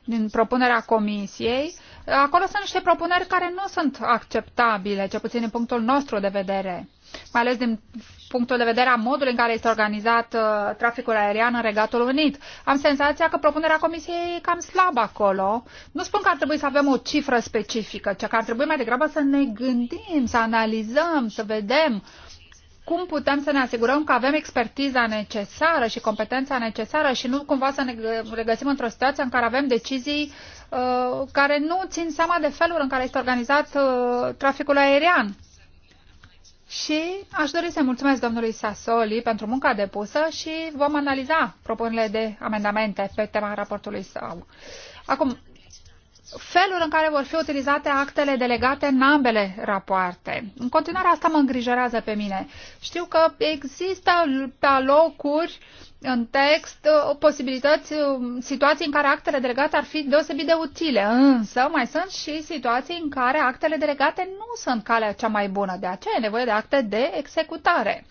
din propunerea comisiei, uh, Acolo sunt niște propuneri care nu sunt acceptabile, ce puțin din punctul nostru de vedere, mai ales din punctul de vedere a modului în care este organizat uh, traficul aerian în Regatul Unit. Am senzația că propunerea Comisiei e cam slabă acolo. Nu spun că ar trebui să avem o cifră specifică, ci că ar trebui mai degrabă să ne gândim, să analizăm, să vedem cum putem să ne asigurăm că avem expertiza necesară și competența necesară și nu cumva să ne regăsim într-o situație în care avem decizii Uh, care nu țin seama de felul în care este organizat uh, traficul aerian. Și aș dori să mulțumesc domnului Sassoli pentru munca depusă și vom analiza propunerile de amendamente pe tema raportului său. Acum, felul în care vor fi utilizate actele delegate în ambele rapoarte. În continuare, asta mă îngrijorează pe mine. Știu că există pe locuri uh, în text uh, o posibilități, uh, situații în care actele delegate ar fi deosebit de utile, însă mai sunt și situații în care actele delegate nu sunt calea cea mai bună, de aceea e nevoie de acte de executare.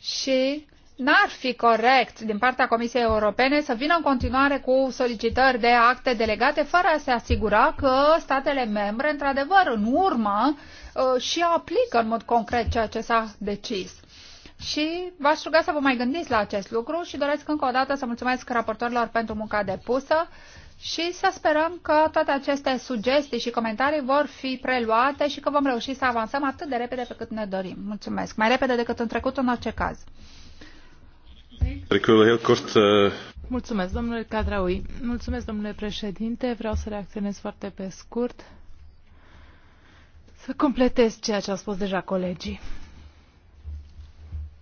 Și n-ar fi corect din partea Comisiei Europene să vină în continuare cu solicitări de acte delegate fără a se asigura că statele membre, într-adevăr, în urmă uh, și aplică în mod concret ceea ce s-a decis și v-aș ruga să vă mai gândiți la acest lucru și doresc încă o dată să mulțumesc raportorilor pentru munca depusă și să sperăm că toate aceste sugestii și comentarii vor fi preluate și că vom reuși să avansăm atât de repede pe cât ne dorim. Mulțumesc. Mai repede decât în trecut, în orice caz. Uh, mulțumesc, domnule Cadraui. Mulțumesc, domnule președinte. Vreau să reacționez foarte pe scurt. Să completez ceea ce au spus deja colegii.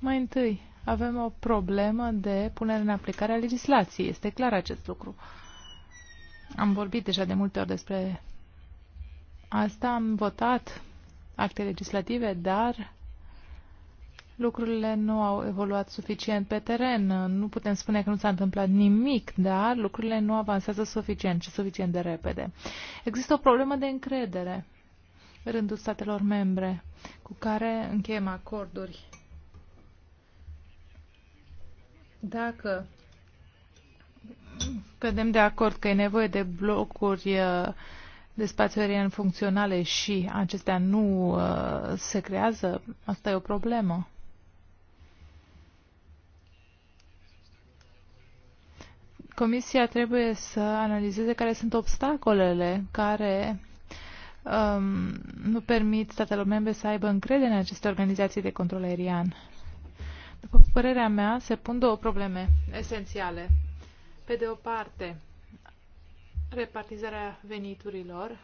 Mai întâi, avem o problemă de punere în aplicare a legislației. Este clar acest lucru. Am vorbit deja de multe ori despre asta. Am votat acte legislative, dar lucrurile nu au evoluat suficient pe teren. Nu putem spune că nu s-a întâmplat nimic, dar lucrurile nu avansează suficient și suficient de repede. Există o problemă de încredere în rândul statelor membre cu care încheiem acorduri Dacă cădem de acord că e nevoie de blocuri uh, de spațiu aerian funcționale și acestea nu uh, se creează, asta e o problemă. Comisia trebuie să analizeze care sunt obstacolele care um, nu permit statelor membre să aibă încredere în aceste organizații de control aerian. După părerea mea, se pun două probleme esențiale. Pe de o parte, repartizarea veniturilor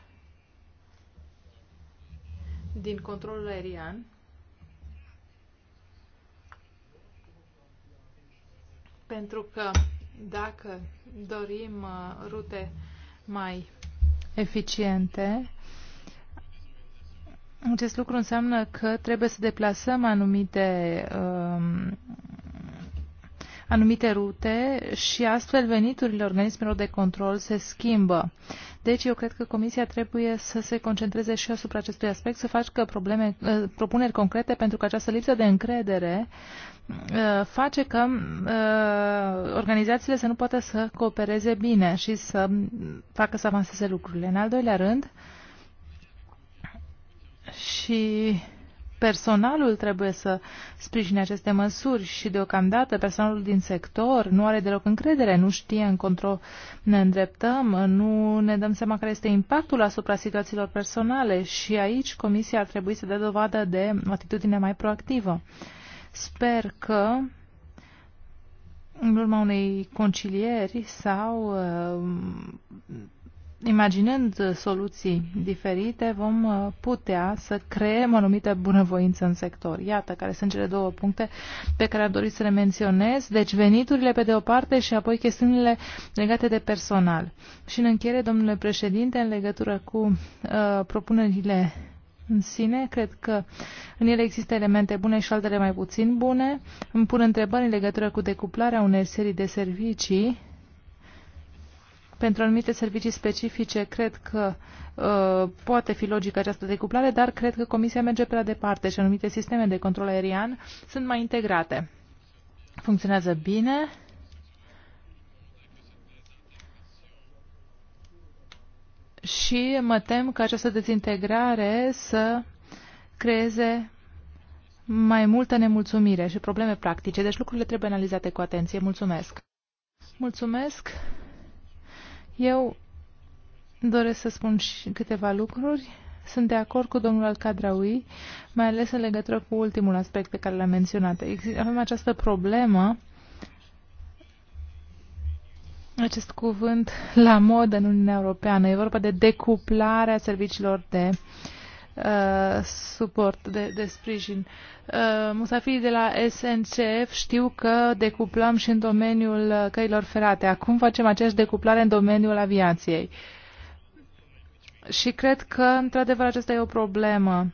din controlul aerian, pentru că dacă dorim uh, rute mai eficiente, acest lucru înseamnă că trebuie să deplasăm anumite, um, anumite rute și astfel veniturile organismelor de control se schimbă. Deci eu cred că Comisia trebuie să se concentreze și asupra acestui aspect, să facă probleme, uh, propuneri concrete, pentru că această lipsă de încredere uh, face că uh, organizațiile să nu poată să coopereze bine și să facă să avanseze lucrurile. În al doilea rând, uh, și personalul trebuie să sprijine aceste măsuri și deocamdată personalul din sector nu are deloc încredere, nu știe încotro ne îndreptăm, nu ne dăm seama care este impactul asupra situațiilor personale și aici Comisia ar trebui să dea dovadă de o atitudine mai proactivă. Sper că în urma unei concilieri sau uh, imaginând uh, soluții diferite, vom uh, putea să creăm o anumită bunăvoință în sector. Iată care sunt cele două puncte pe care am dorit să le menționez. Deci veniturile pe de o parte și apoi chestiunile legate de personal. Și în încheiere, domnule președinte, în legătură cu uh, propunerile în sine, cred că în ele există elemente bune și altele mai puțin bune. Îmi pun întrebări în legătură cu decuplarea unei serii de servicii pentru anumite servicii specifice cred că uh, poate fi logică această decuplare, dar cred că Comisia merge prea departe și anumite sisteme de control aerian sunt mai integrate. Funcționează bine. Și mă tem că această dezintegrare să creeze mai multă nemulțumire și probleme practice. Deci lucrurile trebuie analizate cu atenție. Mulțumesc! Mulțumesc! Eu doresc să spun și câteva lucruri. Sunt de acord cu domnul Alcadraui, mai ales în legătură cu ultimul aspect pe care l-a menționat. Avem această problemă, acest cuvânt la modă în Uniunea Europeană. E vorba de decuplarea serviciilor de uh, Uh, suport, de, de sprijin. Uh, musafirii de la SNCF știu că decuplăm și în domeniul uh, căilor ferate. Acum facem aceeași decuplare în domeniul aviației. Și cred că, într-adevăr, aceasta e o problemă.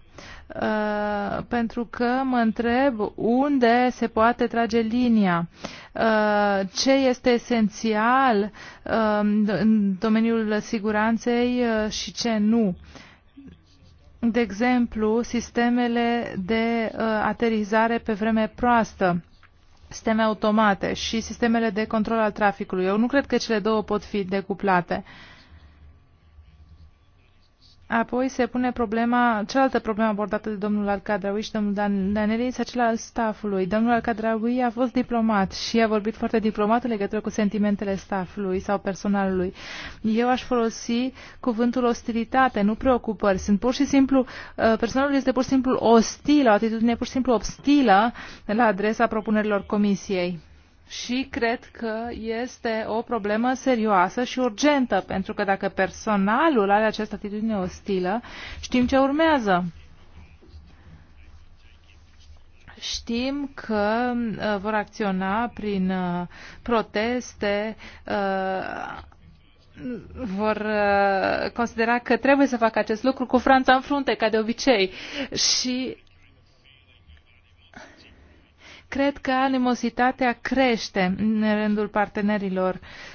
Uh, pentru că mă întreb unde se poate trage linia, uh, ce este esențial uh, în domeniul siguranței și ce nu. Uh, de exemplu, sistemele de uh, aterizare pe vreme proastă, sisteme automate și sistemele de control al traficului. Eu nu cred că cele două pot fi decuplate. Uh, Apoi se pune problema, cealaltă problemă abordată de domnul Alcadraui și domnul Dan este acela al staffului. Domnul Alcadraui a fost diplomat și a vorbit foarte diplomat în legătură cu sentimentele staffului sau personalului. Eu aș folosi cuvântul ostilitate, nu preocupări. Sunt pur și simplu, uh, personalul este pur și simplu ostil, o atitudine pur și simplu obstilă la adresa propunerilor comisiei și cred că este o problemă serioasă și urgentă, pentru că dacă personalul are această atitudine ostilă, știm ce urmează. Știm că uh, vor acționa prin uh, proteste, uh, vor uh, considera că trebuie să facă acest lucru cu Franța în frunte, ca de obicei. Și cred că animositatea crește în rândul partenerilor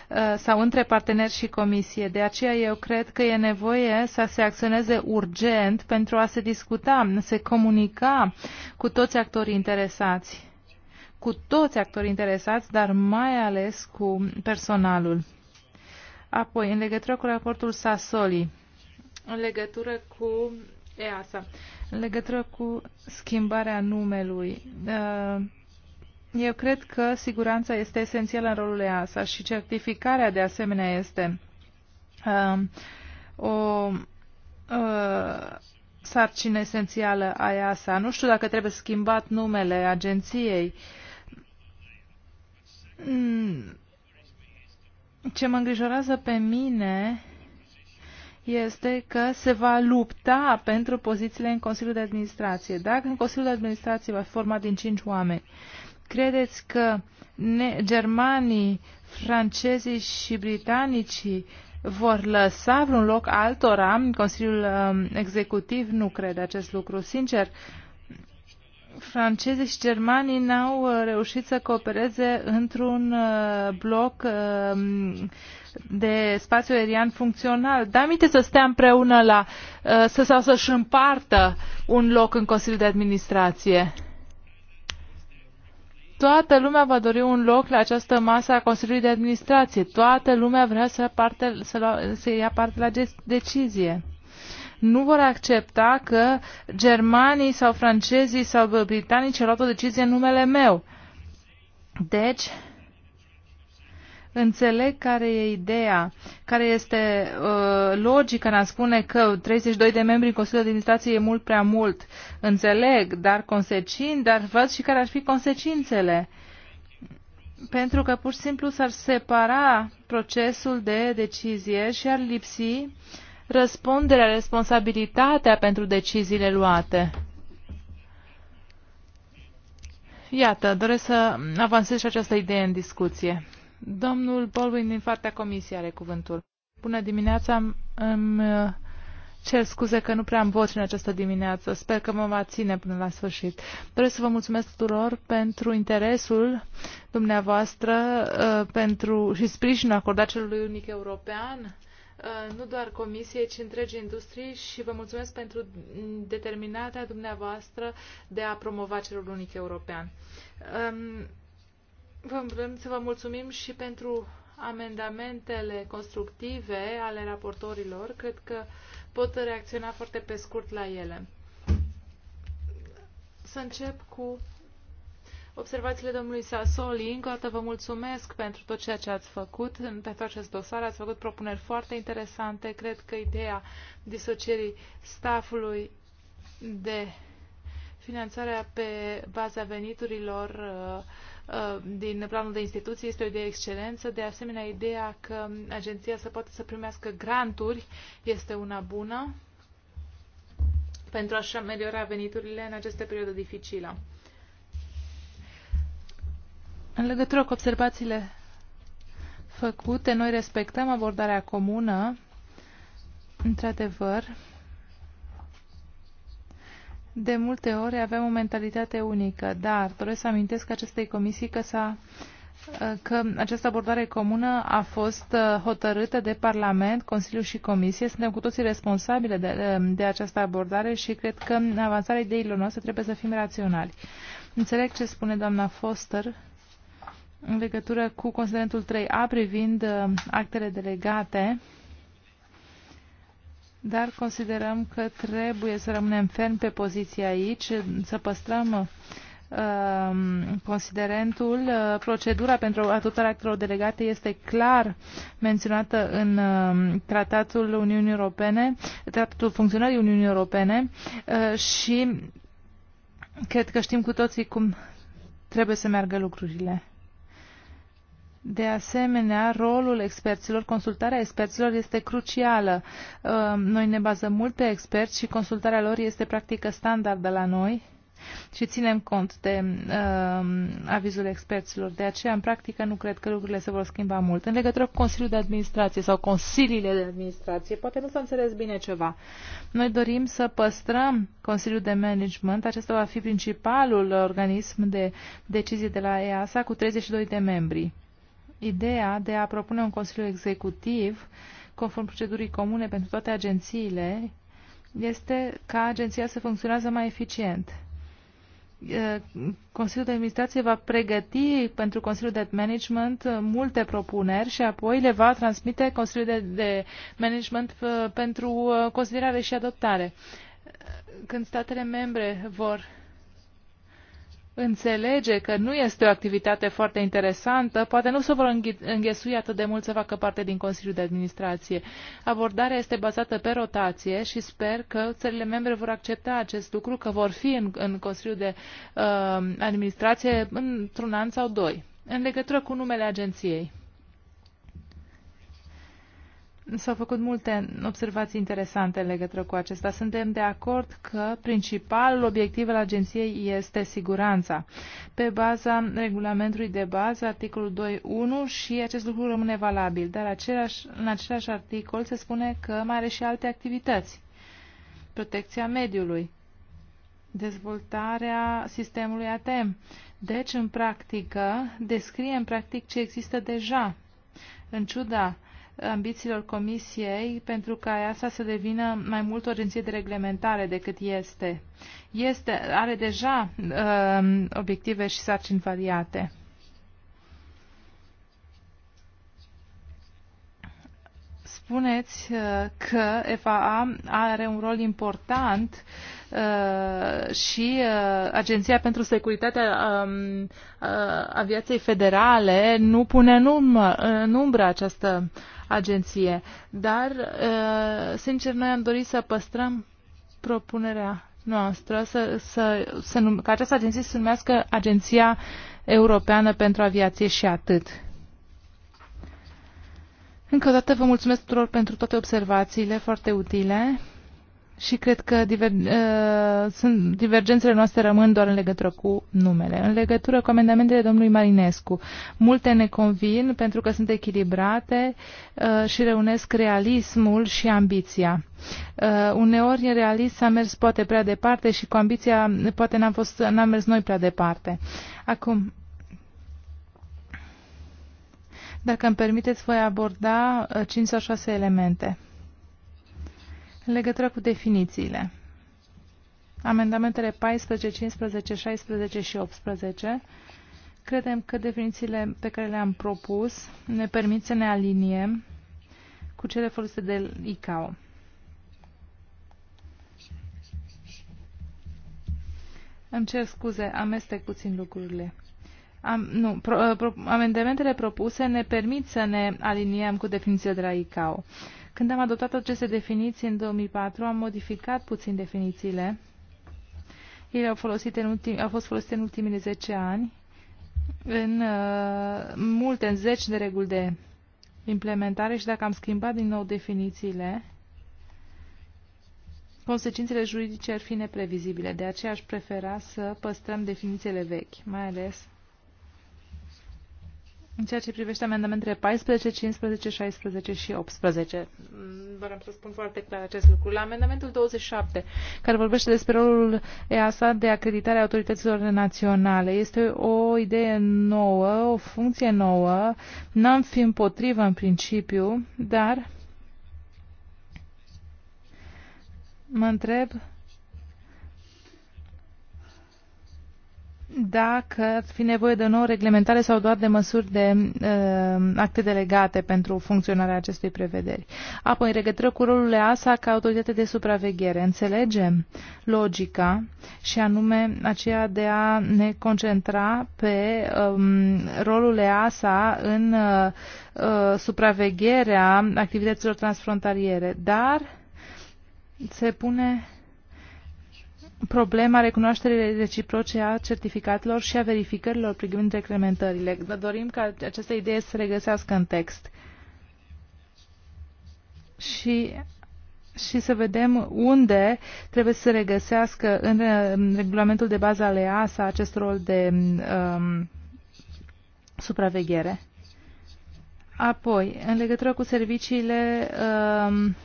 uh, sau între parteneri și comisie. De aceea eu cred că e nevoie să se acționeze urgent pentru a se discuta, se comunica cu toți actorii interesați cu toți actorii interesați, dar mai ales cu personalul. Apoi, în legătură cu raportul Sassoli, în legătură cu EASA, în legătură cu schimbarea numelui, uh, eu cred că siguranța este esențială în rolul EASA și certificarea de asemenea este uh, o uh, sarcină esențială a EASA. Nu știu dacă trebuie schimbat numele agenției. Mm, ce mă îngrijorează pe mine este că se va lupta pentru pozițiile în Consiliul de Administrație. Dacă în Consiliul de Administrație va fi format din cinci oameni Credeți că ne, germanii, francezii și britanicii vor lăsa vreun loc altora în Consiliul um, Executiv? Nu cred acest lucru. Sincer, francezii și germanii n-au uh, reușit să coopereze într-un uh, bloc um, de spațiu aerian funcțional. Da, minte să stea împreună la, uh, să, sau să-și împartă un loc în Consiliul de Administrație. Toată lumea va dori un loc la această masă a Consiliului de Administrație. Toată lumea vrea să, parte, să, lua, să ia parte la decizie nu vor accepta că germanii sau francezii sau britanici au luat o decizie în numele meu. Deci, Înțeleg care e ideea, care este uh, logica în a spune că 32 de membri în Consiliul de Administrație e mult prea mult. Înțeleg, dar consecin, dar văd și care ar fi consecințele. Pentru că pur și simplu s-ar separa procesul de decizie și ar lipsi răspunderea, responsabilitatea pentru deciziile luate. Iată, doresc să avansez și această idee în discuție. Domnul Baldwin din partea comisiei are cuvântul. Bună dimineața, îmi uh, cer scuze că nu prea am voce în această dimineață. Sper că mă va ține până la sfârșit. Doresc să vă mulțumesc tuturor pentru interesul dumneavoastră uh, pentru și sprijinul acordat celui unic european uh, nu doar comisiei, ci întregii industrii și vă mulțumesc pentru determinarea dumneavoastră de a promova celul unic european. Um, Vă vrem să vă mulțumim și pentru amendamentele constructive ale raportorilor. Cred că pot reacționa foarte pe scurt la ele. Să încep cu observațiile domnului Sasoli. Încă o dată vă mulțumesc pentru tot ceea ce ați făcut pentru acest dosar. Ați făcut propuneri foarte interesante. Cred că ideea disocierii staffului de finanțarea pe baza veniturilor uh, Uh, din planul de instituții este o idee excelență. De asemenea, ideea că agenția să poată să primească granturi este una bună pentru a-și ameliora veniturile în această perioadă dificilă. În legătură cu observațiile făcute, noi respectăm abordarea comună, într-adevăr, de multe ori avem o mentalitate unică, dar doresc să amintesc acestei comisii că s-a că această abordare comună a fost uh, hotărâtă de Parlament, Consiliu și Comisie. Suntem cu toții responsabile de, uh, de această abordare și cred că în avansarea ideilor noastre trebuie să fim raționali. Înțeleg ce spune doamna Foster în legătură cu considerentul 3A privind uh, actele delegate dar considerăm că trebuie să rămânem ferm pe poziția aici, să păstrăm um, considerentul. Procedura pentru adoptarea actelor delegate este clar menționată în um, Tratatul Uniunii Europene, Tratatul Funcționării Uniunii Europene uh, și cred că știm cu toții cum trebuie să meargă lucrurile. De asemenea, rolul experților, consultarea experților este crucială. Uh, noi ne bazăm mult pe experți și consultarea lor este practică standard de la noi și ținem cont de uh, avizul experților. De aceea, în practică, nu cred că lucrurile se vor schimba mult. În legătură cu Consiliul de Administrație sau Consiliile de Administrație, poate nu s-a înțeles bine ceva. Noi dorim să păstrăm Consiliul de Management. Acesta va fi principalul organism de decizii de la EASA cu 32 de membri ideea de a propune un Consiliu Executiv conform procedurii comune pentru toate agențiile este ca agenția să funcționează mai eficient. Consiliul de Administrație va pregăti pentru Consiliul de Management multe propuneri și apoi le va transmite Consiliul de, Management pentru considerare și adoptare. Când statele membre vor înțelege că nu este o activitate foarte interesantă, poate nu se vor înghesui atât de mult să facă parte din Consiliul de Administrație. Abordarea este bazată pe rotație și sper că țările membre vor accepta acest lucru, că vor fi în, în Consiliul de uh, Administrație într-un an sau doi. În legătură cu numele agenției. S-au făcut multe observații interesante în legătură cu acesta. Suntem de acord că principalul obiectiv al agenției este siguranța. Pe baza regulamentului de bază, articolul 2.1 și acest lucru rămâne valabil, dar același, în același articol se spune că mai are și alte activități. Protecția mediului, dezvoltarea sistemului ATM. Deci, în practică, descrie în practic ce există deja. În ciuda ambițiilor Comisiei pentru ca EASA să devină mai mult o agenție de reglementare decât este. este are deja uh, obiective și sarcini variate. Spuneți uh, că FAA are un rol important uh, Uh, și uh, Agenția pentru Securitatea um, uh, Aviației Federale nu pune în, urmă, în umbră această agenție. Dar, sincer, noi am dorit să păstrăm propunerea noastră să, să, să num- ca această agenție să se numească Agenția Europeană pentru Aviație și atât. Încă o dată vă mulțumesc tuturor pentru toate observațiile foarte utile și cred că diver, uh, sunt, divergențele noastre rămân doar în legătură cu numele. În legătură cu amendamentele domnului Marinescu, multe ne convin pentru că sunt echilibrate uh, și reunesc realismul și ambiția. Uh, uneori realist s-a mers poate prea departe și cu ambiția poate n-am, fost, n-am mers noi prea departe. Acum, dacă îmi permiteți, voi aborda 5 uh, sau 6 elemente. În legătură cu definițiile, amendamentele 14, 15, 16 și 18, credem că definițiile pe care le-am propus ne permit să ne aliniem cu cele folosite de ICAO. Îmi cer scuze, amestec puțin lucrurile. Am, nu, pro, pro, amendamentele propuse ne permit să ne aliniem cu definiția de la ICAO. Când am adoptat aceste definiții în 2004, am modificat puțin definițiile. Ele au, folosite în ultim, au fost folosite în ultimii 10 ani în uh, multe, în zeci de reguli de implementare și dacă am schimbat din nou definițiile, consecințele juridice ar fi neprevizibile. De aceea aș prefera să păstrăm definițiile vechi, mai ales în ceea ce privește amendamentele 14, 15, 16 și 18. Mm, vă să spun foarte clar acest lucru. La amendamentul 27, care vorbește despre rolul EASA de acreditare a autorităților naționale, este o idee nouă, o funcție nouă. N-am fi împotrivă în principiu, dar mă întreb dacă ar fi nevoie de o nouă reglementare sau doar de măsuri de uh, acte delegate pentru funcționarea acestei prevederi. Apoi, în legătură cu rolul EASA ca autoritate de supraveghere, înțelegem logica și anume aceea de a ne concentra pe um, rolul EASA în uh, uh, supravegherea activităților transfrontaliere, dar se pune problema recunoașterii reciproce a certificatelor și a verificărilor privind reglementările. Dorim ca această idee să se regăsească în text. Și și să vedem unde trebuie să se regăsească în, regulamentul de bază ale EASA acest rol de um, supraveghere. Apoi, în legătură cu serviciile um,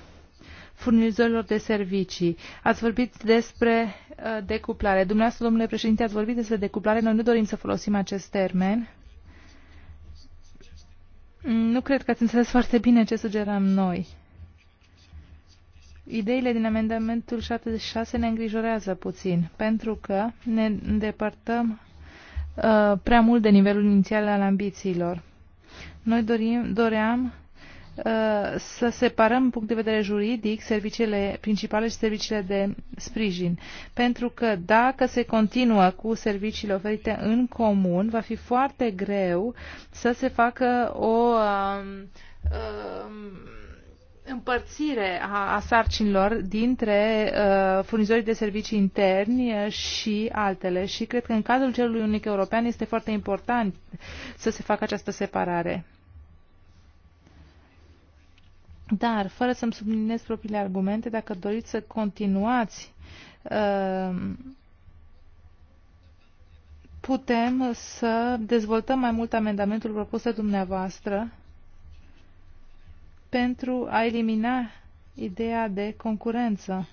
furnizorilor de servicii. Ați vorbit despre uh, decuplare. Dumneavoastră, domnule președinte, ați vorbit despre decuplare. Noi nu dorim să folosim acest termen. Nu cred că ați înțeles foarte bine ce sugeram noi. Ideile din amendamentul 76 ne îngrijorează puțin, pentru că ne îndepărtăm uh, prea mult de nivelul inițial al ambițiilor. Noi dorim, doream Uh, să separăm, în punct de vedere juridic, serviciile principale și serviciile de sprijin. Pentru că dacă se continuă cu serviciile oferite în comun, va fi foarte greu să se facă o um, um, împărțire a, a sarcinilor dintre uh, furnizorii de servicii interni și altele și cred că în cadrul celului unic european este foarte important să se facă această separare. Dar, fără să-mi subliniez propriile argumente, dacă doriți să continuați, uh, putem să dezvoltăm mai mult amendamentul propus de dumneavoastră pentru a elimina ideea de concurență.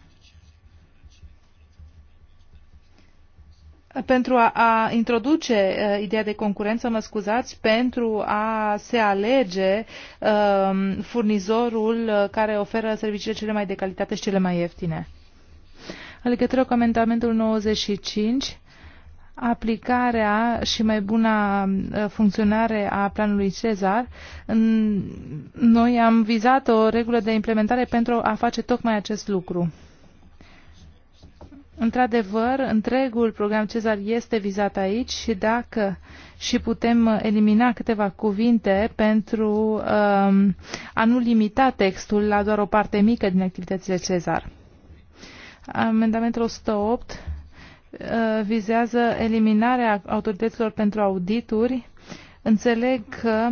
pentru a, a introduce uh, ideea de concurență, mă scuzați, pentru a se alege uh, furnizorul care oferă serviciile cele mai de calitate și cele mai ieftine. În legătură cu amendamentul 95, aplicarea și mai buna funcționare a planului Cezar, noi am vizat o regulă de implementare pentru a face tocmai acest lucru. Într-adevăr, întregul program Cezar este vizat aici și dacă și putem elimina câteva cuvinte pentru um, a nu limita textul la doar o parte mică din activitățile Cezar. Amendamentul 108 uh, vizează eliminarea autorităților pentru audituri. Înțeleg că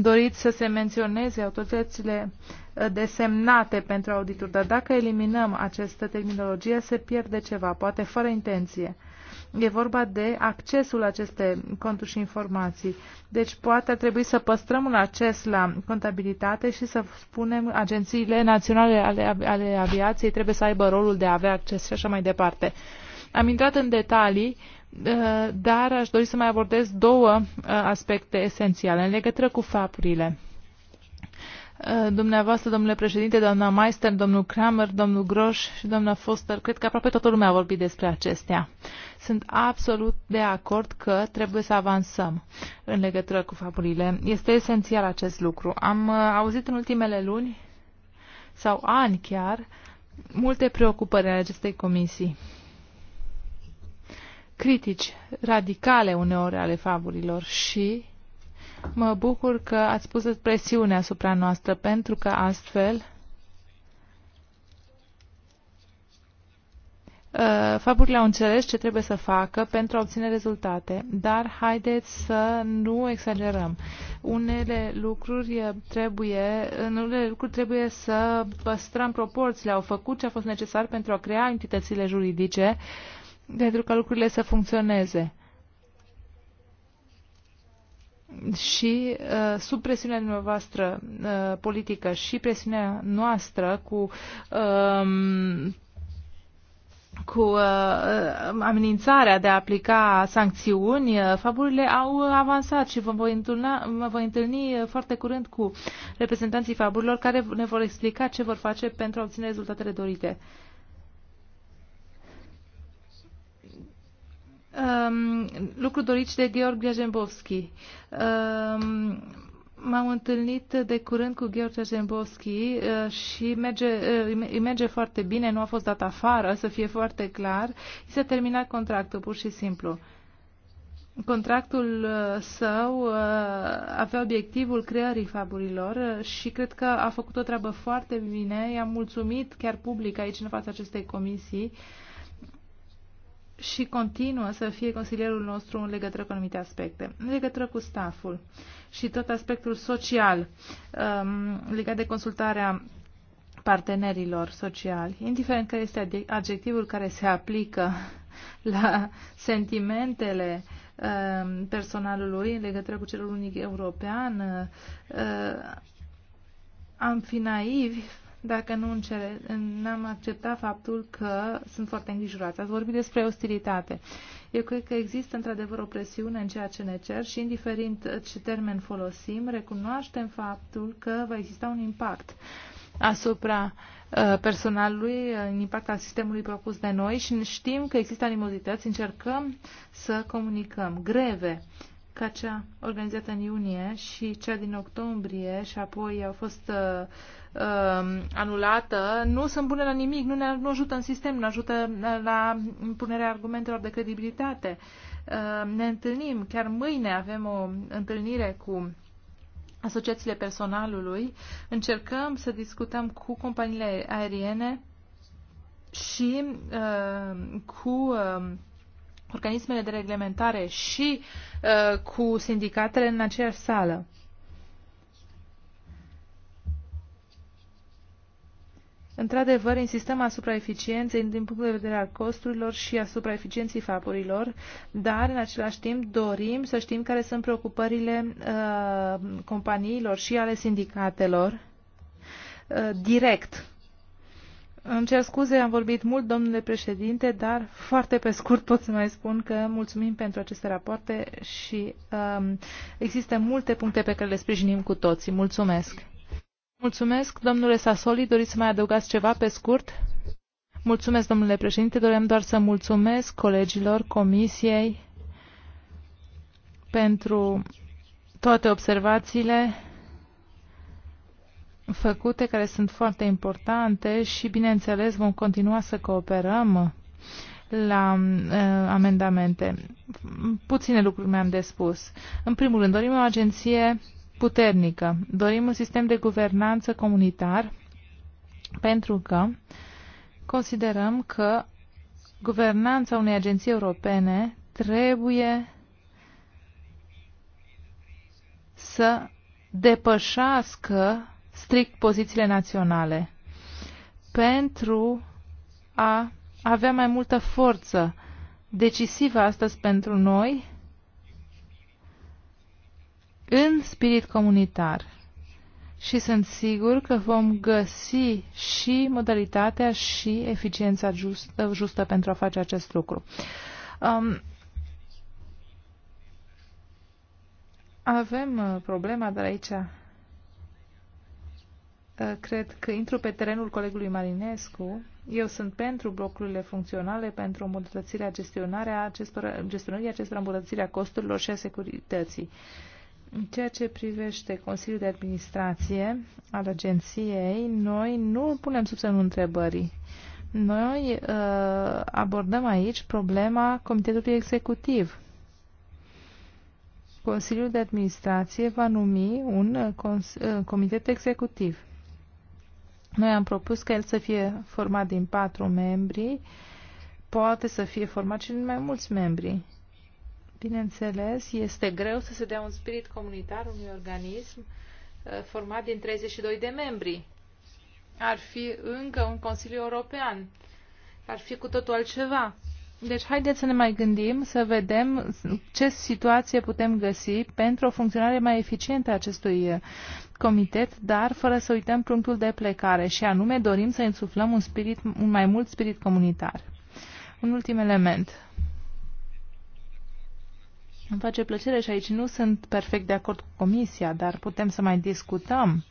doriți să se menționeze autoritățile uh, desemnate pentru audituri, dar dacă eliminăm această terminologie, se pierde ceva, poate fără intenție. E vorba de accesul aceste conturi și informații. Deci poate ar trebui să păstrăm un acces la contabilitate și să spunem agențiile naționale ale, ale aviației trebuie să aibă rolul de a avea acces și așa mai departe. Am intrat în detalii, ă, dar aș dori să mai abordez două ă, aspecte esențiale în legătură cu fapurile. Eh, dumneavoastră, domnule președinte, doamna Meister, domnul Kramer, domnul Groș și doamna Foster, cred că aproape toată lumea a vorbit despre acestea. Sunt absolut de acord că trebuie să avansăm în legătură cu faburile. Este esențial acest lucru. Am eh, auzit în ultimele luni sau ani chiar multe preocupări ale acestei comisii. Critici radicale uneori ale faburilor și Mă bucur că ați pus presiune asupra noastră, pentru că astfel ă, faburile au înțeles ce trebuie să facă pentru a obține rezultate, dar haideți să nu exagerăm. Unele lucruri trebuie, în unele lucruri trebuie să păstrăm proporțiile. Au făcut ce a fost necesar pentru a crea entitățile juridice pentru ca lucrurile să funcționeze și uh, sub presiunea noastră uh, politică și presiunea noastră cu um, cu uh, uh, amenințarea de a aplica sancțiuni, uh, faburile au avansat și vă voi, întâlna, mă voi întâlni uh, foarte curând cu reprezentanții faburilor care ne vor explica ce vor face pentru a obține rezultatele dorite. Uh, um, lucru dorit și de Gheorghe Jembovski. Um, M-am întâlnit de curând cu Gheorghe Zembovski uh, și merge, uh, îi merge foarte bine, nu a fost dat afară, să fie foarte clar. I s-a terminat contractul, pur și simplu. Contractul uh, său avea obiectivul creării faburilor și cred că a făcut o treabă foarte bine. I-am mulțumit chiar public aici în fața acestei comisii și continuă să fie consilierul nostru în legătură cu anumite aspecte, în legătură cu staful și tot aspectul social um, legat de consultarea partenerilor sociali, indiferent care este adjectivul care se aplică la sentimentele um, personalului în legătură cu celul unic european, uh, am fi naivi dacă nu n-am acceptat faptul că sunt foarte îngrijorați. Ați vorbit despre ostilitate. Eu cred că există într-adevăr o presiune în ceea ce ne cer și indiferent ce termen folosim, recunoaștem faptul că va exista un impact asupra uh, personalului, în uh, impact al sistemului propus de noi și știm că există animozități, încercăm să comunicăm. Greve, ca cea organizată în iunie și cea din octombrie și apoi a fost uh, uh, anulată, nu sunt bune la nimic, nu ne nu ajută în sistem, nu ajută la impunerea argumentelor de credibilitate. Uh, ne întâlnim, chiar mâine avem o întâlnire cu asociațiile personalului, încercăm să discutăm cu companiile aeriene și uh, cu uh, organismele de reglementare și uh, cu sindicatele în aceeași sală. Într-adevăr, insistăm asupra eficienței din punct de vedere al costurilor și asupra eficienței fapurilor, dar în același timp dorim să știm care sunt preocupările uh, companiilor și ale sindicatelor uh, direct îmi cer scuze, am vorbit mult, domnule președinte, dar foarte pe scurt pot să mai spun că mulțumim pentru aceste rapoarte și um, există multe puncte pe care le sprijinim cu toții. Mulțumesc! Mulțumesc, domnule Sasoli, doriți să mai adăugați ceva pe scurt? Mulțumesc, domnule președinte, doream doar să mulțumesc colegilor comisiei pentru toate observațiile făcute care sunt foarte importante și, bineînțeles, vom continua să cooperăm la uh, amendamente. Puține lucruri mi-am de spus. În primul rând, dorim o agenție puternică. Dorim un sistem de guvernanță comunitar pentru că considerăm că guvernanța unei agenții europene trebuie să depășească strict pozițiile naționale pentru a avea mai multă forță decisivă astăzi pentru noi în spirit comunitar. Și sunt sigur că vom găsi și modalitatea și eficiența justă, justă pentru a face acest lucru. Um, avem uh, problema de aici Uh, cred că intru pe terenul colegului Marinescu. Eu sunt pentru blocurile funcționale, pentru îmbunătățirea gestionarea acestor, gestionării acestor îmbunătățirea costurilor și a securității. În ceea ce privește Consiliul de Administrație al agenției, noi nu îl punem sub semnul întrebării. Noi uh, abordăm aici problema Comitetului Executiv. Consiliul de Administrație va numi un uh, uh comitet executiv. Noi am propus ca el să fie format din patru membri, poate să fie format și din mai mulți membri. Bineînțeles, este greu să se dea un spirit comunitar unui organism uh, format din 32 de membri. Ar fi încă un Consiliu European. Ar fi cu totul altceva. Deci haideți să ne mai gândim, să vedem ce situație putem găsi pentru o funcționare mai eficientă a acestui uh, comitet, dar fără să uităm punctul de plecare și anume dorim să insuflăm un, spirit, un mai mult spirit comunitar. Un ultim element. Îmi face plăcere și aici nu sunt perfect de acord cu comisia, dar putem să mai discutăm,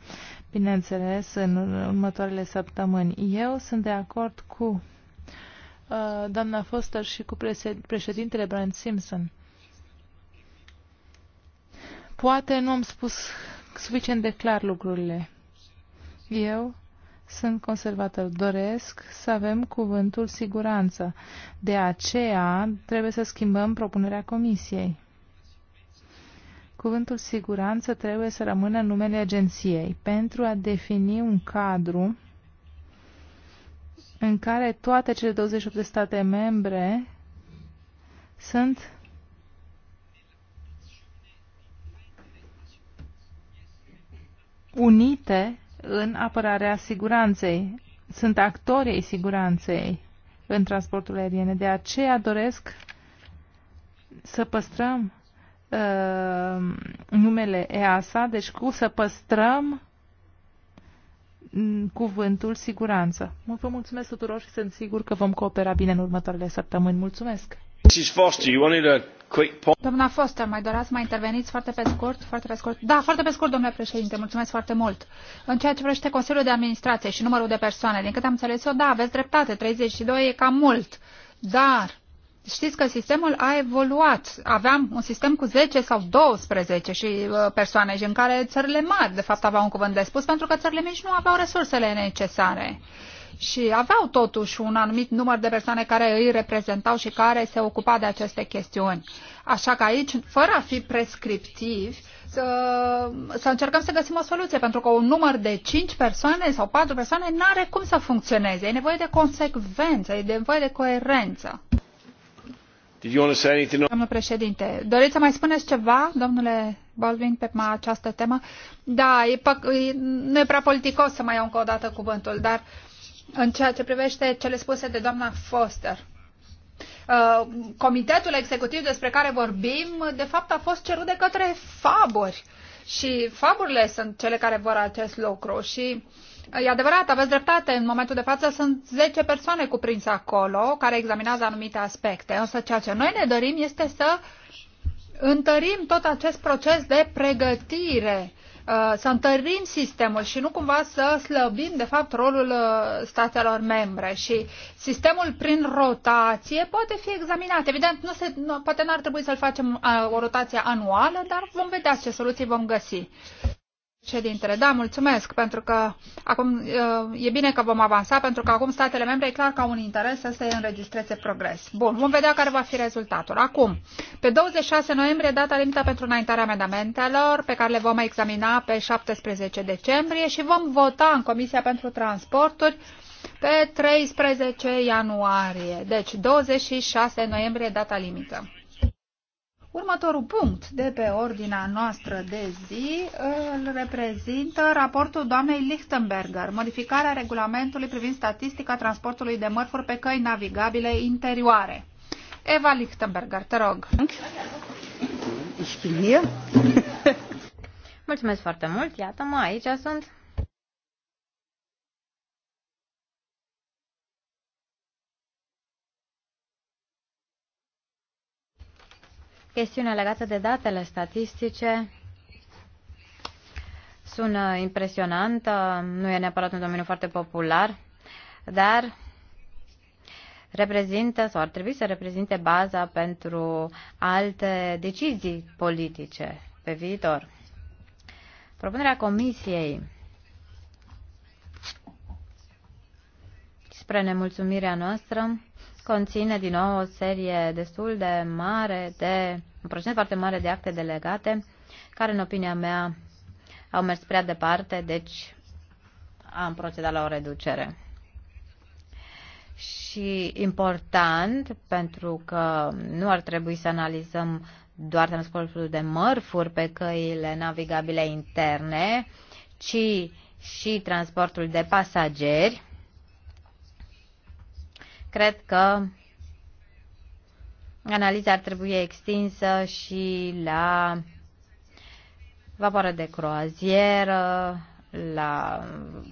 bineînțeles, în următoarele săptămâni. Eu sunt de acord cu Uh, doamna Foster și cu președintele Brian Simpson. Poate nu am spus suficient de clar lucrurile. Eu sunt conservator. Doresc să avem cuvântul siguranță. De aceea trebuie să schimbăm propunerea comisiei. Cuvântul siguranță trebuie să rămână numele agenției pentru a defini un cadru în care toate cele 28 de state membre sunt unite în apărarea siguranței. Sunt actorii siguranței în transportul aerien. De aceea doresc să păstrăm uh, numele EASA, deci cu să păstrăm cuvântul siguranță. Vă mulțumesc tuturor și sunt sigur că vom coopera bine în următoarele săptămâni. Mulțumesc! Doamna Foster, mai doreați să mai interveniți foarte pe scurt? Foarte pe scurt. Da, foarte pe scurt, domnule președinte, mulțumesc foarte mult. În ceea ce vrește Consiliul de Administrație și numărul de persoane, din câte am înțeles eu, da, aveți dreptate, 32 e cam mult. Dar știți că sistemul a evoluat. Aveam un sistem cu 10 sau 12 și uh, persoane și în care țările mari, de fapt, aveau un cuvânt de spus pentru că țările mici nu aveau resursele necesare. Și aveau totuși un anumit număr de persoane care îi reprezentau și care se ocupa de aceste chestiuni. Așa că aici, fără a fi prescriptivi, să, să încercăm să găsim o soluție, pentru că un număr de 5 persoane sau 4 persoane nu are cum să funcționeze. E nevoie de consecvență, e nevoie de coerență. Domnule președinte, doriți să mai spuneți ceva, domnule Baldwin, pe această temă? Da, e, nu e prea politicos să mai iau încă o dată cuvântul, dar în ceea ce privește cele spuse de doamna Foster, uh, comitetul executiv despre care vorbim, de fapt, a fost cerut de către faburi. Și faburile sunt cele care vor acest lucru. Și uh, E adevărat, aveți dreptate. În momentul de față sunt 10 persoane cuprinse acolo care examinează anumite aspecte. Însă ceea ce noi ne dorim este să întărim tot acest proces de pregătire, uh, să întărim sistemul și nu cumva să slăbim, de fapt, rolul uh, statelor membre. Și sistemul prin rotație poate fi examinat. Evident, nu se, poate n-ar trebui să-l facem uh, o rotație anuală, dar vom vedea ce soluții vom găsi. Ședintele, da, mulțumesc, pentru că acum uh, e bine că vom avansa, pentru că acum statele membre e clar că au un interes să se înregistreze progres. Bun, vom vedea care va fi rezultatul. Acum, pe 26 noiembrie, data limită pentru înaintarea amendamentelor, pe care le vom examina pe 17 decembrie și vom vota în Comisia pentru Transporturi pe 13 ianuarie. Deci, 26 noiembrie, data limită. Următorul punct de pe ordinea noastră de zi îl reprezintă raportul doamnei Lichtenberger, modificarea regulamentului privind statistica transportului de mărfuri pe căi navigabile interioare. Eva Lichtenberger, te rog. Mulțumesc foarte mult, iată-mă, aici sunt. Chestiunea legată de datele statistice sună impresionantă, nu e neapărat un domeniu foarte popular, dar reprezintă sau ar trebui să reprezinte baza pentru alte decizii politice pe viitor. Propunerea Comisiei spre nemulțumirea noastră conține din nou o serie destul de mare de, un procent foarte mare de acte delegate, care în opinia mea au mers prea departe, deci am procedat la o reducere. Și important, pentru că nu ar trebui să analizăm doar transportul de mărfuri pe căile navigabile interne, ci și transportul de pasageri, Cred că analiza ar trebui extinsă și la vapoare de croazieră, la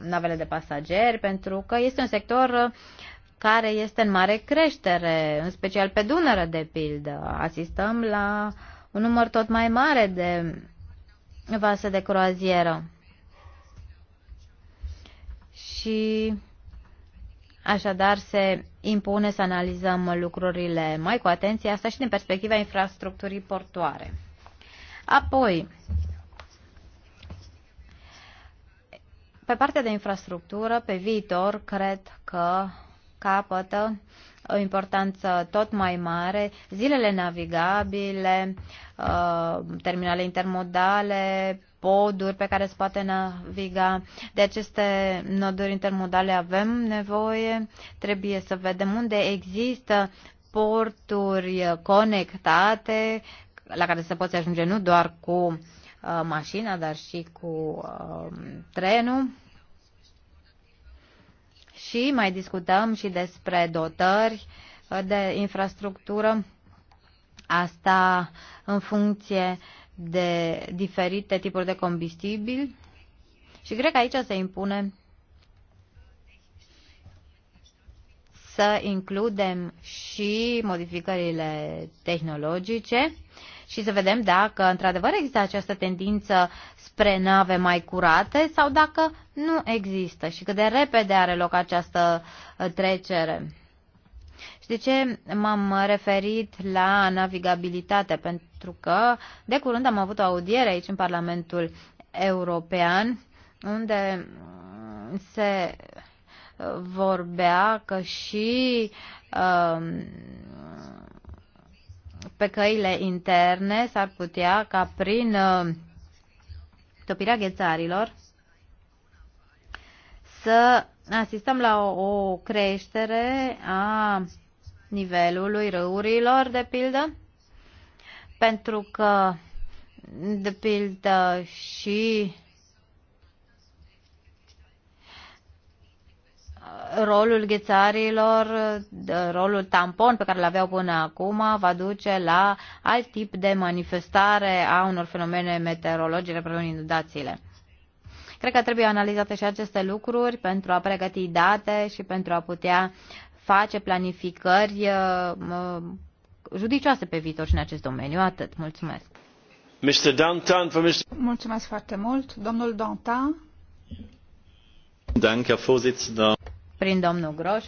navele de pasageri, pentru că este un sector care este în mare creștere, în special pe Dunăre, de pildă. Asistăm la un număr tot mai mare de vase de croazieră. Și așadar se impune să analizăm lucrurile mai cu atenție, asta și din perspectiva infrastructurii portoare. Apoi, pe partea de infrastructură, pe viitor, cred că capătă o importanță tot mai mare, zilele navigabile, uh, terminale intermodale, poduri pe care se poate naviga. De aceste noduri intermodale avem nevoie. Trebuie să vedem unde există porturi conectate la care se poți ajunge nu doar cu uh, mașina, dar și cu uh, trenul. Și mai discutăm și despre dotări uh, de infrastructură, asta în funcție uh, de diferite tipuri de combustibil. și cred că aici se impune să includem și modificările tehnologice și să vedem dacă într-adevăr există această tendință spre nave mai curate sau dacă nu există și cât de repede are loc această uh, trecere. Și de ce m-am referit la navigabilitate? Pentru pentru că de curând am avut o audiere aici în Parlamentul European unde mm, se uh, vorbea că și uh, pe căile interne s-ar putea ca prin uh, topirea ghețarilor să asistăm la o, o creștere a nivelului râurilor, de pildă, pentru că, de pildă, și uh, rolul ghețarilor, rolul tampon pe care îl aveau până acum, va duce la alt tip de manifestare a unor fenomene meteorologice, precum inundațiile. Cred că trebuie analizate și aceste lucruri pentru a pregăti date și pentru a putea face planificări uh, judicioase pe viitor și în acest domeniu. Atât. Mulțumesc. Mr. Dantan, for Mr. Mulțumesc foarte mult. Domnul Dantan. Danke, Vorsitzender. Prin domnul Groș.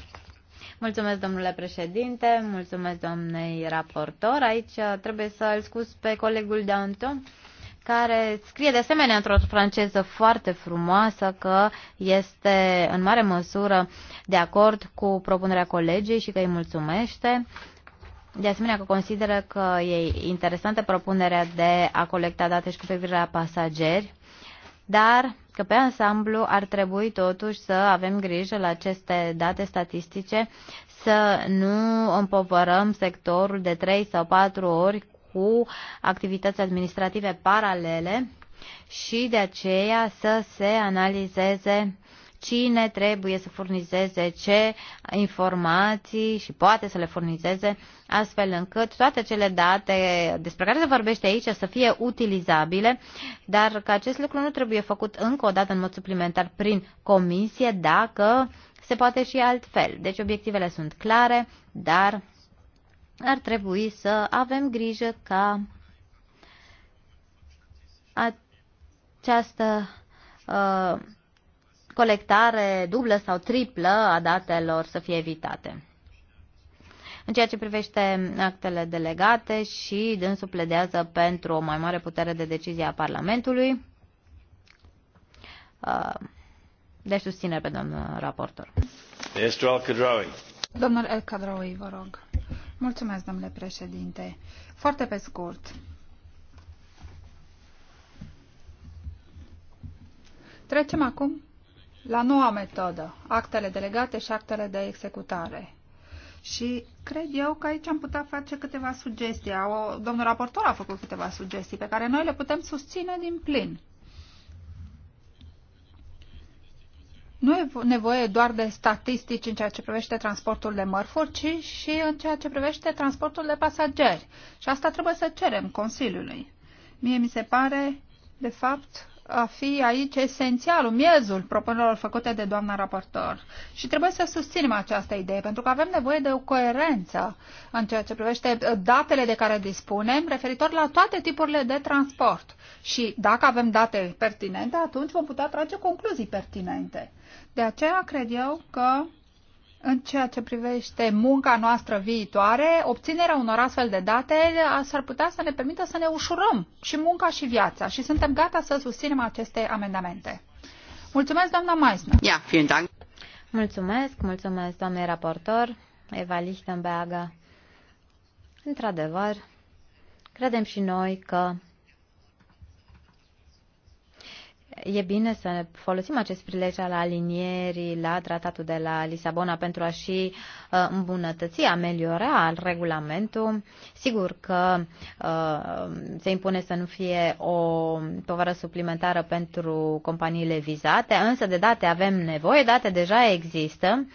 Mulțumesc, domnule președinte, mulțumesc, domnei raportor. Aici uh, trebuie să îl scuz pe colegul Danton care scrie de asemenea într-o franceză foarte frumoasă că este în mare măsură de acord cu propunerea colegii și că îi mulțumește de asemenea că consideră că e interesantă propunerea de a colecta date și cu privire la pasageri, dar că pe ansamblu ar trebui totuși să avem grijă la aceste date statistice să nu împovărăm sectorul de 3 sau 4 ori cu activități administrative paralele și de aceea să se analizeze cine trebuie să furnizeze ce informații și poate să le furnizeze, astfel încât toate cele date despre care se vorbește aici să fie utilizabile, dar că acest lucru nu trebuie făcut încă o dată în mod suplimentar prin comisie, dacă se poate și altfel. Deci obiectivele sunt clare, dar ar trebui să avem grijă ca această uh, colectare dublă sau triplă a datelor să fie evitate. În ceea ce privește actele delegate și dânsul pledează pentru o mai mare putere de decizie a Parlamentului, uh, de susținere pe domnul raportor. Domnul El Cadraui, vă rog. Mulțumesc, domnule președinte. Foarte pe scurt. Trecem acum la noua metodă, actele delegate și actele de executare. Și cred eu că aici am putea face câteva sugestii. O, domnul raportor a făcut câteva sugestii pe care noi le putem susține din plin. Nu e nevoie doar de statistici în ceea ce privește transportul de mărfuri, ci și în ceea ce privește transportul de pasageri. Și asta trebuie să cerem Consiliului. Mie mi se pare, de fapt, a fi aici esențialul, miezul propunerilor făcute de doamna raportor. Și trebuie să susținem această idee, pentru că avem nevoie de o coerență în ceea ce privește uh, datele de care dispunem referitor la toate tipurile de transport. Și dacă avem date pertinente, atunci vom putea trage concluzii pertinente. De aceea cred eu că în ceea ce privește munca noastră viitoare, obținerea unor astfel de date s-ar putea să ne permită să ne ușurăm și munca și viața și suntem gata să susținem aceste amendamente. Mulțumesc, doamna Meisner. Ia, vielen Dank. Mulțumesc, mulțumesc, doamnei raportor, Eva Lichtenberger. Într-adevăr, credem și noi că e bine să folosim acest prilej al alinierii la tratatul de la Lisabona pentru a și uh, îmbunătăți, ameliora al regulamentul. Sigur că uh, se impune să nu fie o povară suplimentară pentru companiile vizate, însă de date avem nevoie, date deja există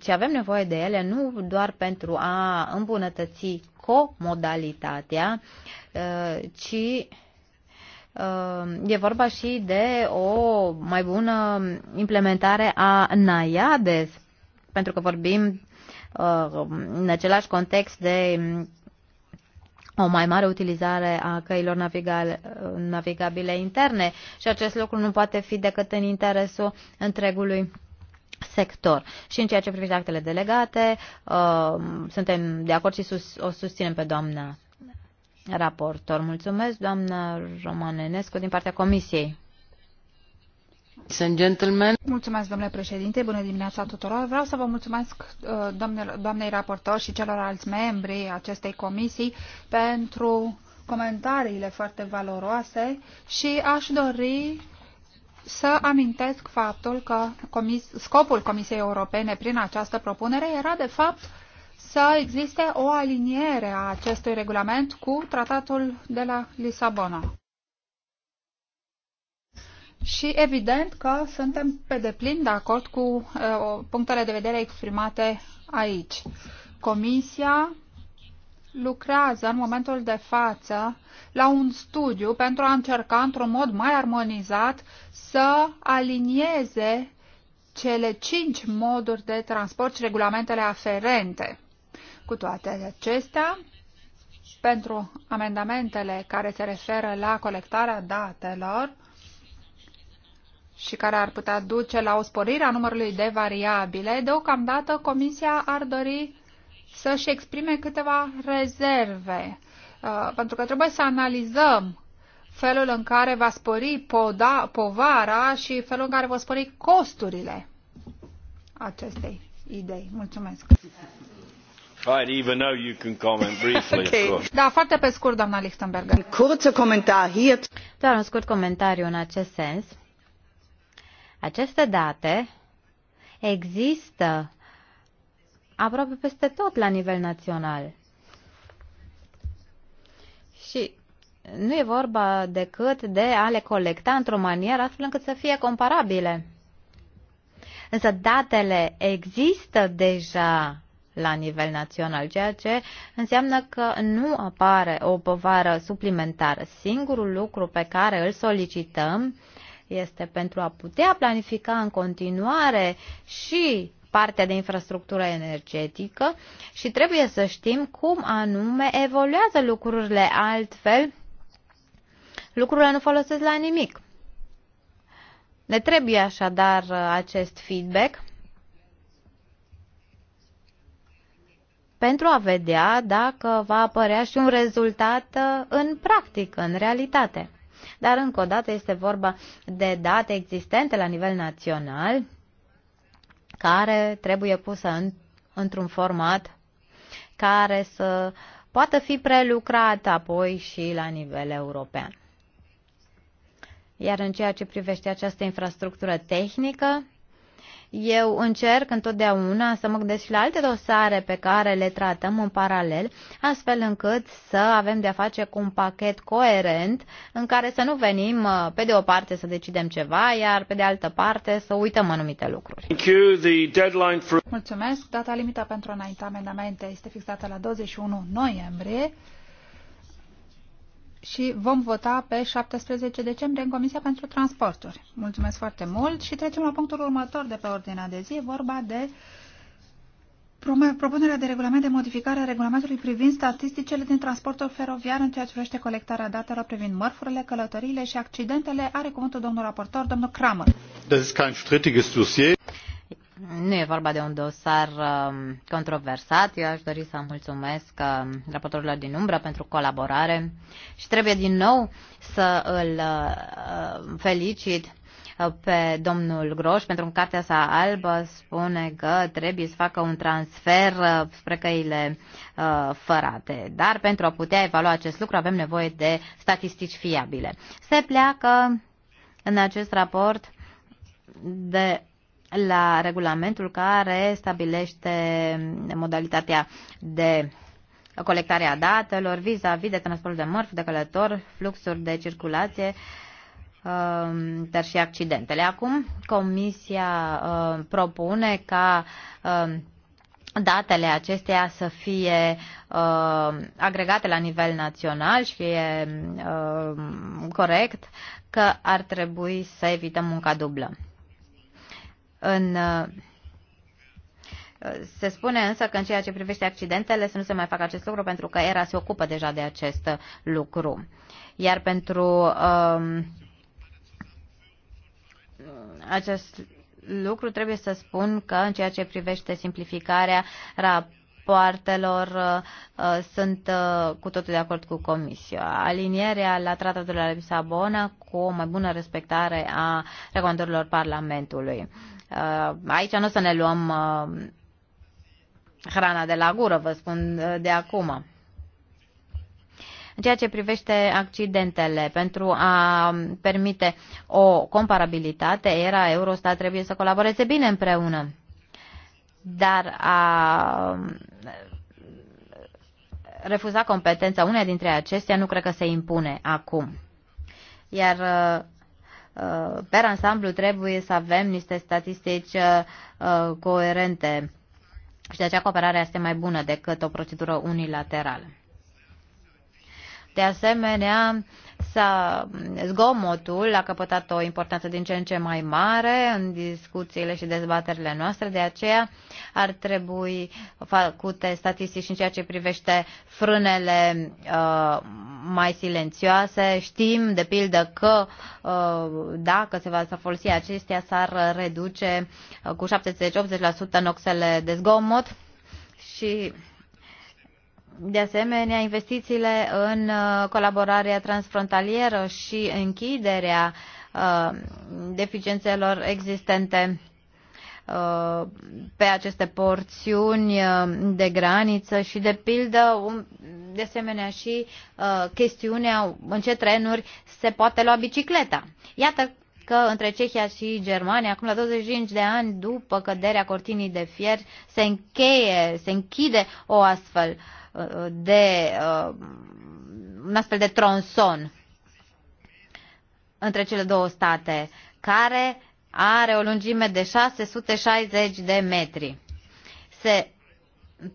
ci uh, avem nevoie de ele nu doar pentru a îmbunătăți comodalitatea, ci Uh, e vorba și de o mai bună implementare a NAIADES, pentru că vorbim uh, în același context de um, o mai mare utilizare a căilor uh, navigabile interne și acest lucru nu poate fi decât în interesul întregului sector. Și în ceea ce privește actele delegate, uh, suntem de acord și sus, o susținem pe doamna raportor. Mulțumesc, doamnă Romanenescu, din partea Comisiei. Mulțumesc, domnule președinte, bună dimineața tuturor. Vreau să vă mulțumesc uh, doamne, doamnei raportor și celorlalți membri acestei comisii pentru comentariile foarte valoroase și aș dori să amintesc faptul că comis, scopul Comisiei Europene prin această propunere era de fapt să existe o aliniere a acestui regulament cu tratatul de la Lisabona. Și evident că suntem pe deplin de acord cu uh, punctele de vedere exprimate aici. Comisia lucrează în momentul de față la un studiu pentru a încerca într-un mod mai armonizat să alinieze cele cinci moduri de transport și regulamentele aferente. Cu toate acestea, pentru amendamentele care se referă la colectarea datelor și care ar putea duce la o sporire a numărului de variabile, deocamdată Comisia ar dori să-și exprime câteva rezerve, uh, pentru că trebuie să analizăm felul în care va spori poda, povara și felul în care va spori costurile acestei idei. Mulțumesc! Da, foarte pe scurt, doamna Lichtenberger. Doar un scurt comentariu în acest sens. Aceste date există aproape peste tot la nivel național. Și nu e vorba decât de a le colecta într-o manieră astfel încât să fie comparabile. Însă datele există deja la nivel național, ceea ce înseamnă că nu apare o povară suplimentară. Singurul lucru pe care îl solicităm este pentru a putea planifica în continuare și partea de infrastructură energetică și trebuie să știm cum anume evoluează lucrurile altfel. Lucrurile nu folosesc la nimic. Ne trebuie așadar acest feedback pentru a vedea dacă va apărea și un rezultat uh, în practică, în realitate. Dar încă o dată este vorba de date existente la nivel național care trebuie pusă în, într-un format care să poată fi prelucrat apoi și la nivel european. Iar în ceea ce privește această infrastructură tehnică, eu încerc întotdeauna să mă gândesc și la alte dosare pe care le tratăm în paralel, astfel încât să avem de-a face cu un pachet coerent în care să nu venim uh, pe de o parte să decidem ceva, iar pe de altă parte să uităm anumite lucruri. Mulțumesc. Data limită pentru a amendamente este fixată la 21 noiembrie și vom vota pe 17 decembrie în Comisia pentru Transporturi. Mulțumesc foarte mult și trecem la punctul următor de pe ordinea de zi, vorba de propunerea de regulament de modificare a regulamentului privind statisticele din transportul feroviar în ceea ce privește colectarea datelor privind mărfurile, călătoriile și accidentele. Are cuvântul domnul raportor, domnul Kramer. Nu e vorba de un dosar um, controversat. Eu aș dori să mulțumesc um, raportorilor din umbră pentru colaborare și trebuie din nou să îl uh, uh, felicit uh, pe domnul Groș pentru că în cartea sa albă spune că trebuie să facă un transfer spre căile fărate. Dar pentru a putea evalua acest lucru avem nevoie de statistici fiabile. Se pleacă în acest raport de la regulamentul care stabilește modalitatea de colectare a datelor vis-a-vis -vis de transport de mărfuri, de călător, fluxuri de circulație, um, dar și accidentele. Acum Comisia um, propune ca um, datele acestea să fie uh, agregate la nivel național și e uh, corect că ar trebui să evităm munca dublă. În, uh, se spune însă că în ceea ce privește accidentele să nu se mai facă acest lucru pentru că ERA se ocupă deja de acest lucru. Iar pentru um, acest lucru trebuie să spun că în ceea ce privește simplificarea rapoartelor uh, uh sunt uh, cu totul de acord cu Comisia. Alinierea la Tratatul de la Lisabona cu o mai bună respectare a recomandărilor Parlamentului. Uh, aici nu o să ne luăm uh, hrana de la gură, vă spun uh, de acum. În ceea ce privește accidentele, pentru a permite o comparabilitate, era Eurostat trebuie să colaboreze bine împreună. Dar a um, refuza competența unei dintre acestea nu cred că se impune acum. Iar Uh, per ansamblu trebuie să avem niște statistici uh, uh, coerente și de aceea cooperarea este mai bună decât o procedură unilaterală. De asemenea, s-a, zgomotul a căpătat o importanță din ce în ce mai mare în discuțiile și dezbaterile noastre, de aceea uh, ar trebui făcute statistici în ceea ce privește frânele uh, mai silențioase. Știm, de pildă, că uh, dacă se va să folosi acestea, s-ar reduce uh, cu 70-80% noxele de zgomot și de asemenea, investițiile în colaborarea transfrontalieră și închiderea deficiențelor existente Uh, pe aceste porțiuni uh, de graniță și, de pildă, de asemenea și uh, chestiunea în ce trenuri se poate lua bicicleta. Iată că între Cehia și Germania, acum la 25 de ani după căderea cortinii de fier, se încheie, se închide o astfel de, un astfel de tronson între cele două state, care are o lungime de 660 de metri. Se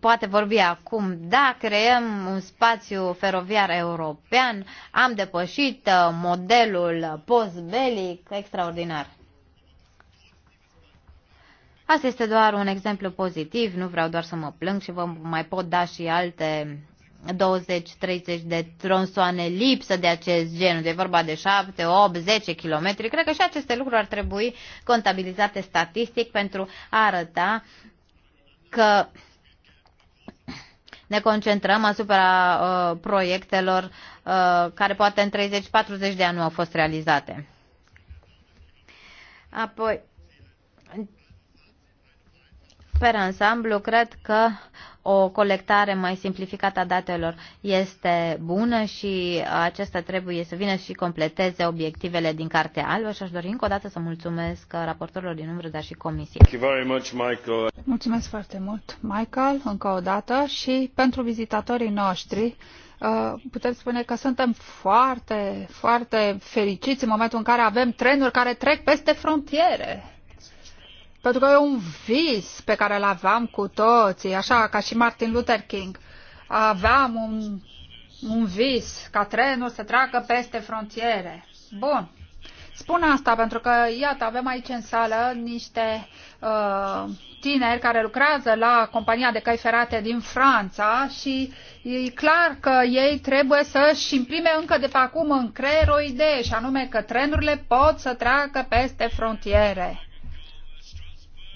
poate vorbi acum, da, creăm un spațiu feroviar european, am depășit uh, modelul postbelic extraordinar. Asta este doar un exemplu pozitiv, nu vreau doar să mă plâng și vă mai pot da și alte 20-30 de tronsoane lipsă de acest gen, de vorba de 7, 8, 10 km. Cred că și aceste lucruri ar trebui contabilizate statistic pentru a arăta că ne concentrăm asupra uh, proiectelor uh, care poate în 30-40 de ani nu au fost realizate. Apoi, pe ansamblu, cred că o colectare mai simplificată a datelor este bună și acesta trebuie să vină și completeze obiectivele din Cartea Albă și aș dori încă o dată să mulțumesc raportorilor din umbră, dar și comisiei. Mulțumesc foarte mult, Michael, încă o dată și pentru vizitatorii noștri uh, putem spune că suntem foarte, foarte fericiți în momentul în care avem trenuri care trec peste frontiere. Pentru că e un vis pe care îl aveam cu toții, așa ca și Martin Luther King. Aveam un, un vis ca trenul să treacă peste frontiere. Bun. Spun asta pentru că, iată, avem aici în sală niște uh, tineri care lucrează la compania de cai ferate din Franța și e clar că ei trebuie să-și imprime încă de pe acum în creier o idee, și anume că trenurile pot să treacă peste frontiere.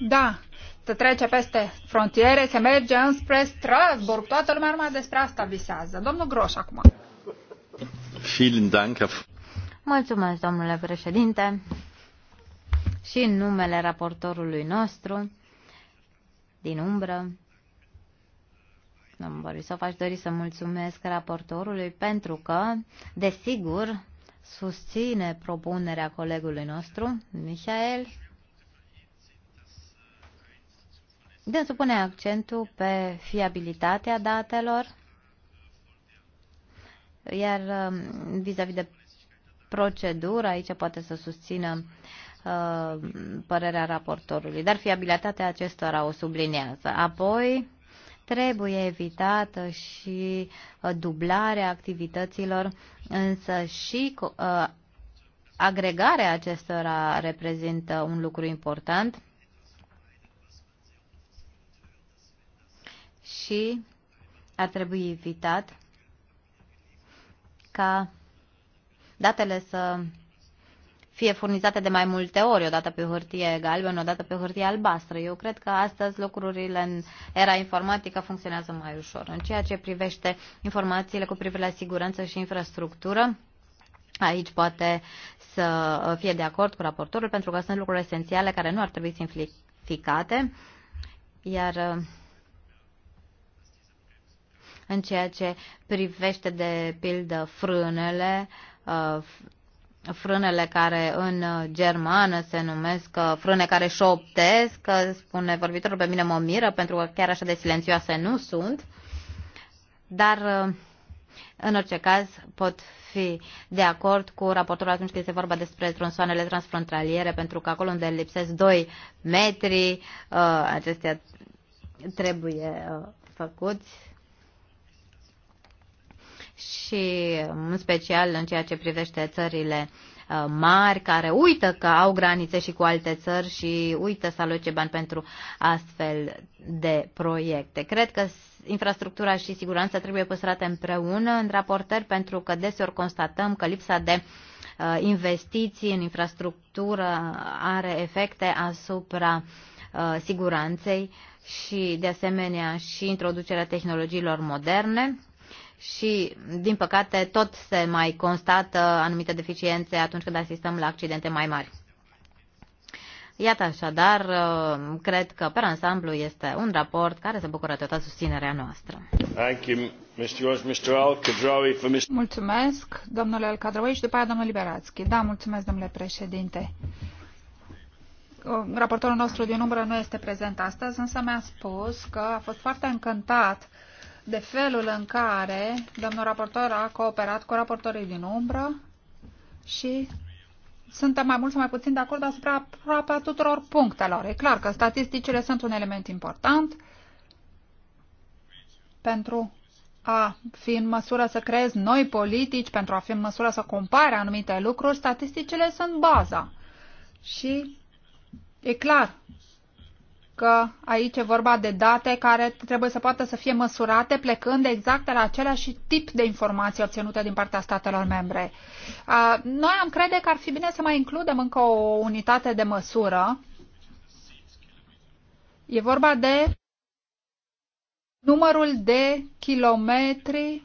Da, se trece peste frontiere, se merge înspre Strasburg. Toată lumea numai despre asta visează. Domnul Groș acum. Mulțumesc, domnule președinte. Și în numele raportorului nostru, din umbră, domnul Borisov, aș dori să mulțumesc raportorului pentru că, desigur, susține propunerea colegului nostru, Michael, Dânsul pune accentul pe fiabilitatea datelor, iar um, vis-a-vis -vis de procedură, aici poate să susțină uh, părerea raportorului, dar fiabilitatea acestora o sublinează. Apoi, trebuie evitată și uh, dublarea activităților, însă și uh, agregarea acestora reprezintă un lucru important și ar trebui evitat ca datele să fie furnizate de mai multe ori, odată pe hârtie galbenă, odată pe hârtie albastră. Eu cred că astăzi lucrurile în era informatică funcționează mai ușor. În ceea ce privește informațiile cu privire la siguranță și infrastructură, aici poate să fie de acord cu raportorul, pentru că sunt lucruri esențiale care nu ar trebui simplificate, iar în ceea ce privește de pildă frânele, uh, frânele care în germană se numesc uh, frâne care șoptesc, uh, spune vorbitorul, pe mine mă miră pentru că chiar așa de silențioase nu sunt, dar în orice caz pot fi de acord cu raportorul atunci când este vorba despre tronsoanele transfrontaliere, pentru că acolo unde lipsesc 2 metri, acestea trebuie făcuți și în special în ceea ce privește țările uh, mari care uită că au granițe și cu alte țări și uită să aloce bani pentru astfel de proiecte. Cred că infrastructura și siguranța trebuie păstrate împreună în raportări pentru că deseori constatăm că lipsa de uh, investiții în infrastructură are efecte asupra uh, siguranței și de asemenea și introducerea tehnologiilor moderne și, din păcate, tot se mai constată anumite deficiențe atunci când asistăm la accidente mai mari. Iată așadar, uh, cred că pe ansamblu este un raport care se bucură toată susținerea noastră. Mulțumesc, domnule al și după aia domnul Liberațchi. Da, mulțumesc, domnule președinte. Uh, raportorul nostru din umbră nu este prezent astăzi, însă mi-a spus că a fost foarte încântat uh, de felul în care domnul raportor a cooperat cu raportorii din umbră și suntem mai mult sau mai puțin de acord asupra aproape tuturor punctelor. E clar că statisticile sunt un element important pentru a fi în măsură să creezi noi politici, pentru a fi în măsură să compare anumite lucruri, statisticile sunt baza. Și e clar că aici e vorba de date care trebuie să poată să fie măsurate plecând exact de la același tip de informații obținute din partea statelor membre. Noi am crede că ar fi bine să mai includem încă o unitate de măsură. E vorba de numărul de kilometri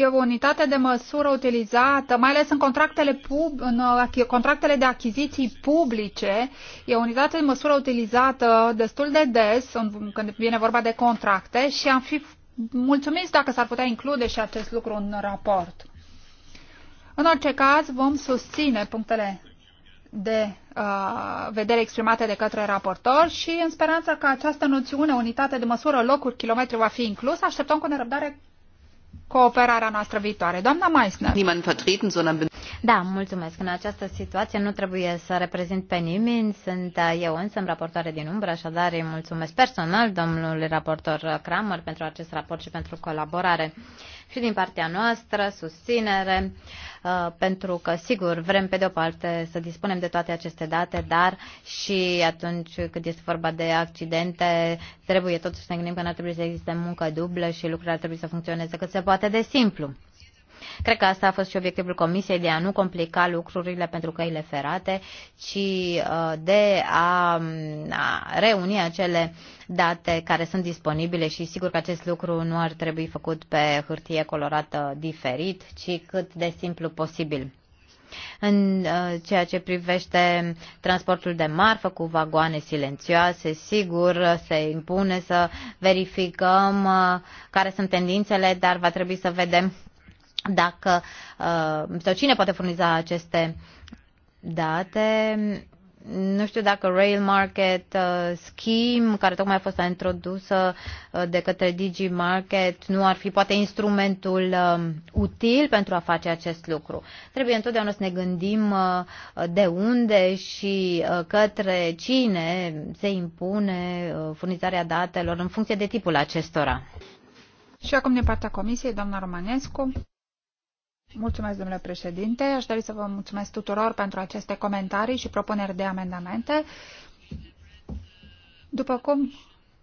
e o unitate de măsură utilizată, mai ales în contractele, pub, în uh, contractele de achiziții publice, e o unitate de măsură utilizată destul de des în, când vine vorba de contracte și am fi mulțumiți dacă s-ar putea include și acest lucru în raport. În orice caz, vom susține punctele de uh, vedere exprimate de către raportor și în speranța că această noțiune, unitate de măsură, locuri, kilometri va fi inclusă, așteptăm cu nerăbdare cooperarea noastră viitoare. Doamna Meissner. Da, mulțumesc. În această situație nu trebuie să reprezint pe nimeni. Sunt eu însă în raportoare din umbră, așadar îi mulțumesc personal domnului raportor Kramer pentru acest raport și pentru colaborare și din partea noastră susținere, uh, pentru că, sigur, vrem pe de o parte să dispunem de toate aceste date, dar și atunci când este vorba de accidente, trebuie totuși să ne gândim că n-ar trebui să existe muncă dublă și lucrurile ar trebui să funcționeze cât se poate de simplu. Cred că asta a fost și obiectivul Comisiei de a nu complica lucrurile pentru căile ferate, ci uh, de mm, a reuni acele date care sunt disponibile și sigur că acest lucru nu ar trebui făcut pe hârtie colorată diferit, ci cât de simplu posibil în uh, ceea ce privește transportul de marfă cu vagoane silențioase, sigur se impune să verificăm uh, care sunt tendințele, dar va trebui să vedem dacă uh, sau cine poate furniza aceste date. Nu știu dacă Rail Market uh, Scheme, care tocmai a fost introdusă uh, de către Digi Market, nu ar fi poate instrumentul util pentru a face acest lucru. Trebuie întotdeauna să ne gândim de unde și către cine se impune furnizarea datelor în funcție de tipul acestora. Și acum din partea Comisiei, doamna Romanescu. Mulțumesc, domnule președinte. Aș dori să vă mulțumesc tuturor pentru aceste comentarii și propuneri de amendamente. După cum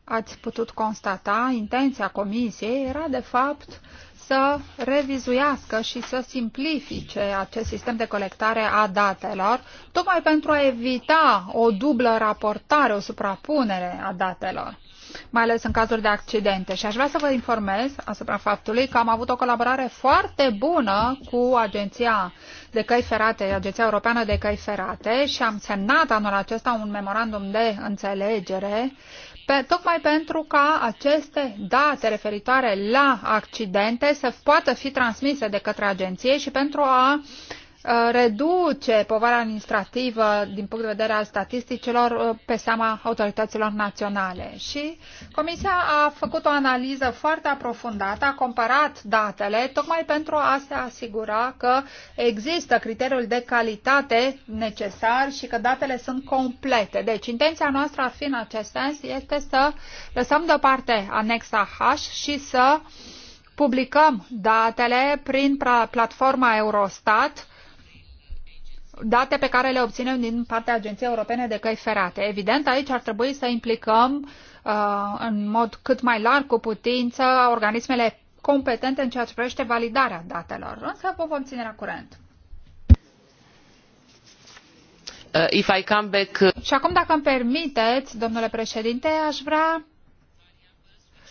ați putut constata, intenția Comisiei era, de fapt, să revizuiască și să simplifice acest sistem de colectare a datelor, tocmai pentru a evita o dublă raportare, o suprapunere a datelor mai ales în cazuri de accidente. Și aș vrea să vă informez asupra faptului că am avut o colaborare foarte bună cu Agenția de Căi Ferate, Agenția Europeană de Căi Ferate și am semnat anul acesta un memorandum de înțelegere pe, tocmai pentru ca aceste date referitoare la accidente să poată fi transmise de către agenție și pentru a uh, Uh, reduce povara administrativă din punct de vedere al statisticilor uh, pe seama autorităților naționale. Și Comisia a făcut o analiză foarte aprofundată, a comparat datele tocmai pentru a se asigura că există criteriul de calitate necesar și că datele sunt complete. Deci intenția noastră ar fi în acest sens este să lăsăm deoparte anexa H și să publicăm datele prin platforma Eurostat date pe care le obținem din partea Agenției Europene de Căi Ferate. Evident, aici ar trebui să implicăm uh, în mod cât mai larg cu putință organismele competente în ceea ce privește validarea datelor. Însă vă vom ține la curent. Uh, if I come back... Uh, Și acum, dacă îmi permiteți, domnule președinte, aș vrea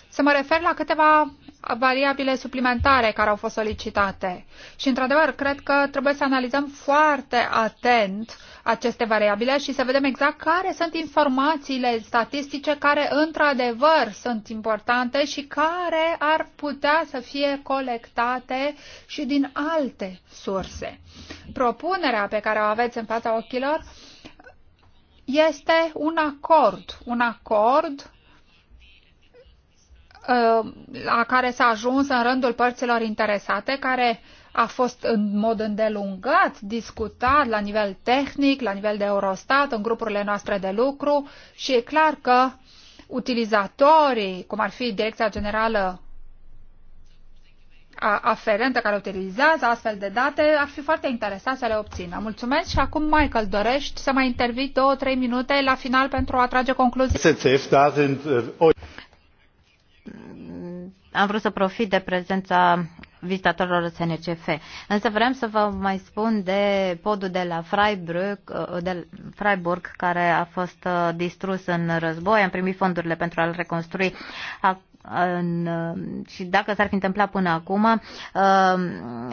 să mă refer la câteva variabile suplimentare care au fost solicitate. Și, într-adevăr, cred că trebuie să analizăm foarte atent aceste variabile și să vedem exact care sunt informațiile statistice care, într-adevăr, sunt importante și care ar putea să fie colectate și din alte surse. Propunerea pe care o aveți în fața ochilor este un acord, un acord Uh, la care s-a ajuns în rândul părților interesate, care a fost în mod îndelungat discutat la nivel tehnic, la nivel de Eurostat, în grupurile noastre de lucru și e clar că utilizatorii, cum ar fi Direcția Generală aferentă care utilizează astfel de date, ar fi foarte interesat să le obțină. Mulțumesc și acum, Michael, dorești să mai intervii două, trei minute la final pentru a trage concluzii? am vrut să profit de prezența vizitatorilor SNCF. Însă vreau să vă mai spun de podul de la Freiburg, de Freiburg care a fost uh, distrus în război. Am primit fondurile pentru a-l reconstrui în, uh, și dacă s-ar fi întâmplat până acum, uh,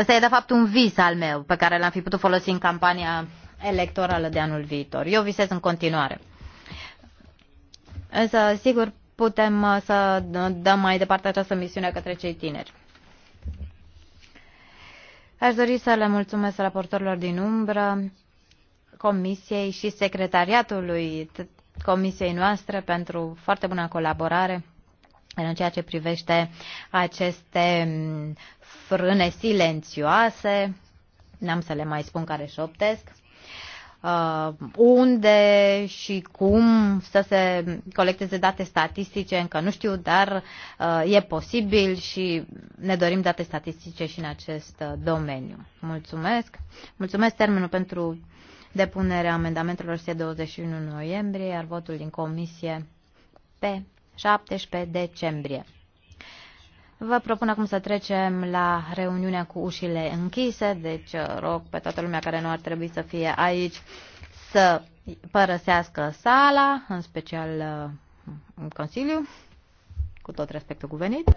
ăsta e de fapt un vis al meu pe care l-am fi putut folosi în campania electorală de anul viitor. Eu visez în continuare. Însă, sigur, putem uh, să dăm mai departe această misiune către cei tineri. Aș dori să le mulțumesc raportorilor din umbră, Comisiei și Secretariatului Comisiei noastre pentru foarte bună colaborare în ceea ce privește aceste mm, frâne silențioase, n-am să le mai spun care șoptesc, uh, unde și cum să se colecteze date statistice, încă nu știu, dar uh, e posibil și ne dorim date statistice și în acest uh, domeniu. Mulțumesc! Mulțumesc termenul pentru depunerea amendamentelor este 21 noiembrie, iar votul din comisie pe 17 decembrie. Vă propun acum să trecem la reuniunea cu ușile închise, deci uh, rog pe toată lumea care nu ar trebui să fie aici să părăsească sala, în special în uh, Consiliu, cu tot respectul cuvenit.